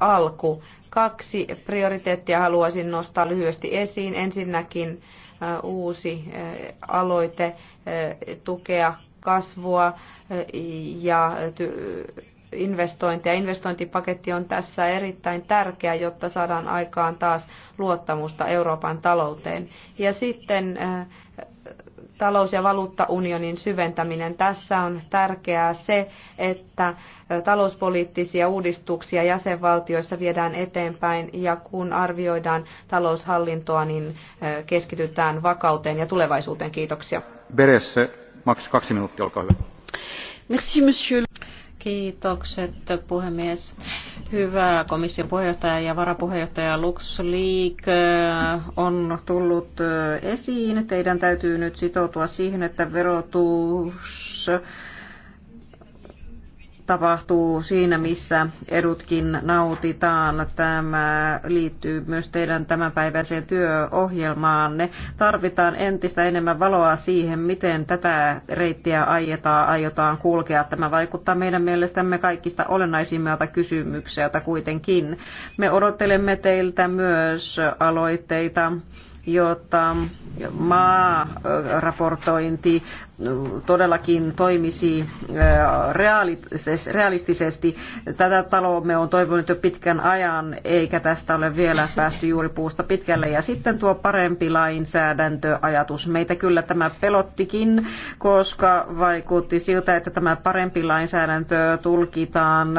alku. Kaksi prioriteettia haluaisin nostaa lyhyesti esiin. Ensinnäkin uusi aloite tukea kasvua ja investointeja. Investointipaketti on tässä erittäin tärkeä, jotta saadaan aikaan taas luottamusta Euroopan talouteen. Ja sitten talous- ja valuuttaunionin syventäminen. Tässä on tärkeää se, että talouspoliittisia uudistuksia jäsenvaltioissa viedään eteenpäin ja kun arvioidaan taloushallintoa, niin keskitytään vakauteen ja tulevaisuuteen. Kiitoksia. Beresse kaksi minuuttia puhemies. Hyvä komission puheenjohtaja ja varapuheenjohtaja LuxLeak äh, on tullut äh, esiin. Teidän täytyy nyt sitoutua siihen, että verotus tapahtuu siinä, missä edutkin nautitaan. Tämä liittyy myös teidän tämänpäiväiseen työohjelmaanne. Tarvitaan entistä enemmän valoa siihen, miten tätä reittiä aiotaan, aiotaan kulkea. Tämä vaikuttaa meidän mielestämme kaikista olennaisimmilta kysymyksiltä kuitenkin. Me odottelemme teiltä myös aloitteita jotta maaraportointi todellakin toimisi realistisesti. Tätä me on toivonut jo pitkän ajan, eikä tästä ole vielä päästy juuri puusta pitkälle. Ja sitten tuo parempi lainsäädäntöajatus. Meitä kyllä tämä pelottikin, koska vaikutti siltä, että tämä parempi lainsäädäntö tulkitaan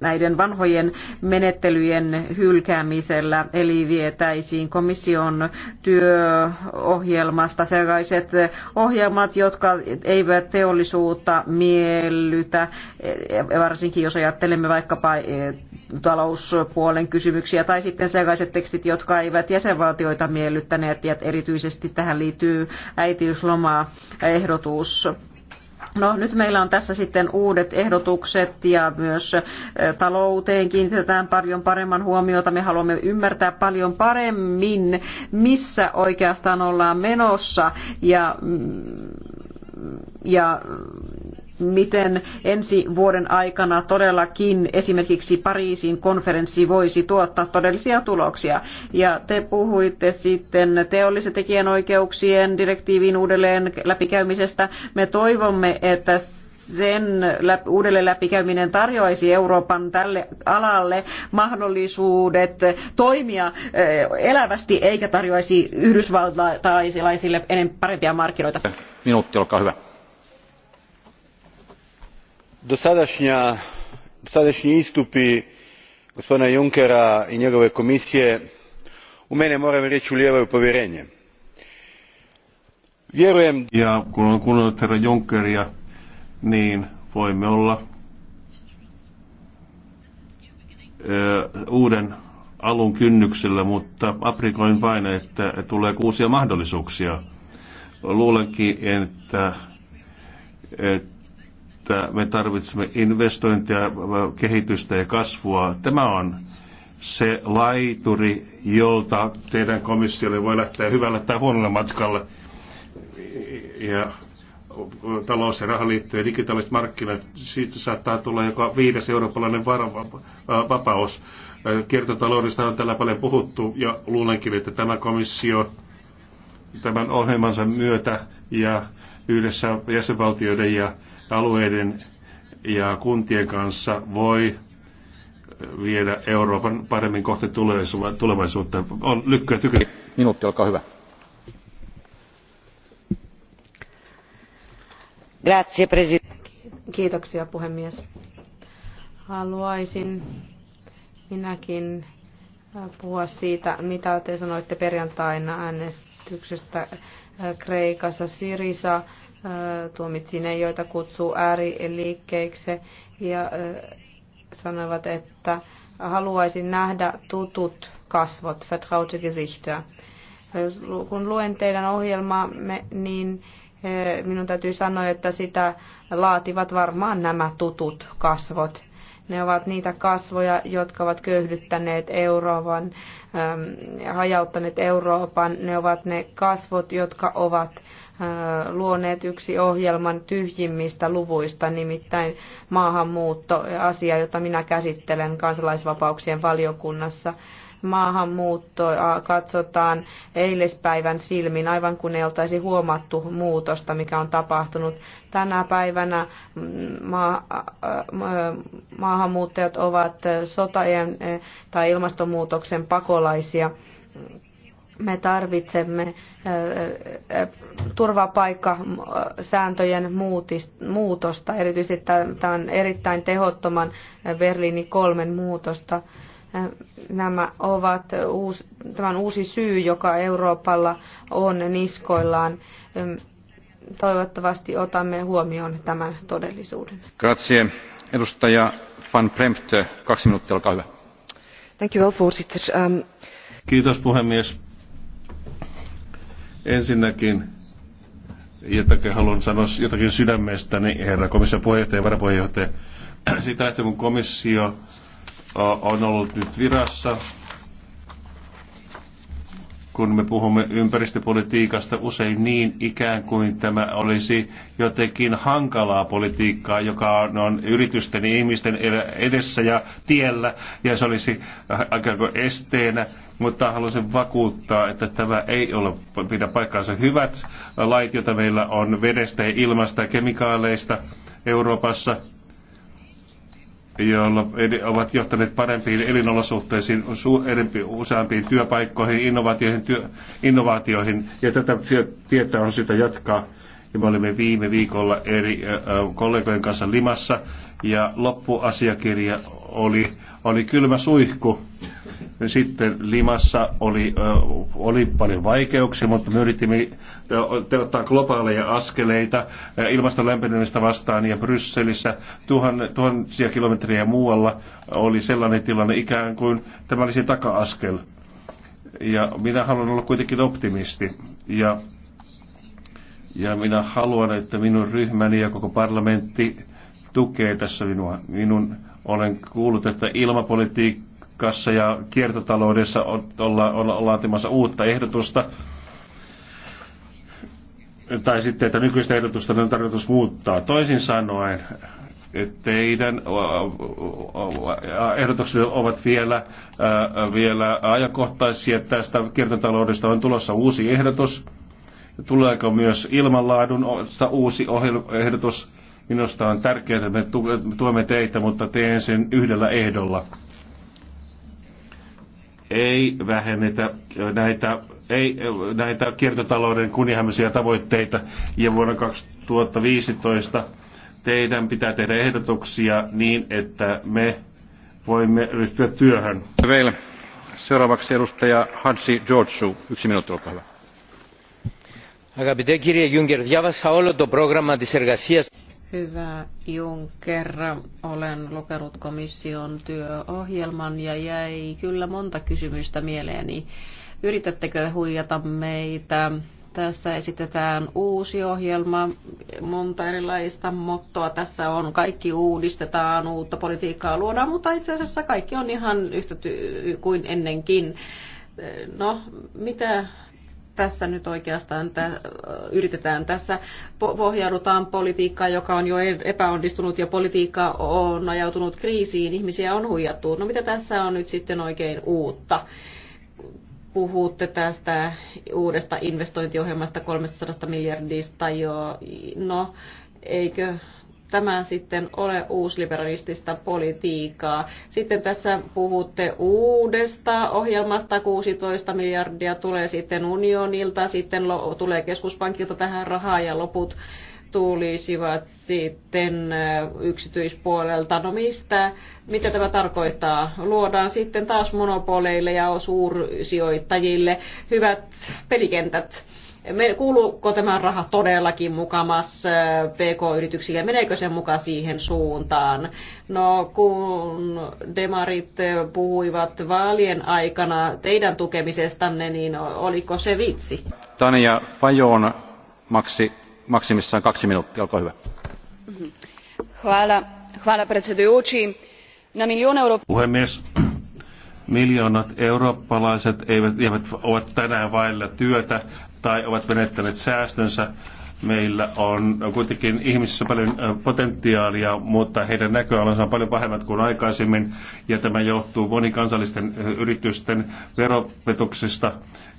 näiden vanhojen menettelyjen hylkäämisellä, eli vietäisiin komission työohjelmasta se sellaiset ohjelmat, jotka eivät teollisuutta miellytä, varsinkin jos ajattelemme vaikkapa eh, talouspuolen kysymyksiä, tai sitten sellaiset tekstit, jotka eivät jäsenvaltioita miellyttäneet, ja erityisesti tähän liittyy äitiyslomaa ehdotus No nyt meillä on tässä sitten uudet ehdotukset ja myös talouteen kiinnitetään paljon paremman huomiota. Me haluamme ymmärtää paljon paremmin, missä oikeastaan ollaan menossa ja mm, ja miten ensi vuoden aikana todellakin esimerkiksi Pariisin konferenssi voisi tuottaa todellisia tuloksia. Ja te puhuitte sitten teollisen tekijänoikeuksien direktiivin uudelleen läpikäymisestä. Me toivomme, että sen läpi, uudelleen läpikäyminen tarjoaisi Euroopan tälle alalle mahdollisuudet toimia elävästi eikä tarjoaisi yhdysvaltalaisille enemmän parempia markkinoita. Minuutti, olkaa hyvä dosadašnji istupi gospodina junckera i njegove komisije u mene moram reći ulijevaju povjerenje. ja kun olen kuunnellut herra junckeria niin voimme olla e, uuden alun kynnyksellä, mutta aprikoin vain, että tulee uusia mahdollisuuksia. Luulenkin, että, että että me tarvitsemme investointia, kehitystä ja kasvua. Tämä on se laituri, jolta teidän komissiolle voi lähteä hyvälle tai huonolle matkalle. Ja talous- ja rahaliitto ja digitaaliset markkinat, siitä saattaa tulla joka viides eurooppalainen vapaus. Kiertotaloudesta on tällä paljon puhuttu ja luulenkin, että tämä komissio tämän ohjelmansa myötä ja yhdessä jäsenvaltioiden ja alueiden ja kuntien kanssa voi viedä Euroopan paremmin kohti tulevaisuutta. On lykkyä tyky. Minuutti, olkaa hyvä. Grazie, Kiitoksia puhemies. Haluaisin minäkin äh, puhua siitä, mitä te sanoitte perjantaina äänestyksestä äh, Kreikassa. Sirisa tuomitsi ne, joita kutsuu ääriliikkeiksi ja sanoivat, että haluaisin nähdä tutut kasvot, vertraute Gesichter. Kun luen teidän ohjelmaamme, niin minun täytyy sanoa, että sitä laativat varmaan nämä tutut kasvot. Ne ovat niitä kasvoja, jotka ovat köyhdyttäneet Euroopan, hajauttaneet Euroopan. Ne ovat ne kasvot, jotka ovat luoneet yksi ohjelman tyhjimmistä luvuista, nimittäin maahanmuutto, asia, jota minä käsittelen kansalaisvapauksien valiokunnassa. Maahanmuuttoa katsotaan eilispäivän silmin, aivan kun ei oltaisi huomattu muutosta, mikä on tapahtunut. Tänä päivänä mm, maa, maahanmuuttajat ovat sotajan tai ilmastonmuutoksen pakolaisia me tarvitsemme turvapaikkasääntöjen muutosta, erityisesti tämän erittäin tehottoman Berliini kolmen muutosta. Nämä ovat uusi, tämän uusi syy, joka Euroopalla on niskoillaan. Toivottavasti otamme huomioon tämän todellisuuden. Grazie. Edustaja Van Prempt, kaksi minuuttia, olkaa hyvä. Thank you um, Kiitos puhemies Ensinnäkin jotakin haluan sanoa jotakin sydämestäni, herra komission puheenjohtaja ja varapuheenjohtaja. Siitä lähtien, kun komissio on ollut nyt virassa, kun me puhumme ympäristöpolitiikasta usein niin ikään kuin tämä olisi jotenkin hankalaa politiikkaa, joka on yritysten ja ihmisten edessä ja tiellä, ja se olisi aika kuin esteenä, mutta haluaisin vakuuttaa, että tämä ei ole pidä paikkaansa hyvät lait, joita meillä on vedestä ja ilmasta ja kemikaaleista Euroopassa, joilla ovat johtaneet parempiin elinolosuhteisiin, useampiin työpaikkoihin, innovaatioihin, työ, innovaatioihin ja tätä tietä on sitä jatkaa. Ja me olimme viime viikolla eri kollegojen kanssa Limassa ja loppuasiakirja oli, oli kylmä suihku sitten Limassa oli, oli paljon vaikeuksia, mutta me yritimme ottaa globaaleja askeleita ilmaston lämpenemistä vastaan ja Brysselissä tuhan, tuhansia kilometriä muualla oli sellainen tilanne ikään kuin tämä olisi taka-askel. Ja minä haluan olla kuitenkin optimisti ja, ja minä haluan, että minun ryhmäni ja koko parlamentti tukee tässä minua. Minun olen kuullut, että ilmapolitiikka Kassa- ja kiertotaloudessa ollaan olla laatimassa uutta ehdotusta. Tai sitten, että nykyistä ehdotusta on tarkoitus muuttaa. Toisin sanoen, teidän ehdotukset ovat vielä, vielä ajankohtaisia. Tästä kiertotaloudesta on tulossa uusi ehdotus. Tuleeko myös ilmanlaadun uusi ehdotus? Minusta on tärkeää, että me tuemme teitä, mutta teen sen yhdellä ehdolla ei vähennetä näitä, ei, näitä kiertotalouden kunnianhimoisia tavoitteita ja vuonna 2015 teidän pitää tehdä ehdotuksia niin, että me voimme ryhtyä työhön. Vielä. Seuraavaksi edustaja Hansi Georgiou. Yksi minuutti, olkaa hyvä. Agapite, kirje Γιούγκερ, διάβασα όλο το πρόγραμμα Hyvä Juncker, olen lukenut komission työohjelman ja jäi kyllä monta kysymystä mieleeni. Yritättekö huijata meitä? Tässä esitetään uusi ohjelma, monta erilaista mottoa. Tässä on kaikki uudistetaan, uutta politiikkaa luodaan, mutta itse asiassa kaikki on ihan yhtä kuin ennenkin. No, mitä tässä nyt oikeastaan yritetään. Tässä pohjaudutaan politiikkaan, joka on jo e- epäonnistunut ja politiikka on ajautunut kriisiin, ihmisiä on huijattu. No mitä tässä on nyt sitten oikein uutta? puhutte tästä uudesta investointiohjelmasta 300 miljardista jo, no eikö tämä sitten ole uusliberalistista politiikkaa. Sitten tässä puhutte uudesta ohjelmasta, 16 miljardia tulee sitten unionilta, sitten tulee keskuspankilta tähän rahaa ja loput tulisivat sitten yksityispuolelta. No mistä, mitä tämä tarkoittaa? Luodaan sitten taas monopoleille ja suursijoittajille hyvät pelikentät kuuluuko tämä raha todellakin mukamas PK-yrityksille, meneekö se muka siihen suuntaan? No kun demarit puhuivat vaalien aikana teidän tukemisestanne, niin oliko se vitsi? Tania Fajon maksi, maksimissaan kaksi minuuttia, olkaa hyvä. Hvala, hvala Na euro... Puhemies, miljoonat eurooppalaiset eivät, eivät ovat tänään vailla työtä tai ovat menettäneet säästönsä. Meillä on kuitenkin ihmisissä paljon potentiaalia, mutta heidän näköalansa on paljon pahemmat kuin aikaisemmin, ja tämä johtuu monikansallisten yritysten veropetuksista,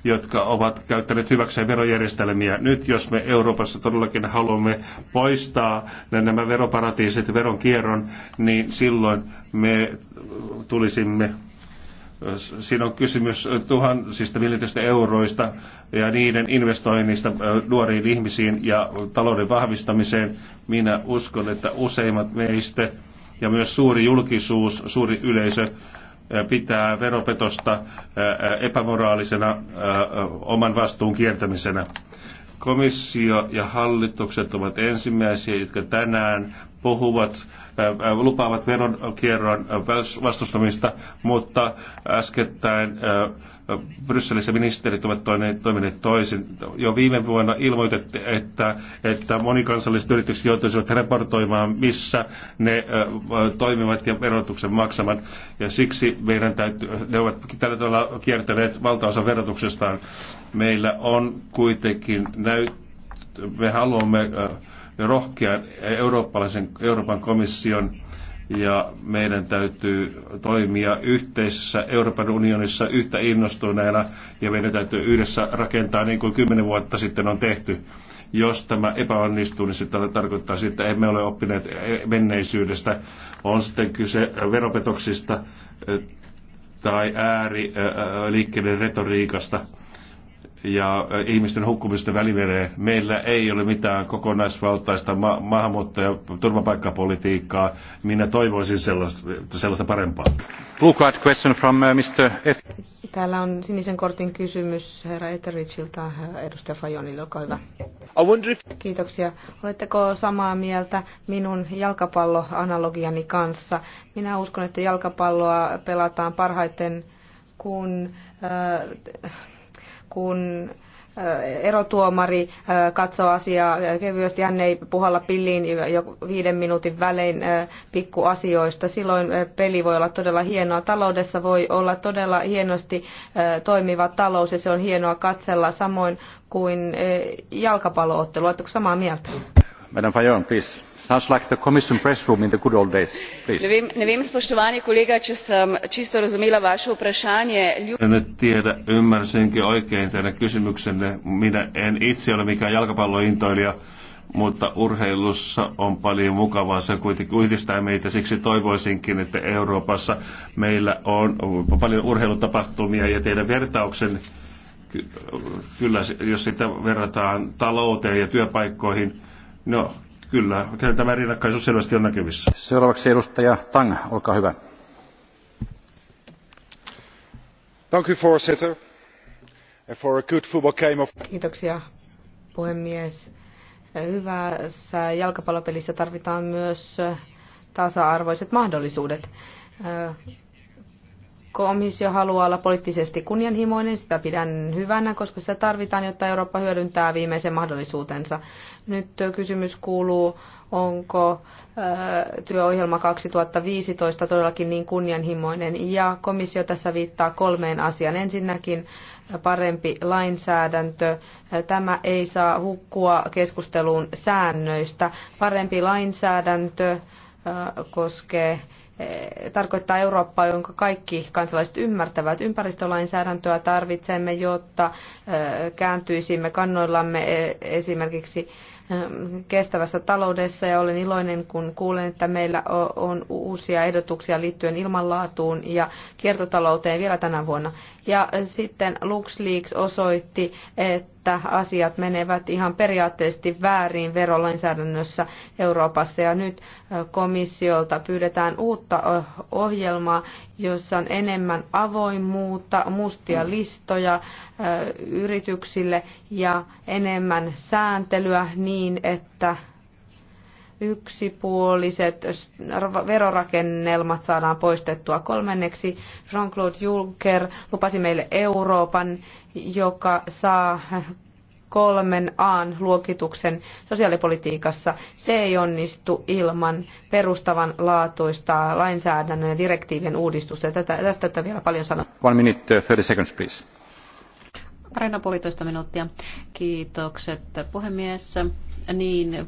jotka ovat käyttäneet hyväkseen verojärjestelmiä. Nyt jos me Euroopassa todellakin haluamme poistaa nämä veroparatiisit ja veronkierron, niin silloin me tulisimme Siinä on kysymys tuhansista siis miljoonista euroista ja niiden investoinnista nuoriin ihmisiin ja talouden vahvistamiseen. Minä uskon, että useimmat meistä ja myös suuri julkisuus, suuri yleisö pitää veropetosta epämoraalisena oman vastuun kiertämisenä. Komissio ja hallitukset ovat ensimmäisiä, jotka tänään puhuvat, äh, äh, lupaavat veronkierron vastustamista, mutta äskettäin äh, Brysselissä ministerit ovat toineet, toimineet toisin. Jo viime vuonna ilmoitettiin, että, että monikansalliset yritykset joutuisivat raportoimaan, missä ne toimivat ja verotuksen maksavat. Ja siksi meidän täytyy, ne ovat tällä tavalla kiertäneet valtaosa verotuksestaan. Meillä on kuitenkin näyt, me haluamme rohkean eurooppalaisen Euroopan komission ja meidän täytyy toimia yhteisessä Euroopan unionissa yhtä innostuneena ja meidän täytyy yhdessä rakentaa niin kuin kymmenen vuotta sitten on tehty. Jos tämä epäonnistuu, niin se tarkoittaa sitä, että emme ole oppineet menneisyydestä. On sitten kyse veropetoksista eh, tai ääriliikkeiden eh, eh, retoriikasta – ja äh, ihmisten hukkumista välimereen. Meillä ei ole mitään kokonaisvaltaista ma- maahanmuutto- ja turvapaikkapolitiikkaa. Minä toivoisin sellaista, sellaista parempaa. Blue card question from uh, Mr. F. Täällä on sinisen kortin kysymys herra Etheridgeilta, edustaja Fajonille, olkaa hyvä. If... Kiitoksia. Oletteko samaa mieltä minun jalkapalloanalogiani kanssa? Minä uskon, että jalkapalloa pelataan parhaiten kun äh, kun erotuomari katsoo asiaa kevyesti, hän ei puhalla pilliin jo viiden minuutin välein pikkuasioista. Silloin peli voi olla todella hienoa. Taloudessa voi olla todella hienosti toimiva talous ja se on hienoa katsella samoin kuin jalkapalloottelu. Oletteko samaa mieltä? Madame Fajon, please. Ne, vem, spoštovani kolega, če sem čisto razumela vaše vprašanje. En nyt tiedä, ymmärsinkö oikein teidän kysymyksenne. Minä en itse ole mikään jalkapallointoilija, mutta urheilussa on paljon mukavaa. Se kuitenkin yhdistää meitä. Siksi toivoisinkin, että Euroopassa meillä on paljon urheilutapahtumia ja teidän vertauksenne kyllä, jos sitä verrataan talouteen ja työpaikkoihin, no Kyllä, tämä rinnakkaisuus selvästi on näkyvissä. Seuraavaksi edustaja Tang, olkaa hyvä. Thank you voorzitter. En voor good football game of... Kiitoksia puhemies. Hyvässä jalkapallopelissä tarvitaan myös tasa-arvoiset mahdollisuudet Komissio haluaa olla poliittisesti kunnianhimoinen, sitä pidän hyvänä, koska sitä tarvitaan, jotta Eurooppa hyödyntää viimeisen mahdollisuutensa. Nyt kysymys kuuluu, onko äh, työohjelma 2015 todellakin niin kunnianhimoinen. Ja komissio tässä viittaa kolmeen asiaan. Ensinnäkin parempi lainsäädäntö. Tämä ei saa hukkua keskusteluun säännöistä. Parempi lainsäädäntö äh, koskee Eh, tarkoittaa Eurooppaa, jonka kaikki kansalaiset ymmärtävät. Ympäristölainsäädäntöä tarvitsemme, jotta eh, kääntyisimme kannoillamme eh, esimerkiksi kestävässä taloudessa ja olen iloinen, kun kuulen, että meillä on uusia ehdotuksia liittyen ilmanlaatuun ja kiertotalouteen vielä tänä vuonna. Ja sitten LuxLeaks osoitti, että asiat menevät ihan periaatteellisesti väärin verolainsäädännössä Euroopassa. Ja nyt komissiolta pyydetään uutta ohjelmaa, jossa on enemmän avoimuutta, mustia listoja yrityksille ja enemmän sääntelyä niin, että yksipuoliset verorakennelmat saadaan poistettua. Kolmanneksi Jean-Claude Juncker lupasi meille Euroopan, joka saa kolmen A-luokituksen sosiaalipolitiikassa. Se ei onnistu ilman perustavan laatuista lainsäädännön ja direktiivien uudistusta. Tätä, tästä tätä vielä paljon sanoa. One minute, 30 uh, seconds, please. Arena puolitoista minuuttia. Kiitokset puhemies. Niin,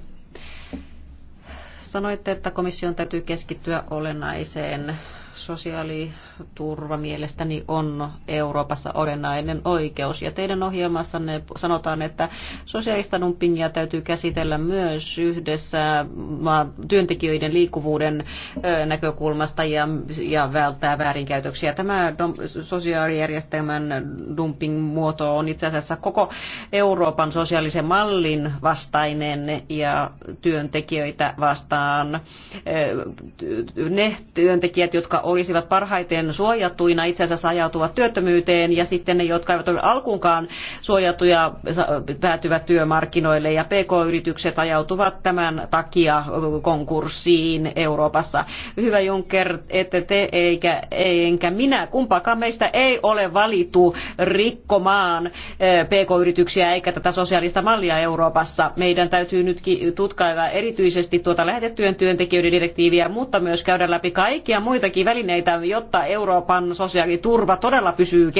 Sanoitte, että komission täytyy keskittyä olennaiseen sosiaali- turva mielestäni on Euroopassa olennainen oikeus. Ja teidän ohjelmassanne sanotaan, että sosiaalista dumpingia täytyy käsitellä myös yhdessä työntekijöiden liikkuvuuden näkökulmasta ja, ja välttää väärinkäytöksiä. Tämä sosiaalijärjestelmän dumping-muoto on itse asiassa koko Euroopan sosiaalisen mallin vastainen ja työntekijöitä vastaan. Ne työntekijät, jotka olisivat parhaiten sitten suojattuina itse asiassa ajautuvat työttömyyteen ja sitten ne, jotka eivät ole alkuunkaan suojattuja, päätyvät työmarkkinoille ja PK-yritykset ajautuvat tämän takia konkurssiin Euroopassa. Hyvä Juncker, että te eikä, enkä minä, kumpaakaan meistä ei ole valittu rikkomaan eh, PK-yrityksiä eikä tätä sosiaalista mallia Euroopassa. Meidän täytyy nyt tutkailla erityisesti tuota lähetettyjen työntekijöiden direktiiviä, mutta myös käydä läpi kaikkia muitakin välineitä, jotta Euroopan sosiaaliturva todella pysyy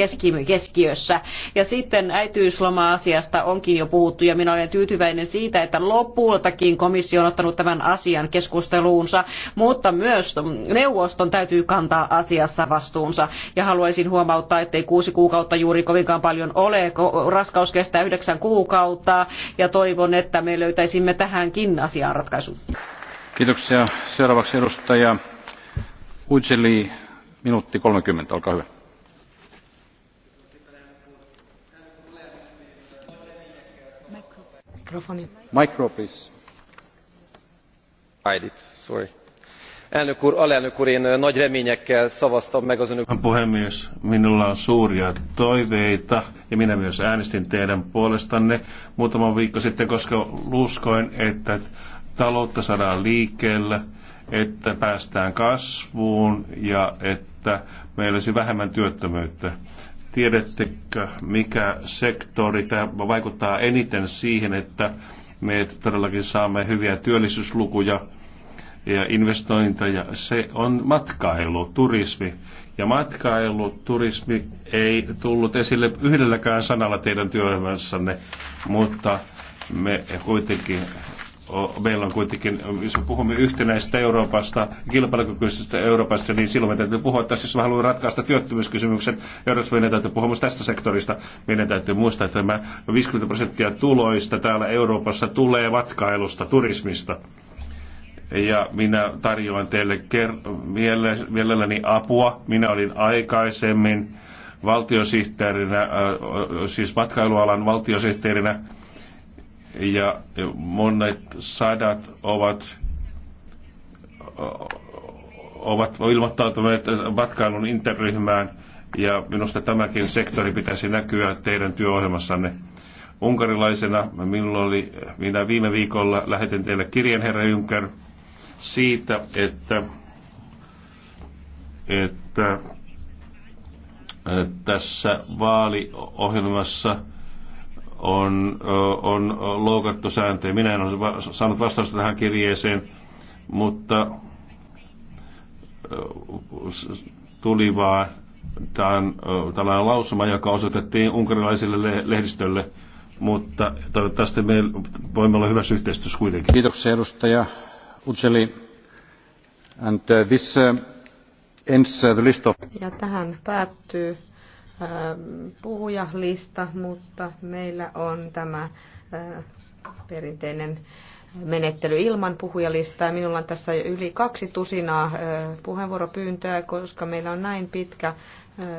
keskiössä. Ja sitten äitiysloma-asiasta onkin jo puhuttu ja minä olen tyytyväinen siitä, että lopultakin komissio on ottanut tämän asian keskusteluunsa, mutta myös neuvoston täytyy kantaa asiassa vastuunsa. Ja haluaisin huomauttaa, ettei kuusi kuukautta juuri kovinkaan paljon ole. Raskaus kestää yhdeksän kuukautta ja toivon, että me löytäisimme tähänkin asiaan ratkaisun. Kiitoksia. Seuraavaksi edustaja Ujeli alelnök úr én nagy reményekkel szavaztam meg az önök. puhemies minulla on suuria toiveita ja minä myös äänestin teidän puolestanne muutama viikko sitten koska uskoin että taloutta saadaan liikkeelle että päästään kasvuun ja että meillä olisi vähemmän työttömyyttä. Tiedättekö, mikä sektori tämä vaikuttaa eniten siihen, että me todellakin saamme hyviä työllisyyslukuja ja investointeja? Se on matkailu, turismi. Ja matkailu, turismi ei tullut esille yhdelläkään sanalla teidän työelämässänne, mutta me kuitenkin meillä on kuitenkin, jos puhumme yhtenäisestä Euroopasta, kilpailukykyisestä Euroopasta, niin silloin meidän täytyy puhua tässä, jos haluamme ratkaista työttömyyskysymykset, Euroopassa meidän täytyy puhua myös tästä sektorista. Meidän täytyy muistaa, että tämä 50 prosenttia tuloista täällä Euroopassa tulee matkailusta, turismista. Ja minä tarjoan teille ker- mielelläni apua. Minä olin aikaisemmin valtiosihteerinä, siis matkailualan valtiosihteerinä, ja monet sadat ovat, ovat ilmoittautuneet matkailun interryhmään ja minusta tämäkin sektori pitäisi näkyä teidän työohjelmassanne. Unkarilaisena minulla oli, minä viime viikolla lähetin teille kirjeen herra Juncker siitä, että, että tässä vaaliohjelmassa – on, on loukattu sääntöjä. Minä en ole saanut vastausta tähän kirjeeseen, mutta tuli vaan tämän, tällainen lausuma, joka osoitettiin unkarilaisille lehdistölle, mutta toivottavasti me voimme olla hyvässä yhteistyössä kuitenkin. Kiitoksia edustaja Utseli. And uh, this uh, ends uh, the list of... Ja tähän päättyy puhujalista, mutta meillä on tämä perinteinen menettely ilman puhujalistaa. Minulla on tässä yli kaksi tusinaa puheenvuoropyyntöä, koska meillä on näin pitkä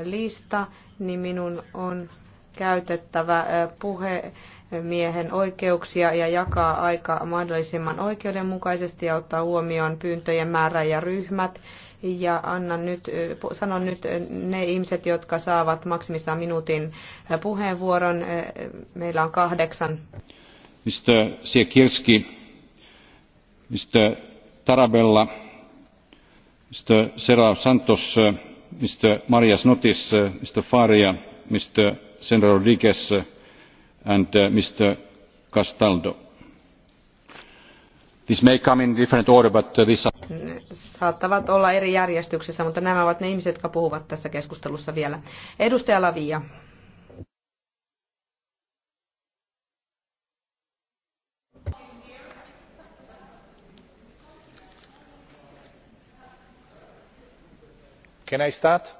lista, niin minun on käytettävä puhemiehen oikeuksia ja jakaa aika mahdollisimman oikeudenmukaisesti ja ottaa huomioon pyyntöjen määrä ja ryhmät ja annan nyt, sanon nyt ne ihmiset, jotka saavat maksimissaan minuutin puheenvuoron. Meillä on kahdeksan. Mr. Siekirski, Mr. Tarabella, Mr. Sera Santos, Mr. Marias Notis, Mr. Faria, Mr. Senra Rodriguez and Mr. Castaldo This may come in uh, Saattavat olla eri järjestyksessä, mutta nämä ovat ne ihmiset, jotka puhuvat tässä keskustelussa vielä. Edustaja Lavia. Can I start?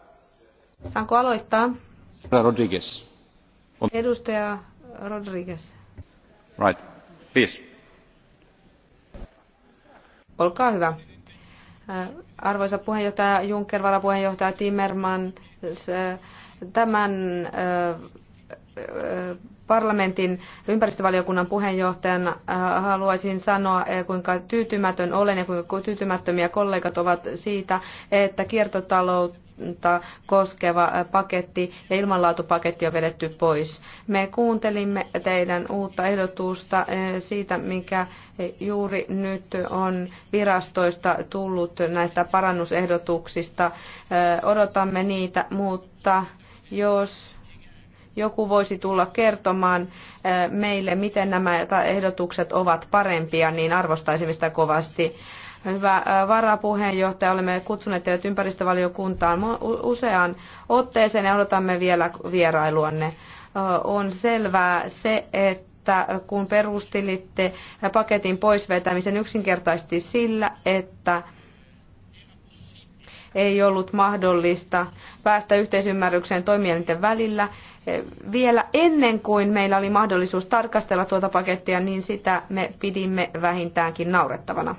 Saanko aloittaa? Rodriguez. Edustaja Rodriguez. Right. Please. Olkaa hyvä. Arvoisa puheenjohtaja Juncker, varapuheenjohtaja Timmerman, tämän äh, parlamentin ympäristövaliokunnan puheenjohtajana äh, haluaisin sanoa, äh, kuinka tyytymätön olen ja kuinka tyytymättömiä kollegat ovat siitä, että kiertotaloutta koskeva paketti ja ilmanlaatupaketti on vedetty pois. Me kuuntelimme teidän uutta ehdotusta eh, siitä, mikä juuri nyt on virastoista tullut näistä parannusehdotuksista. Eh, odotamme niitä, mutta jos joku voisi tulla kertomaan eh, meille, miten nämä ehdotukset ovat parempia, niin arvostaisimme sitä kovasti Hyvä varapuheenjohtaja, olemme kutsuneet teidät ympäristövaliokuntaan useaan otteeseen ja odotamme vielä vierailuanne. On selvää se, että että kun perustelitte paketin poisvetämisen yksinkertaisesti sillä, että ei ollut mahdollista päästä yhteisymmärrykseen toimielinten välillä. Vielä ennen kuin meillä oli mahdollisuus tarkastella tuota pakettia, niin sitä me pidimme vähintäänkin naurettavana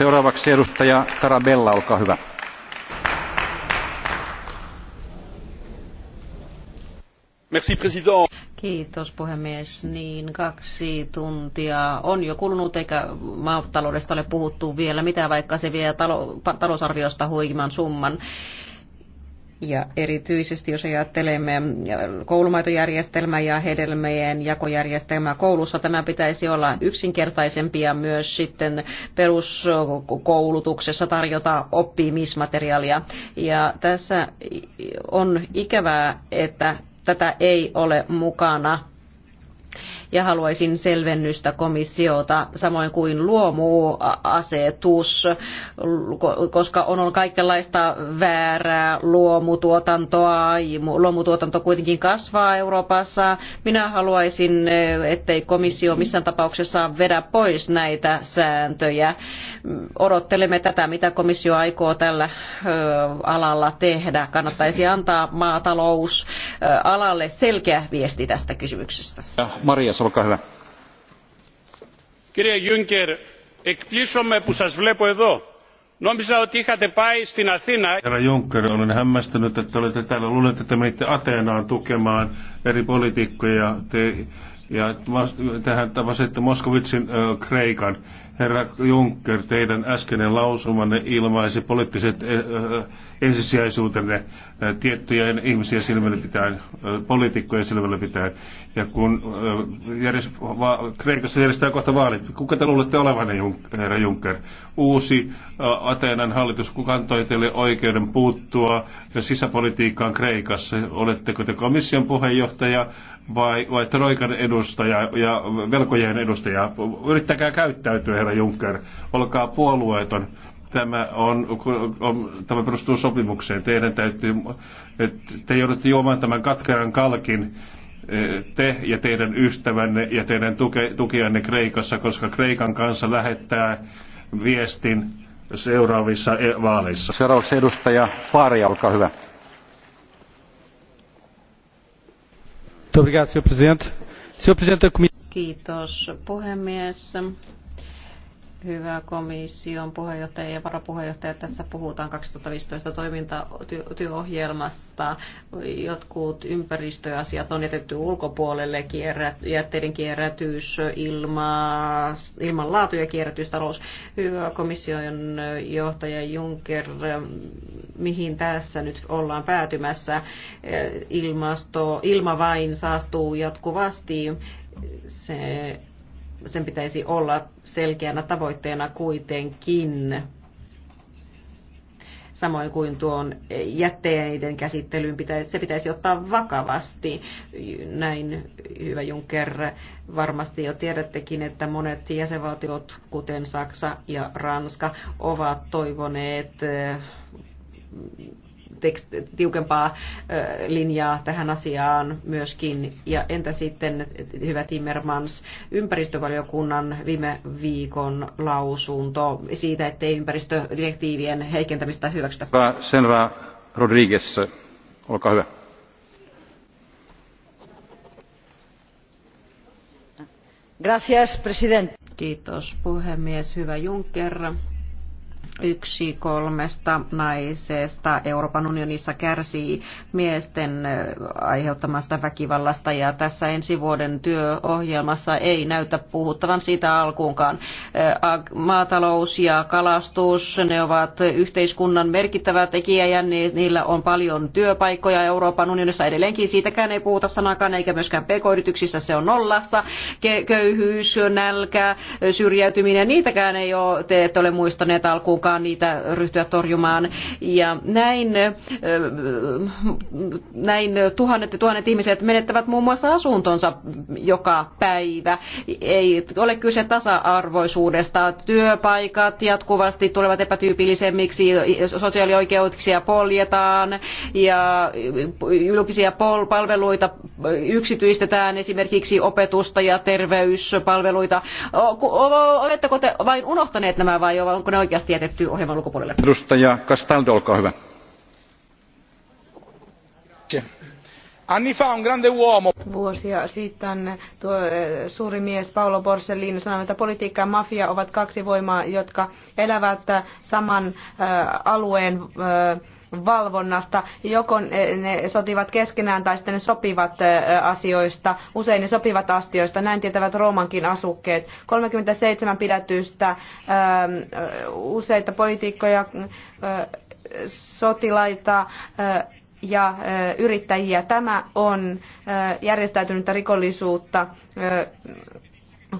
seuraavaksi edustaja tarabella olkaa hyvä. Kiitos puhemies. Niin kaksi tuntia on jo kulunut eikä maataloudesta ole puhuttu vielä mitä, vaikka se vie talo, talousarviosta huiman summan. Ja erityisesti jos ajattelemme äh, koulumaitojärjestelmää ja hedelmien jakojärjestelmää koulussa, tämä pitäisi olla yksinkertaisempi ja myös sitten peruskoulutuksessa tarjota oppimismateriaalia. Ja tässä on ikävää, että tätä ei ole mukana ja haluaisin selvennystä komissiota, samoin kuin luomuasetus, koska on ollut kaikenlaista väärää luomutuotantoa. Luomutuotanto kuitenkin kasvaa Euroopassa. Minä haluaisin, ettei komissio missään tapauksessa vedä pois näitä sääntöjä. Odottelemme tätä, mitä komissio aikoo tällä alalla tehdä. Kannattaisi antaa maatalousalalle selkeä viesti tästä kysymyksestä. Maria Kierros, olkaa hyvä. Κύριε Juncker, εκπλήσωμαι που σας βλέπω εδώ. Νόμιζα ότι είχατε πάει στην Αθήνα. Herra Juncker, olen hämmästynyt, että olette täällä. Luulen, että te menitte Ateenaan tukemaan eri poliitikkoja. Te, ja tähän tapasitte Moskovitsin ö, Kreikan. Herra Juncker, teidän äskeinen lausumanne ilmaisi poliittiset ö, ensisijaisuutenne tiettyjen ihmisiä silmällä pitäen, poliitikkoja silmällä pitäen. Ja kun järjest, va, Kreikassa järjestetään kohta vaalit, kuka te luulette olevanne, herra Juncker? Uusi Ateenan hallitus, kuka antoi teille oikeuden puuttua sisäpolitiikkaan Kreikassa? Oletteko te komission puheenjohtaja vai, vai Troikan edustaja ja velkojen edustaja? Yrittäkää käyttäytyä, herra Juncker. Olkaa puolueeton tämä, on, on, tämä perustuu sopimukseen. Teidän täytyy, te joudutte juomaan tämän katkeran kalkin, eh, te ja teidän ystävänne ja teidän tuke, tukijanne Kreikassa, koska Kreikan kanssa lähettää viestin seuraavissa e-, vaaleissa. Seuraavaksi edustaja Faari, olkaa hyvä. Kiitos puhemies. Hyvä komission puheenjohtaja ja varapuheenjohtaja. Tässä puhutaan 2015 toimintatyöohjelmasta. Jotkut ympäristöasiat on jätetty ulkopuolelle, jätteiden kierrätys, ilma, ilmanlaatu ja kierrätystalous. Hyvä komission johtaja Juncker, mihin tässä nyt ollaan päätymässä? Ilmasto, ilma vain saastuu jatkuvasti se sen pitäisi olla selkeänä tavoitteena kuitenkin. Samoin kuin tuon jätteiden käsittelyyn se pitäisi ottaa vakavasti. Näin, hyvä Juncker, varmasti jo tiedättekin, että monet jäsenvaltiot, kuten Saksa ja Ranska, ovat toivoneet tiukempaa linjaa tähän asiaan myöskin. Ja entä sitten, hyvä Timmermans, ympäristövaliokunnan viime viikon lausunto siitä, ettei ympäristödirektiivien heikentämistä hyväksytä? Senra Rodriguez, olkaa hyvä. Gracias, president. Kiitos puhemies. Hyvä Juncker Yksi kolmesta naisesta Euroopan unionissa kärsii miesten aiheuttamasta väkivallasta ja tässä ensi vuoden työohjelmassa ei näytä puhuttavan siitä alkuunkaan. Maatalous ja kalastus, ne ovat yhteiskunnan merkittävä tekijä ja niillä on paljon työpaikkoja Euroopan unionissa edelleenkin. Siitäkään ei puhuta sanakaan eikä myöskään pk-yrityksissä se on nollassa. Köyhyys, nälkä, syrjäytyminen, niitäkään ei ole, te ette ole muistaneet alkuunkaan mukaan niitä ryhtyä torjumaan. Ja näin, näin tuhannet ja tuhannet ihmiset menettävät muun muassa asuntonsa joka päivä. Ei ole kyse tasa-arvoisuudesta. Työpaikat jatkuvasti tulevat epätyypillisemmiksi, sosiaalioikeuksia poljetaan ja julkisia palveluita yksityistetään, esimerkiksi opetusta ja terveyspalveluita. Oletteko te vain unohtaneet nämä vai onko ne oikeasti jätetty jätetty ohjelman ulkopuolelle. Edustaja Castaldo, olkaa hyvä. Vuosia sitten tuo eh, suuri mies Paolo Borsellino sanoi, että politiikka ja mafia ovat kaksi voimaa, jotka elävät saman eh, alueen eh, valvonnasta. Joko ne sotivat keskenään tai sitten ne sopivat asioista. Usein ne sopivat astioista. Näin tietävät Roomankin asukkeet. 37 pidätystä, ähm, useita poliitikkoja, sotilaita, ja yrittäjiä. Tämä on järjestäytynyttä rikollisuutta.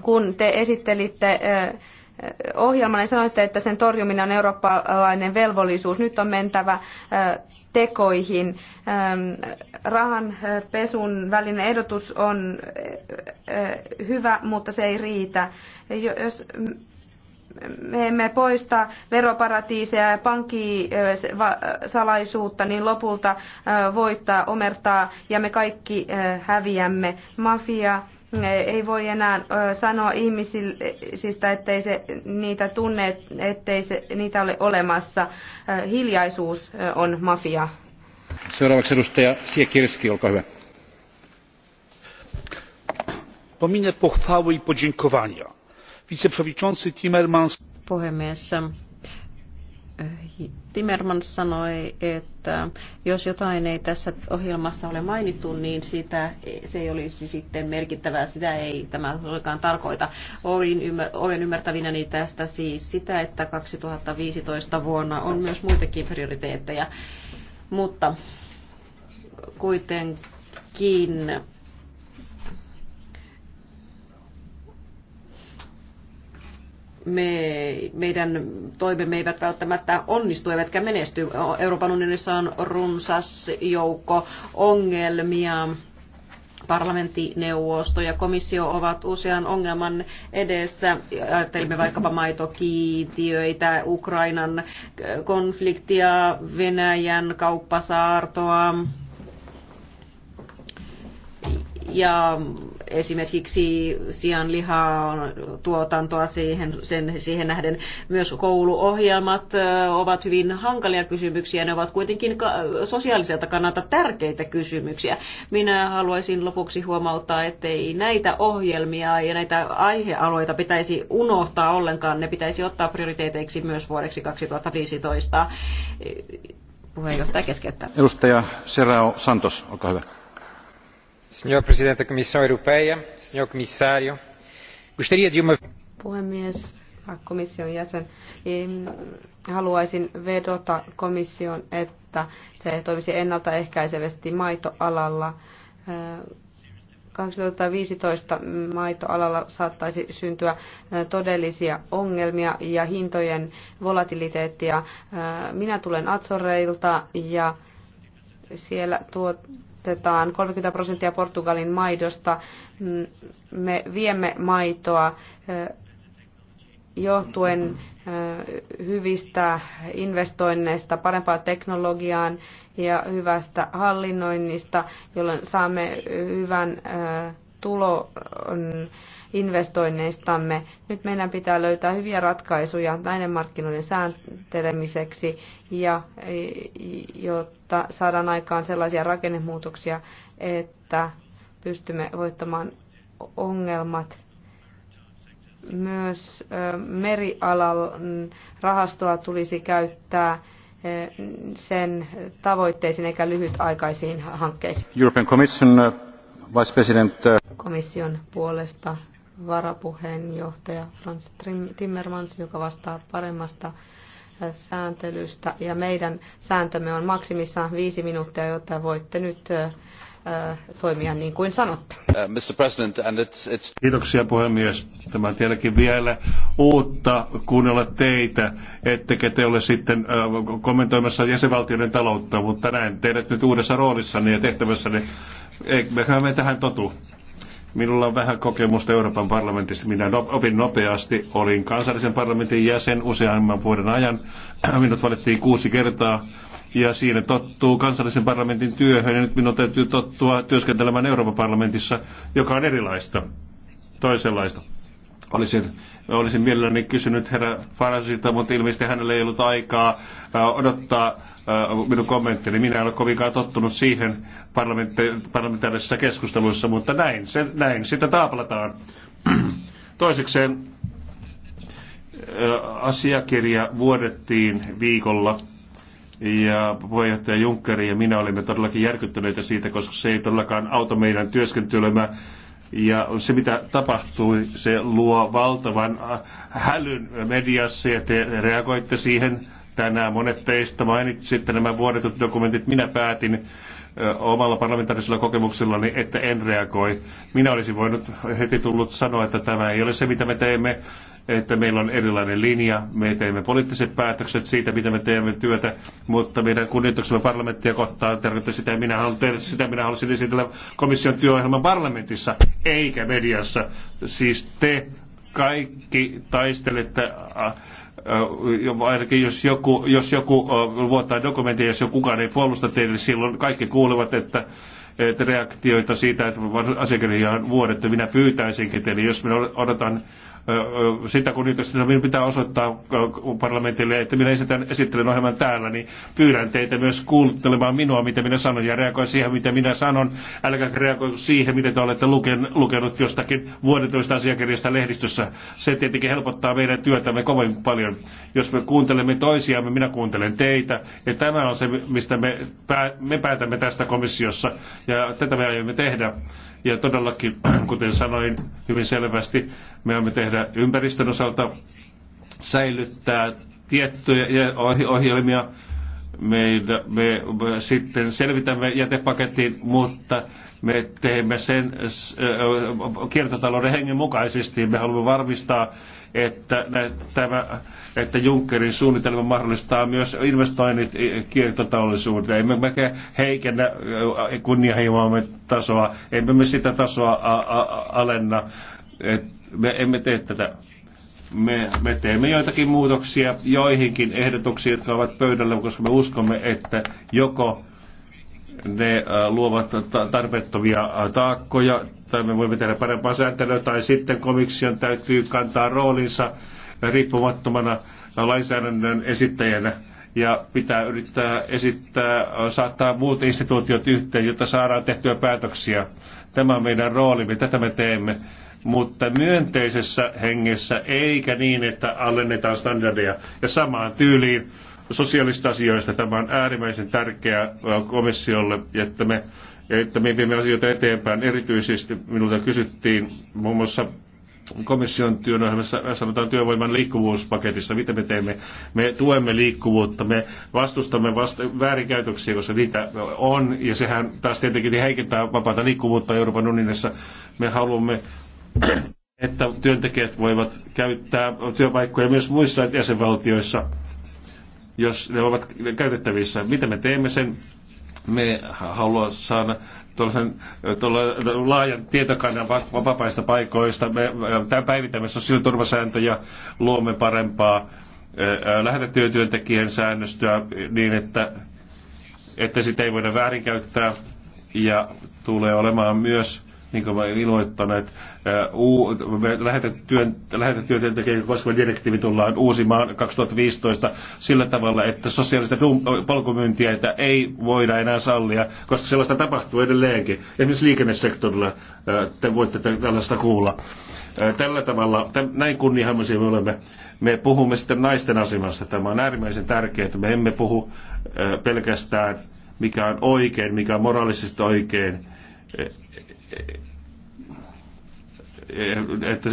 Kun te esittelitte Ohjelmana ja sanoitte, että sen torjuminen on eurooppalainen velvollisuus. Nyt on mentävä tekoihin. Rahan pesun välinen ehdotus on hyvä, mutta se ei riitä. Jos me emme poista veroparatiiseja ja pankkisalaisuutta, niin lopulta voittaa omertaa ja me kaikki häviämme. Mafia ei voi enää sanoa ihmisistä, ettei se niitä tunne, ettei se, niitä ole olemassa. Hiljaisuus on mafia. Seuraavaksi edustaja Siekirski, olkaa hyvä. Pominę pochwały i podziękowania. Wiceprzewodniczący Timmermans. Puhemies, Äh, Timmermans sanoi, että jos jotain ei tässä ohjelmassa ole mainittu, niin sitä, se ei olisi sitten merkittävää. Sitä ei tämä olekaan tarkoita. Olin ymmär, olen niin tästä siis sitä, että 2015 vuonna on myös muitakin prioriteetteja. Mutta kuitenkin me, meidän toimemme eivät välttämättä onnistu eivätkä menesty. Euroopan unionissa on runsas joukko ongelmia. Parlamentti, neuvosto ja komissio ovat usean ongelman edessä. Ajattelimme vaikkapa maitokiintiöitä, Ukrainan konfliktia, Venäjän kauppasaartoa ja esimerkiksi sianlihaa tuotantoa siihen, sen, siihen nähden. Myös kouluohjelmat ovat hyvin hankalia kysymyksiä. Ne ovat kuitenkin sosiaaliselta kannalta tärkeitä kysymyksiä. Minä haluaisin lopuksi huomauttaa, ettei näitä ohjelmia ja näitä aihealueita pitäisi unohtaa ollenkaan. Ne pitäisi ottaa prioriteeteiksi myös vuodeksi 2015. Puheenjohtaja keskeyttää. Edustaja Serao Santos, olkaa hyvä Signor Presidente Commissione Europea, signor Commissario, Puhemies, komission jäsen, haluaisin vedota komission, että se toimisi ennaltaehkäisevästi maitoalalla. viisitoista maitoalalla saattaisi syntyä todellisia ongelmia ja hintojen volatiliteettia. Minä tulen Atsoreilta ja siellä tuo tuotetaan 30 prosenttia Portugalin maidosta. Mm, me viemme maitoa johtuen hyvistä investoinneista parempaan teknologiaan ja hyvästä hallinnoinnista, jolloin saamme hyvän tulon investoinneistamme. Nyt meidän pitää löytää hyviä ratkaisuja näiden markkinoiden sääntelemiseksi ja jotta saadaan aikaan sellaisia rakennemuutoksia, että pystymme voittamaan ongelmat myös merialan rahastoa tulisi käyttää sen tavoitteisiin eikä lyhytaikaisiin hankkeisiin. European Commission uh, Vice President. Uh, Komission puolesta varapuheenjohtaja Frans Timmermans, joka vastaa paremmasta äh, sääntelystä. Ja meidän sääntömme on maksimissaan viisi minuuttia, jotta voitte nyt äh, äh, toimia niin kuin sanotte. Uh, Mr. President, and it's, it's... Kiitoksia puhemies. Tämä on tietenkin vielä uutta kuunnella teitä, ettekä te ole sitten kommentoimassa jäsenvaltioiden taloutta, mutta näin teidät nyt uudessa roolissanne ja tehtävässänne. Eikö me tähän totu. Minulla on vähän kokemusta Euroopan parlamentista. Minä no-, opin nopeasti. Olin kansallisen parlamentin jäsen useamman vuoden ajan. Minut valittiin kuusi kertaa ja siinä tottuu kansallisen parlamentin työhön. Ja nyt minun täytyy tottua työskentelemään Euroopan parlamentissa, joka on erilaista, toisenlaista. Olisin, olisin mielelläni kysynyt herra Farasilta, mutta ilmeisesti hänellä ei ollut aikaa äh, odottaa Äh, minun kommenttini. Minä en ole kovinkaan tottunut siihen parlamentaarisissa keskusteluissa, mutta näin, se, näin sitä taaplataan. Toisekseen äh, asiakirja vuodettiin viikolla ja puheenjohtaja Junckeri ja minä olimme todellakin järkyttyneitä siitä, koska se ei todellakaan auta meidän työskentelemään. Ja se, mitä tapahtui, se luo valtavan äh, hälyn mediassa ja te reagoitte siihen tänään. Monet teistä mainitsitte nämä vuodetut dokumentit. Minä päätin omalla parlamentaarisella kokemuksellani, että en reagoi. Minä olisin voinut heti tullut sanoa, että tämä ei ole se, mitä me teemme, että meillä on erilainen linja, me teemme poliittiset päätökset siitä, mitä me teemme työtä, mutta meidän kunnioituksemme parlamenttia kohtaan tarkoittaa sitä, minä haluan tehdä sitä, minä halusin esitellä komission työohjelman parlamentissa, eikä mediassa. Siis te kaikki taistelette ainakin jos joku, jos joku luottaa dokumentin, jos joku kukaan ei puolusta teille, silloin kaikki kuulevat, että, että reaktioita siitä, että asiakirja on vuodettu, minä pyytäisinkin teille, jos minä odotan sitä kun niitä minun pitää osoittaa parlamentille, että minä esitän, esittelen ohjelman täällä, niin pyydän teitä myös kuuntelemaan minua, mitä minä sanon, ja reagoi siihen, mitä minä sanon. Älkää reagoi siihen, mitä te olette luken, lukenut jostakin vuodetoista asiakirjasta lehdistössä. Se tietenkin helpottaa meidän työtämme kovin paljon. Jos me kuuntelemme toisiamme, minä kuuntelen teitä, ja tämä on se, mistä me, pää, me päätämme tästä komissiossa, ja tätä me aiomme tehdä. Ja todellakin, kuten sanoin hyvin selvästi, me olemme tehdä ympäristön osalta säilyttää tiettyjä ohjelmia. Me, me, me sitten selvitämme jätepaketin, mutta me teemme sen kiertotalouden hengen mukaisesti. Me haluamme varmistaa että, tämä, että Junckerin suunnitelma mahdollistaa myös investoinnit kiertotaloudellisuuteen. Emme me heikennä kunnianhimoamme tasoa, emme me sitä tasoa alenna. Et me emme tee tätä. Me, me teemme joitakin muutoksia joihinkin ehdotuksiin, jotka ovat pöydällä, koska me uskomme, että joko ne äh, luovat tarpeettomia äh, taakkoja, tai me voimme tehdä parempaa sääntelyä, tai sitten komission täytyy kantaa roolinsa riippumattomana lainsäädännön esittäjänä ja pitää yrittää esittää, äh, saattaa muut instituutiot yhteen, jotta saadaan tehtyä päätöksiä. Tämä on meidän roolimme, tätä me teemme, mutta myönteisessä hengessä, eikä niin, että alennetaan standardeja. Ja samaan tyyliin sosiaalista asioista. Tämä on äärimmäisen tärkeää komissiolle, että me, että me viemme asioita eteenpäin. Erityisesti minulta kysyttiin muun muassa komission työnohjelmassa sanotaan työvoiman liikkuvuuspaketissa, mitä me teemme. Me tuemme liikkuvuutta, me vastustamme vasta- väärinkäytöksiä, koska niitä on, ja sehän taas tietenkin heikentää vapaata liikkuvuutta Euroopan unionissa. Me haluamme että työntekijät voivat käyttää työpaikkoja myös muissa jäsenvaltioissa jos ne ovat käytettävissä. Mitä me teemme sen? Me haluamme saada tuollaisen, laajan tietokannan vapaista paikoista. Me päivitämme sosiaaliturvasääntöjä, luomme parempaa lähetetyötyöntekijän säännöstöä niin, että, että sitä ei voida väärinkäyttää. Ja tulee olemaan myös niin kuin olen iloittanut, uu, lähetetyön, lähetetyöntekijöitä koskeva direktiivi tullaan uusimaan 2015 sillä tavalla, että sosiaalista palkomyyntiä että ei voida enää sallia, koska sellaista tapahtuu edelleenkin. Esimerkiksi liikennesektorilla te voitte tällaista kuulla. Tällä tavalla, näin kunnianhimoisia me olemme. Me puhumme sitten naisten asemasta. Tämä on äärimmäisen tärkeää, että me emme puhu pelkästään mikä on oikein, mikä on moraalisesti oikein että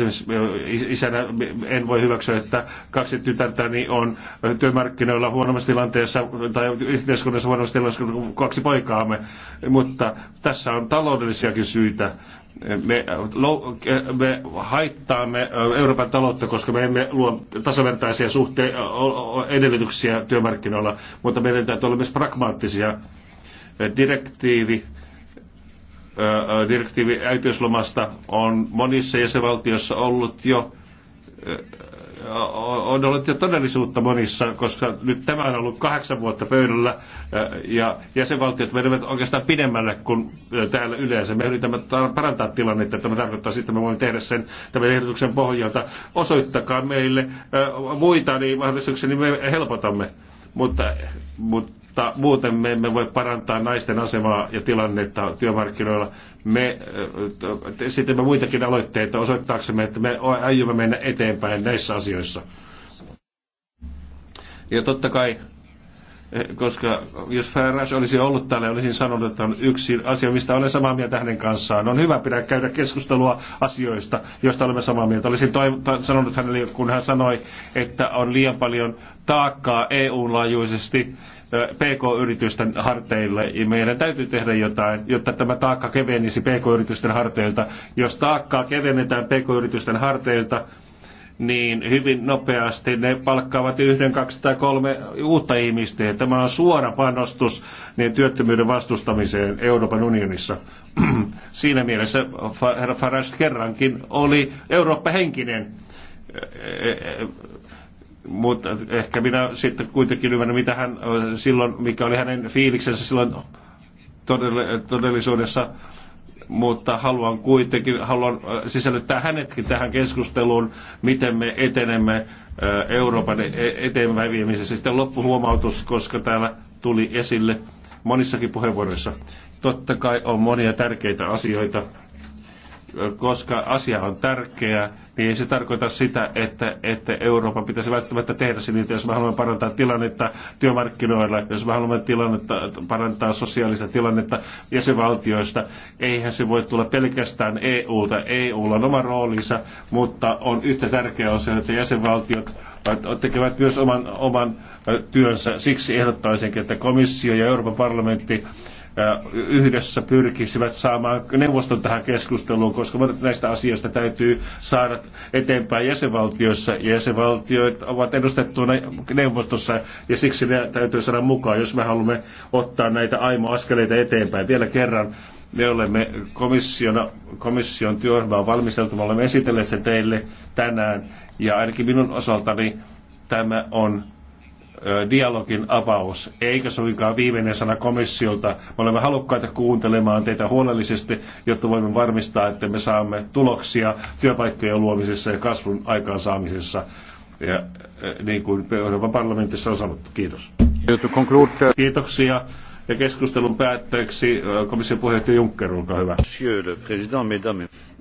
isänä en voi hyväksyä, että kaksi tytärtäni on työmarkkinoilla huonommassa tilanteessa tai yhteiskunnassa huonommassa tilanteessa kuin kaksi poikaamme, mutta tässä on taloudellisiakin syitä. Me, me haittaamme Euroopan taloutta, koska me emme luo tasavertaisia suhteen edellytyksiä työmarkkinoilla, mutta meidän täytyy olla myös pragmaattisia. Direktiivi direktiivi äitiyslomasta on monissa jäsenvaltioissa ollut jo on ollut jo todellisuutta monissa, koska nyt tämä on ollut kahdeksan vuotta pöydällä ja jäsenvaltiot menevät oikeastaan pidemmälle kuin täällä yleensä. Me yritämme parantaa tilannetta, että me tarkoittaa sitten että me voimme tehdä sen tämän ehdotuksen pohjalta. Osoittakaa meille muita niin mahdollisuuksia, niin me helpotamme. Mutta, mutta mutta muuten me emme voi parantaa naisten asemaa ja tilannetta työmarkkinoilla. Me esitämme äh, muitakin aloitteita osoittaaksemme, että me aiomme mennä eteenpäin näissä asioissa. Ja totta kai eh, koska jos Farage olisi ollut täällä, olisin sanonut, että on yksi asia, mistä olen samaa mieltä hänen kanssaan. On hyvä pidä käydä keskustelua asioista, joista olemme samaa mieltä. Olisin toiv- sanonut hänelle, kun hän sanoi, että on liian paljon taakkaa EU-laajuisesti PK-yritysten harteille. Ja meidän täytyy tehdä jotain, jotta tämä taakka kevenisi PK-yritysten harteilta. Jos taakkaa kevennetään PK-yritysten harteilta, niin hyvin nopeasti ne palkkaavat yhden, kaksi tai kolme uutta ihmistä. Ja tämä on suora panostus niin työttömyyden vastustamiseen Euroopan unionissa. Siinä mielessä herra Farage kerrankin oli Eurooppa-henkinen mutta ehkä minä sitten kuitenkin ymmärrän, mitä hän silloin, mikä oli hänen fiiliksensä silloin todellisuudessa, mutta haluan kuitenkin haluan sisällyttää hänetkin tähän keskusteluun, miten me etenemme Euroopan e-, eteenpäin viemisessä. Sitten loppuhuomautus, koska täällä tuli esille monissakin puheenvuoroissa. Totta kai on monia tärkeitä asioita, koska asia on tärkeä niin ei se tarkoita sitä, että, että Euroopan pitäisi välttämättä tehdä se niitä, jos me haluamme parantaa tilannetta työmarkkinoilla, jos me haluamme tilannetta, parantaa sosiaalista tilannetta jäsenvaltioista. Eihän se voi tulla pelkästään EUlta. EUlla on oma roolinsa, mutta on yhtä tärkeää on se, että jäsenvaltiot tekevät myös oman, oman työnsä. Siksi ehdottaisinkin, että komissio ja Euroopan parlamentti yhdessä pyrkisivät saamaan neuvoston tähän keskusteluun, koska näistä asioista täytyy saada eteenpäin jäsenvaltioissa, ja jäsenvaltiot ovat edustettuina neuvostossa, ja siksi ne täytyy saada mukaan, jos me haluamme ottaa näitä aimoaskeleita eteenpäin. Vielä kerran, me olemme komission, komission työryhmää valmisteltu, me olemme esitelleet se teille tänään, ja ainakin minun osaltani tämä on dialogin avaus, eikä suinkaan viimeinen sana komissiolta. Me olemme halukkaita kuuntelemaan teitä huolellisesti, jotta voimme varmistaa, että me saamme tuloksia työpaikkojen luomisessa ja kasvun aikaansaamisessa. Ja, niin kuin Euroopan parlamentissa on sanottu. Kiitos. Kiitoksia. Ja keskustelun päätteeksi komission puheenjohtaja Juncker, olkaa hyvä.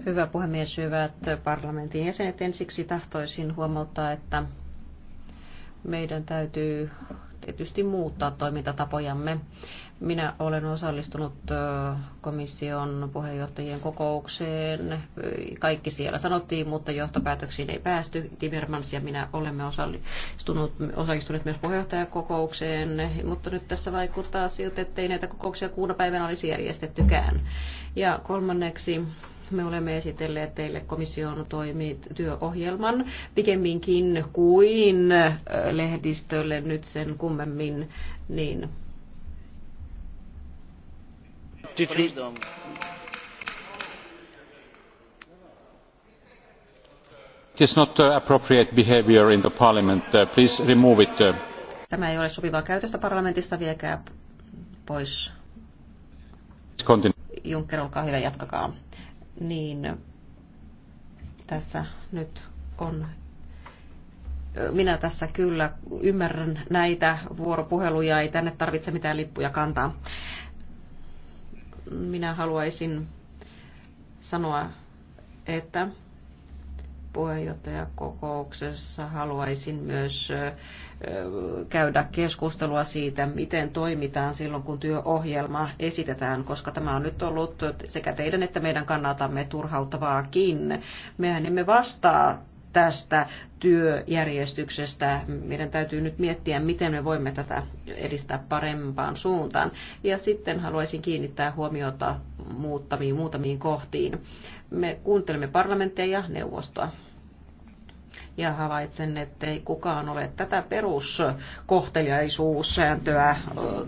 Hyvä puhemies, hyvät parlamentin jäsenet. Ensiksi tahtoisin huomauttaa, että meidän täytyy tietysti muuttaa toimintatapojamme. Minä olen osallistunut komission puheenjohtajien kokoukseen. Kaikki siellä sanottiin, mutta johtopäätöksiin ei päästy. Timmermans ja minä olemme osallistunut, osallistuneet myös puheenjohtajakokoukseen, mutta nyt tässä vaikuttaa siltä, ettei näitä kokouksia kuuna päivänä olisi järjestettykään. Ja kolmanneksi me olemme esitelleet teille komission toimityöohjelman pikemminkin kuin lehdistölle nyt sen kummemmin. Niin. It is not uh, appropriate behavior in the parliament. Uh, please remove it. Uh. Tämä ei ole sopivaa käytöstä parlamentista. Viekää pois. Juncker, olkaa hyvä, jatkakaa niin tässä nyt on minä tässä kyllä ymmärrän näitä vuoropuheluja, ei tänne tarvitse mitään lippuja kantaa. Minä haluaisin sanoa, että puheenjohtajakokouksessa haluaisin myös käydä keskustelua siitä, miten toimitaan silloin, kun työohjelma esitetään, koska tämä on nyt ollut sekä teidän että meidän kannatamme turhauttavaakin. Mehän emme vastaa tästä työjärjestyksestä. Meidän täytyy nyt miettiä, miten me voimme tätä edistää parempaan suuntaan. Ja sitten haluaisin kiinnittää huomiota muutamiin, muutamiin kohtiin. Me kuuntelemme parlamenttia ja neuvostoa ja havaitsen, ettei kukaan ole tätä peruskohteliaisuussääntöä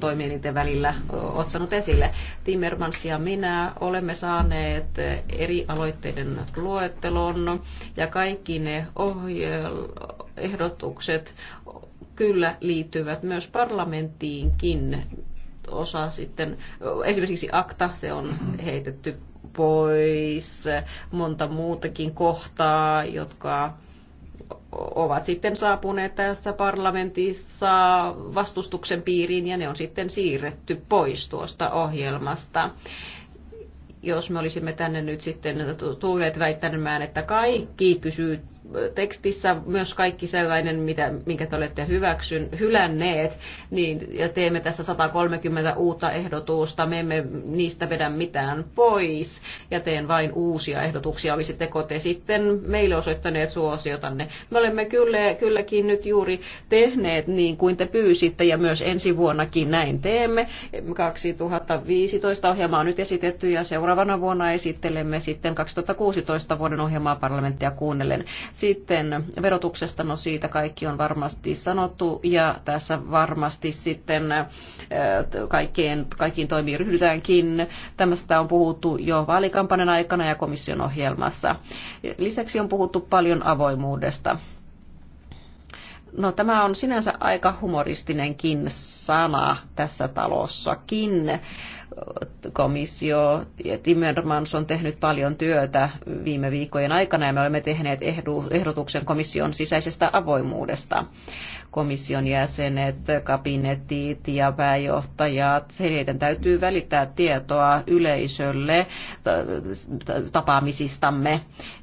toimielinten välillä ottanut esille. Timmermans ja minä olemme saaneet eri aloitteiden luettelon ja kaikki ne ehdotukset kyllä liittyvät myös parlamenttiinkin osa sitten, esimerkiksi akta, se on heitetty pois, monta muutakin kohtaa, jotka ovat sitten saapuneet tässä parlamentissa vastustuksen piiriin ja ne on sitten siirretty pois tuosta ohjelmasta jos me olisimme tänne nyt sitten tulleet väittämään, että kaikki kysy, tekstissä myös kaikki sellainen, mitä, minkä te olette hyväksyn, hylänneet, niin, ja teemme tässä 130 uutta ehdotusta, me emme niistä vedä mitään pois, ja teen vain uusia ehdotuksia, olisitteko te sitten meille osoittaneet suosiotanne. Me olemme kyllä, kylläkin nyt juuri tehneet niin kuin te pyysitte, ja myös ensi vuonnakin näin teemme. 2015 ohjelma on nyt esitetty, ja seuraavana vuonna esittelemme sitten 2016 vuoden ohjelmaa parlamenttia kuunnellen sitten verotuksesta, no siitä kaikki on varmasti sanottu ja tässä varmasti sitten kaikkien, kaikkiin toimiin ryhdytäänkin. Tämästä on puhuttu jo vaalikampanjan aikana ja komission ohjelmassa. Lisäksi on puhuttu paljon avoimuudesta. No tämä on sinänsä aika humoristinenkin sana tässä talossakin komissio ja Timmermans on tehnyt paljon työtä viime viikkojen aikana ja me olemme tehneet ehdotuksen komission sisäisestä avoimuudesta. Komission jäsenet, kabinetit ja pääjohtajat, heidän täytyy välittää tietoa yleisölle tapaamisistamme.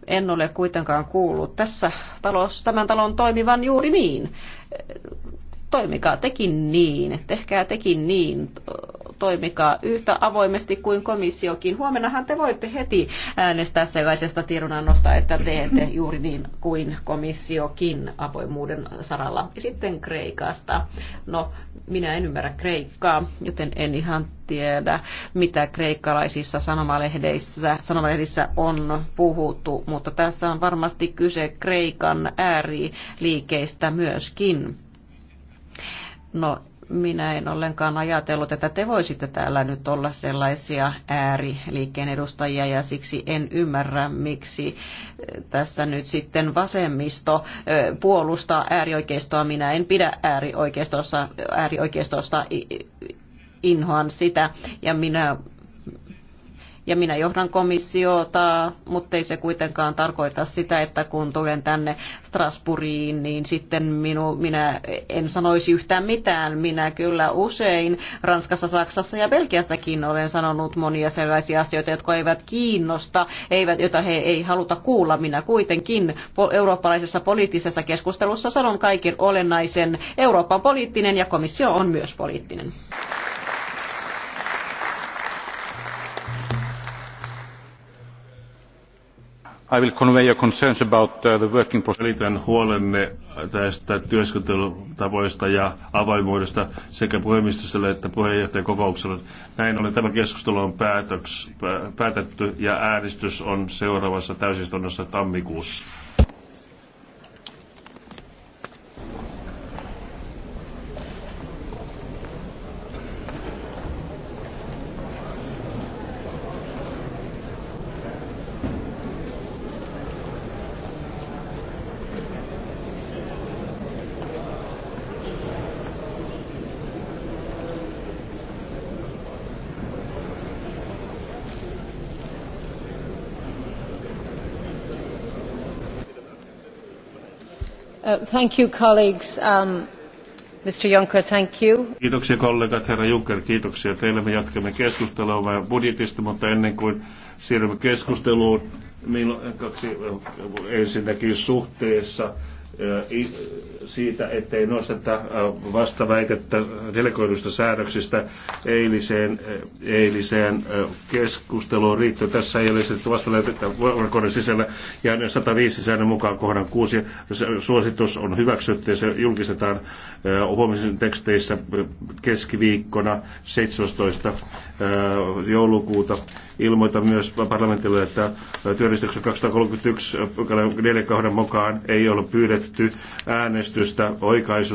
En ole kuitenkaan kuullut tässä talossa, tämän talon toimivan juuri niin toimikaa tekin niin, tehkää tekin niin, toimikaa yhtä avoimesti kuin komissiokin. Huomennahan te voitte heti äänestää sellaisesta tiedonannosta, että teette juuri niin kuin komissiokin avoimuuden saralla. Ja sitten Kreikasta. No, minä en ymmärrä Kreikkaa, joten en ihan tiedä, mitä kreikkalaisissa sanomalehdissä, sanomalehdissä on puhuttu, mutta tässä on varmasti kyse Kreikan ääriliikeistä myöskin. No minä en ollenkaan ajatellut, että te voisitte täällä nyt olla sellaisia ääriliikkeen edustajia ja siksi en ymmärrä, miksi eh, tässä nyt sitten vasemmisto eh, puolustaa äärioikeistoa. Minä en pidä äärioikeistosta, äärioikeistosta inhoan sitä ja minä ja minä johdan komissiota, mutta ei se kuitenkaan tarkoita sitä, että kun tulen tänne Strasburiin, niin sitten minu, minä en sanoisi yhtään mitään. Minä kyllä usein Ranskassa, Saksassa ja Belgiassakin olen sanonut monia sellaisia asioita, jotka eivät kiinnosta, eivät, joita he ei haluta kuulla. Minä kuitenkin eurooppalaisessa poliittisessa keskustelussa sanon kaiken olennaisen. Euroopan poliittinen ja komissio on myös poliittinen. välitän huolenne näistä työskentelytavoista ja avoimuudesta sekä puhemiehistölle että puheenjohtajakokoukselle. Näin ollen tämä keskustelu on päätöks, päätetty ja äänestys on seuraavassa täysistunnossa tammikuussa. Um, kiitoksia kollegat, herra Juncker, kiitoksia teille. Me jatkamme keskustelua vain budjetista, mutta ennen kuin siirrymme keskusteluun, ensinnäkin suhteessa siitä, ettei nosteta vastaväitettä delegoidusta säädöksistä eiliseen, eiliseen keskusteluun riittyen. Tässä ei ole sitten vastaväitettä vuorokauden sisällä ja 105 säännön mukaan kohdan 6 suositus on hyväksytty ja se julkistetaan huomisen teksteissä keskiviikkona 17. joulukuuta. Ilmoita myös parlamentille, että työllistyksen 231 4 kohdan mukaan ei ole pyydetty äänestystä oikaisu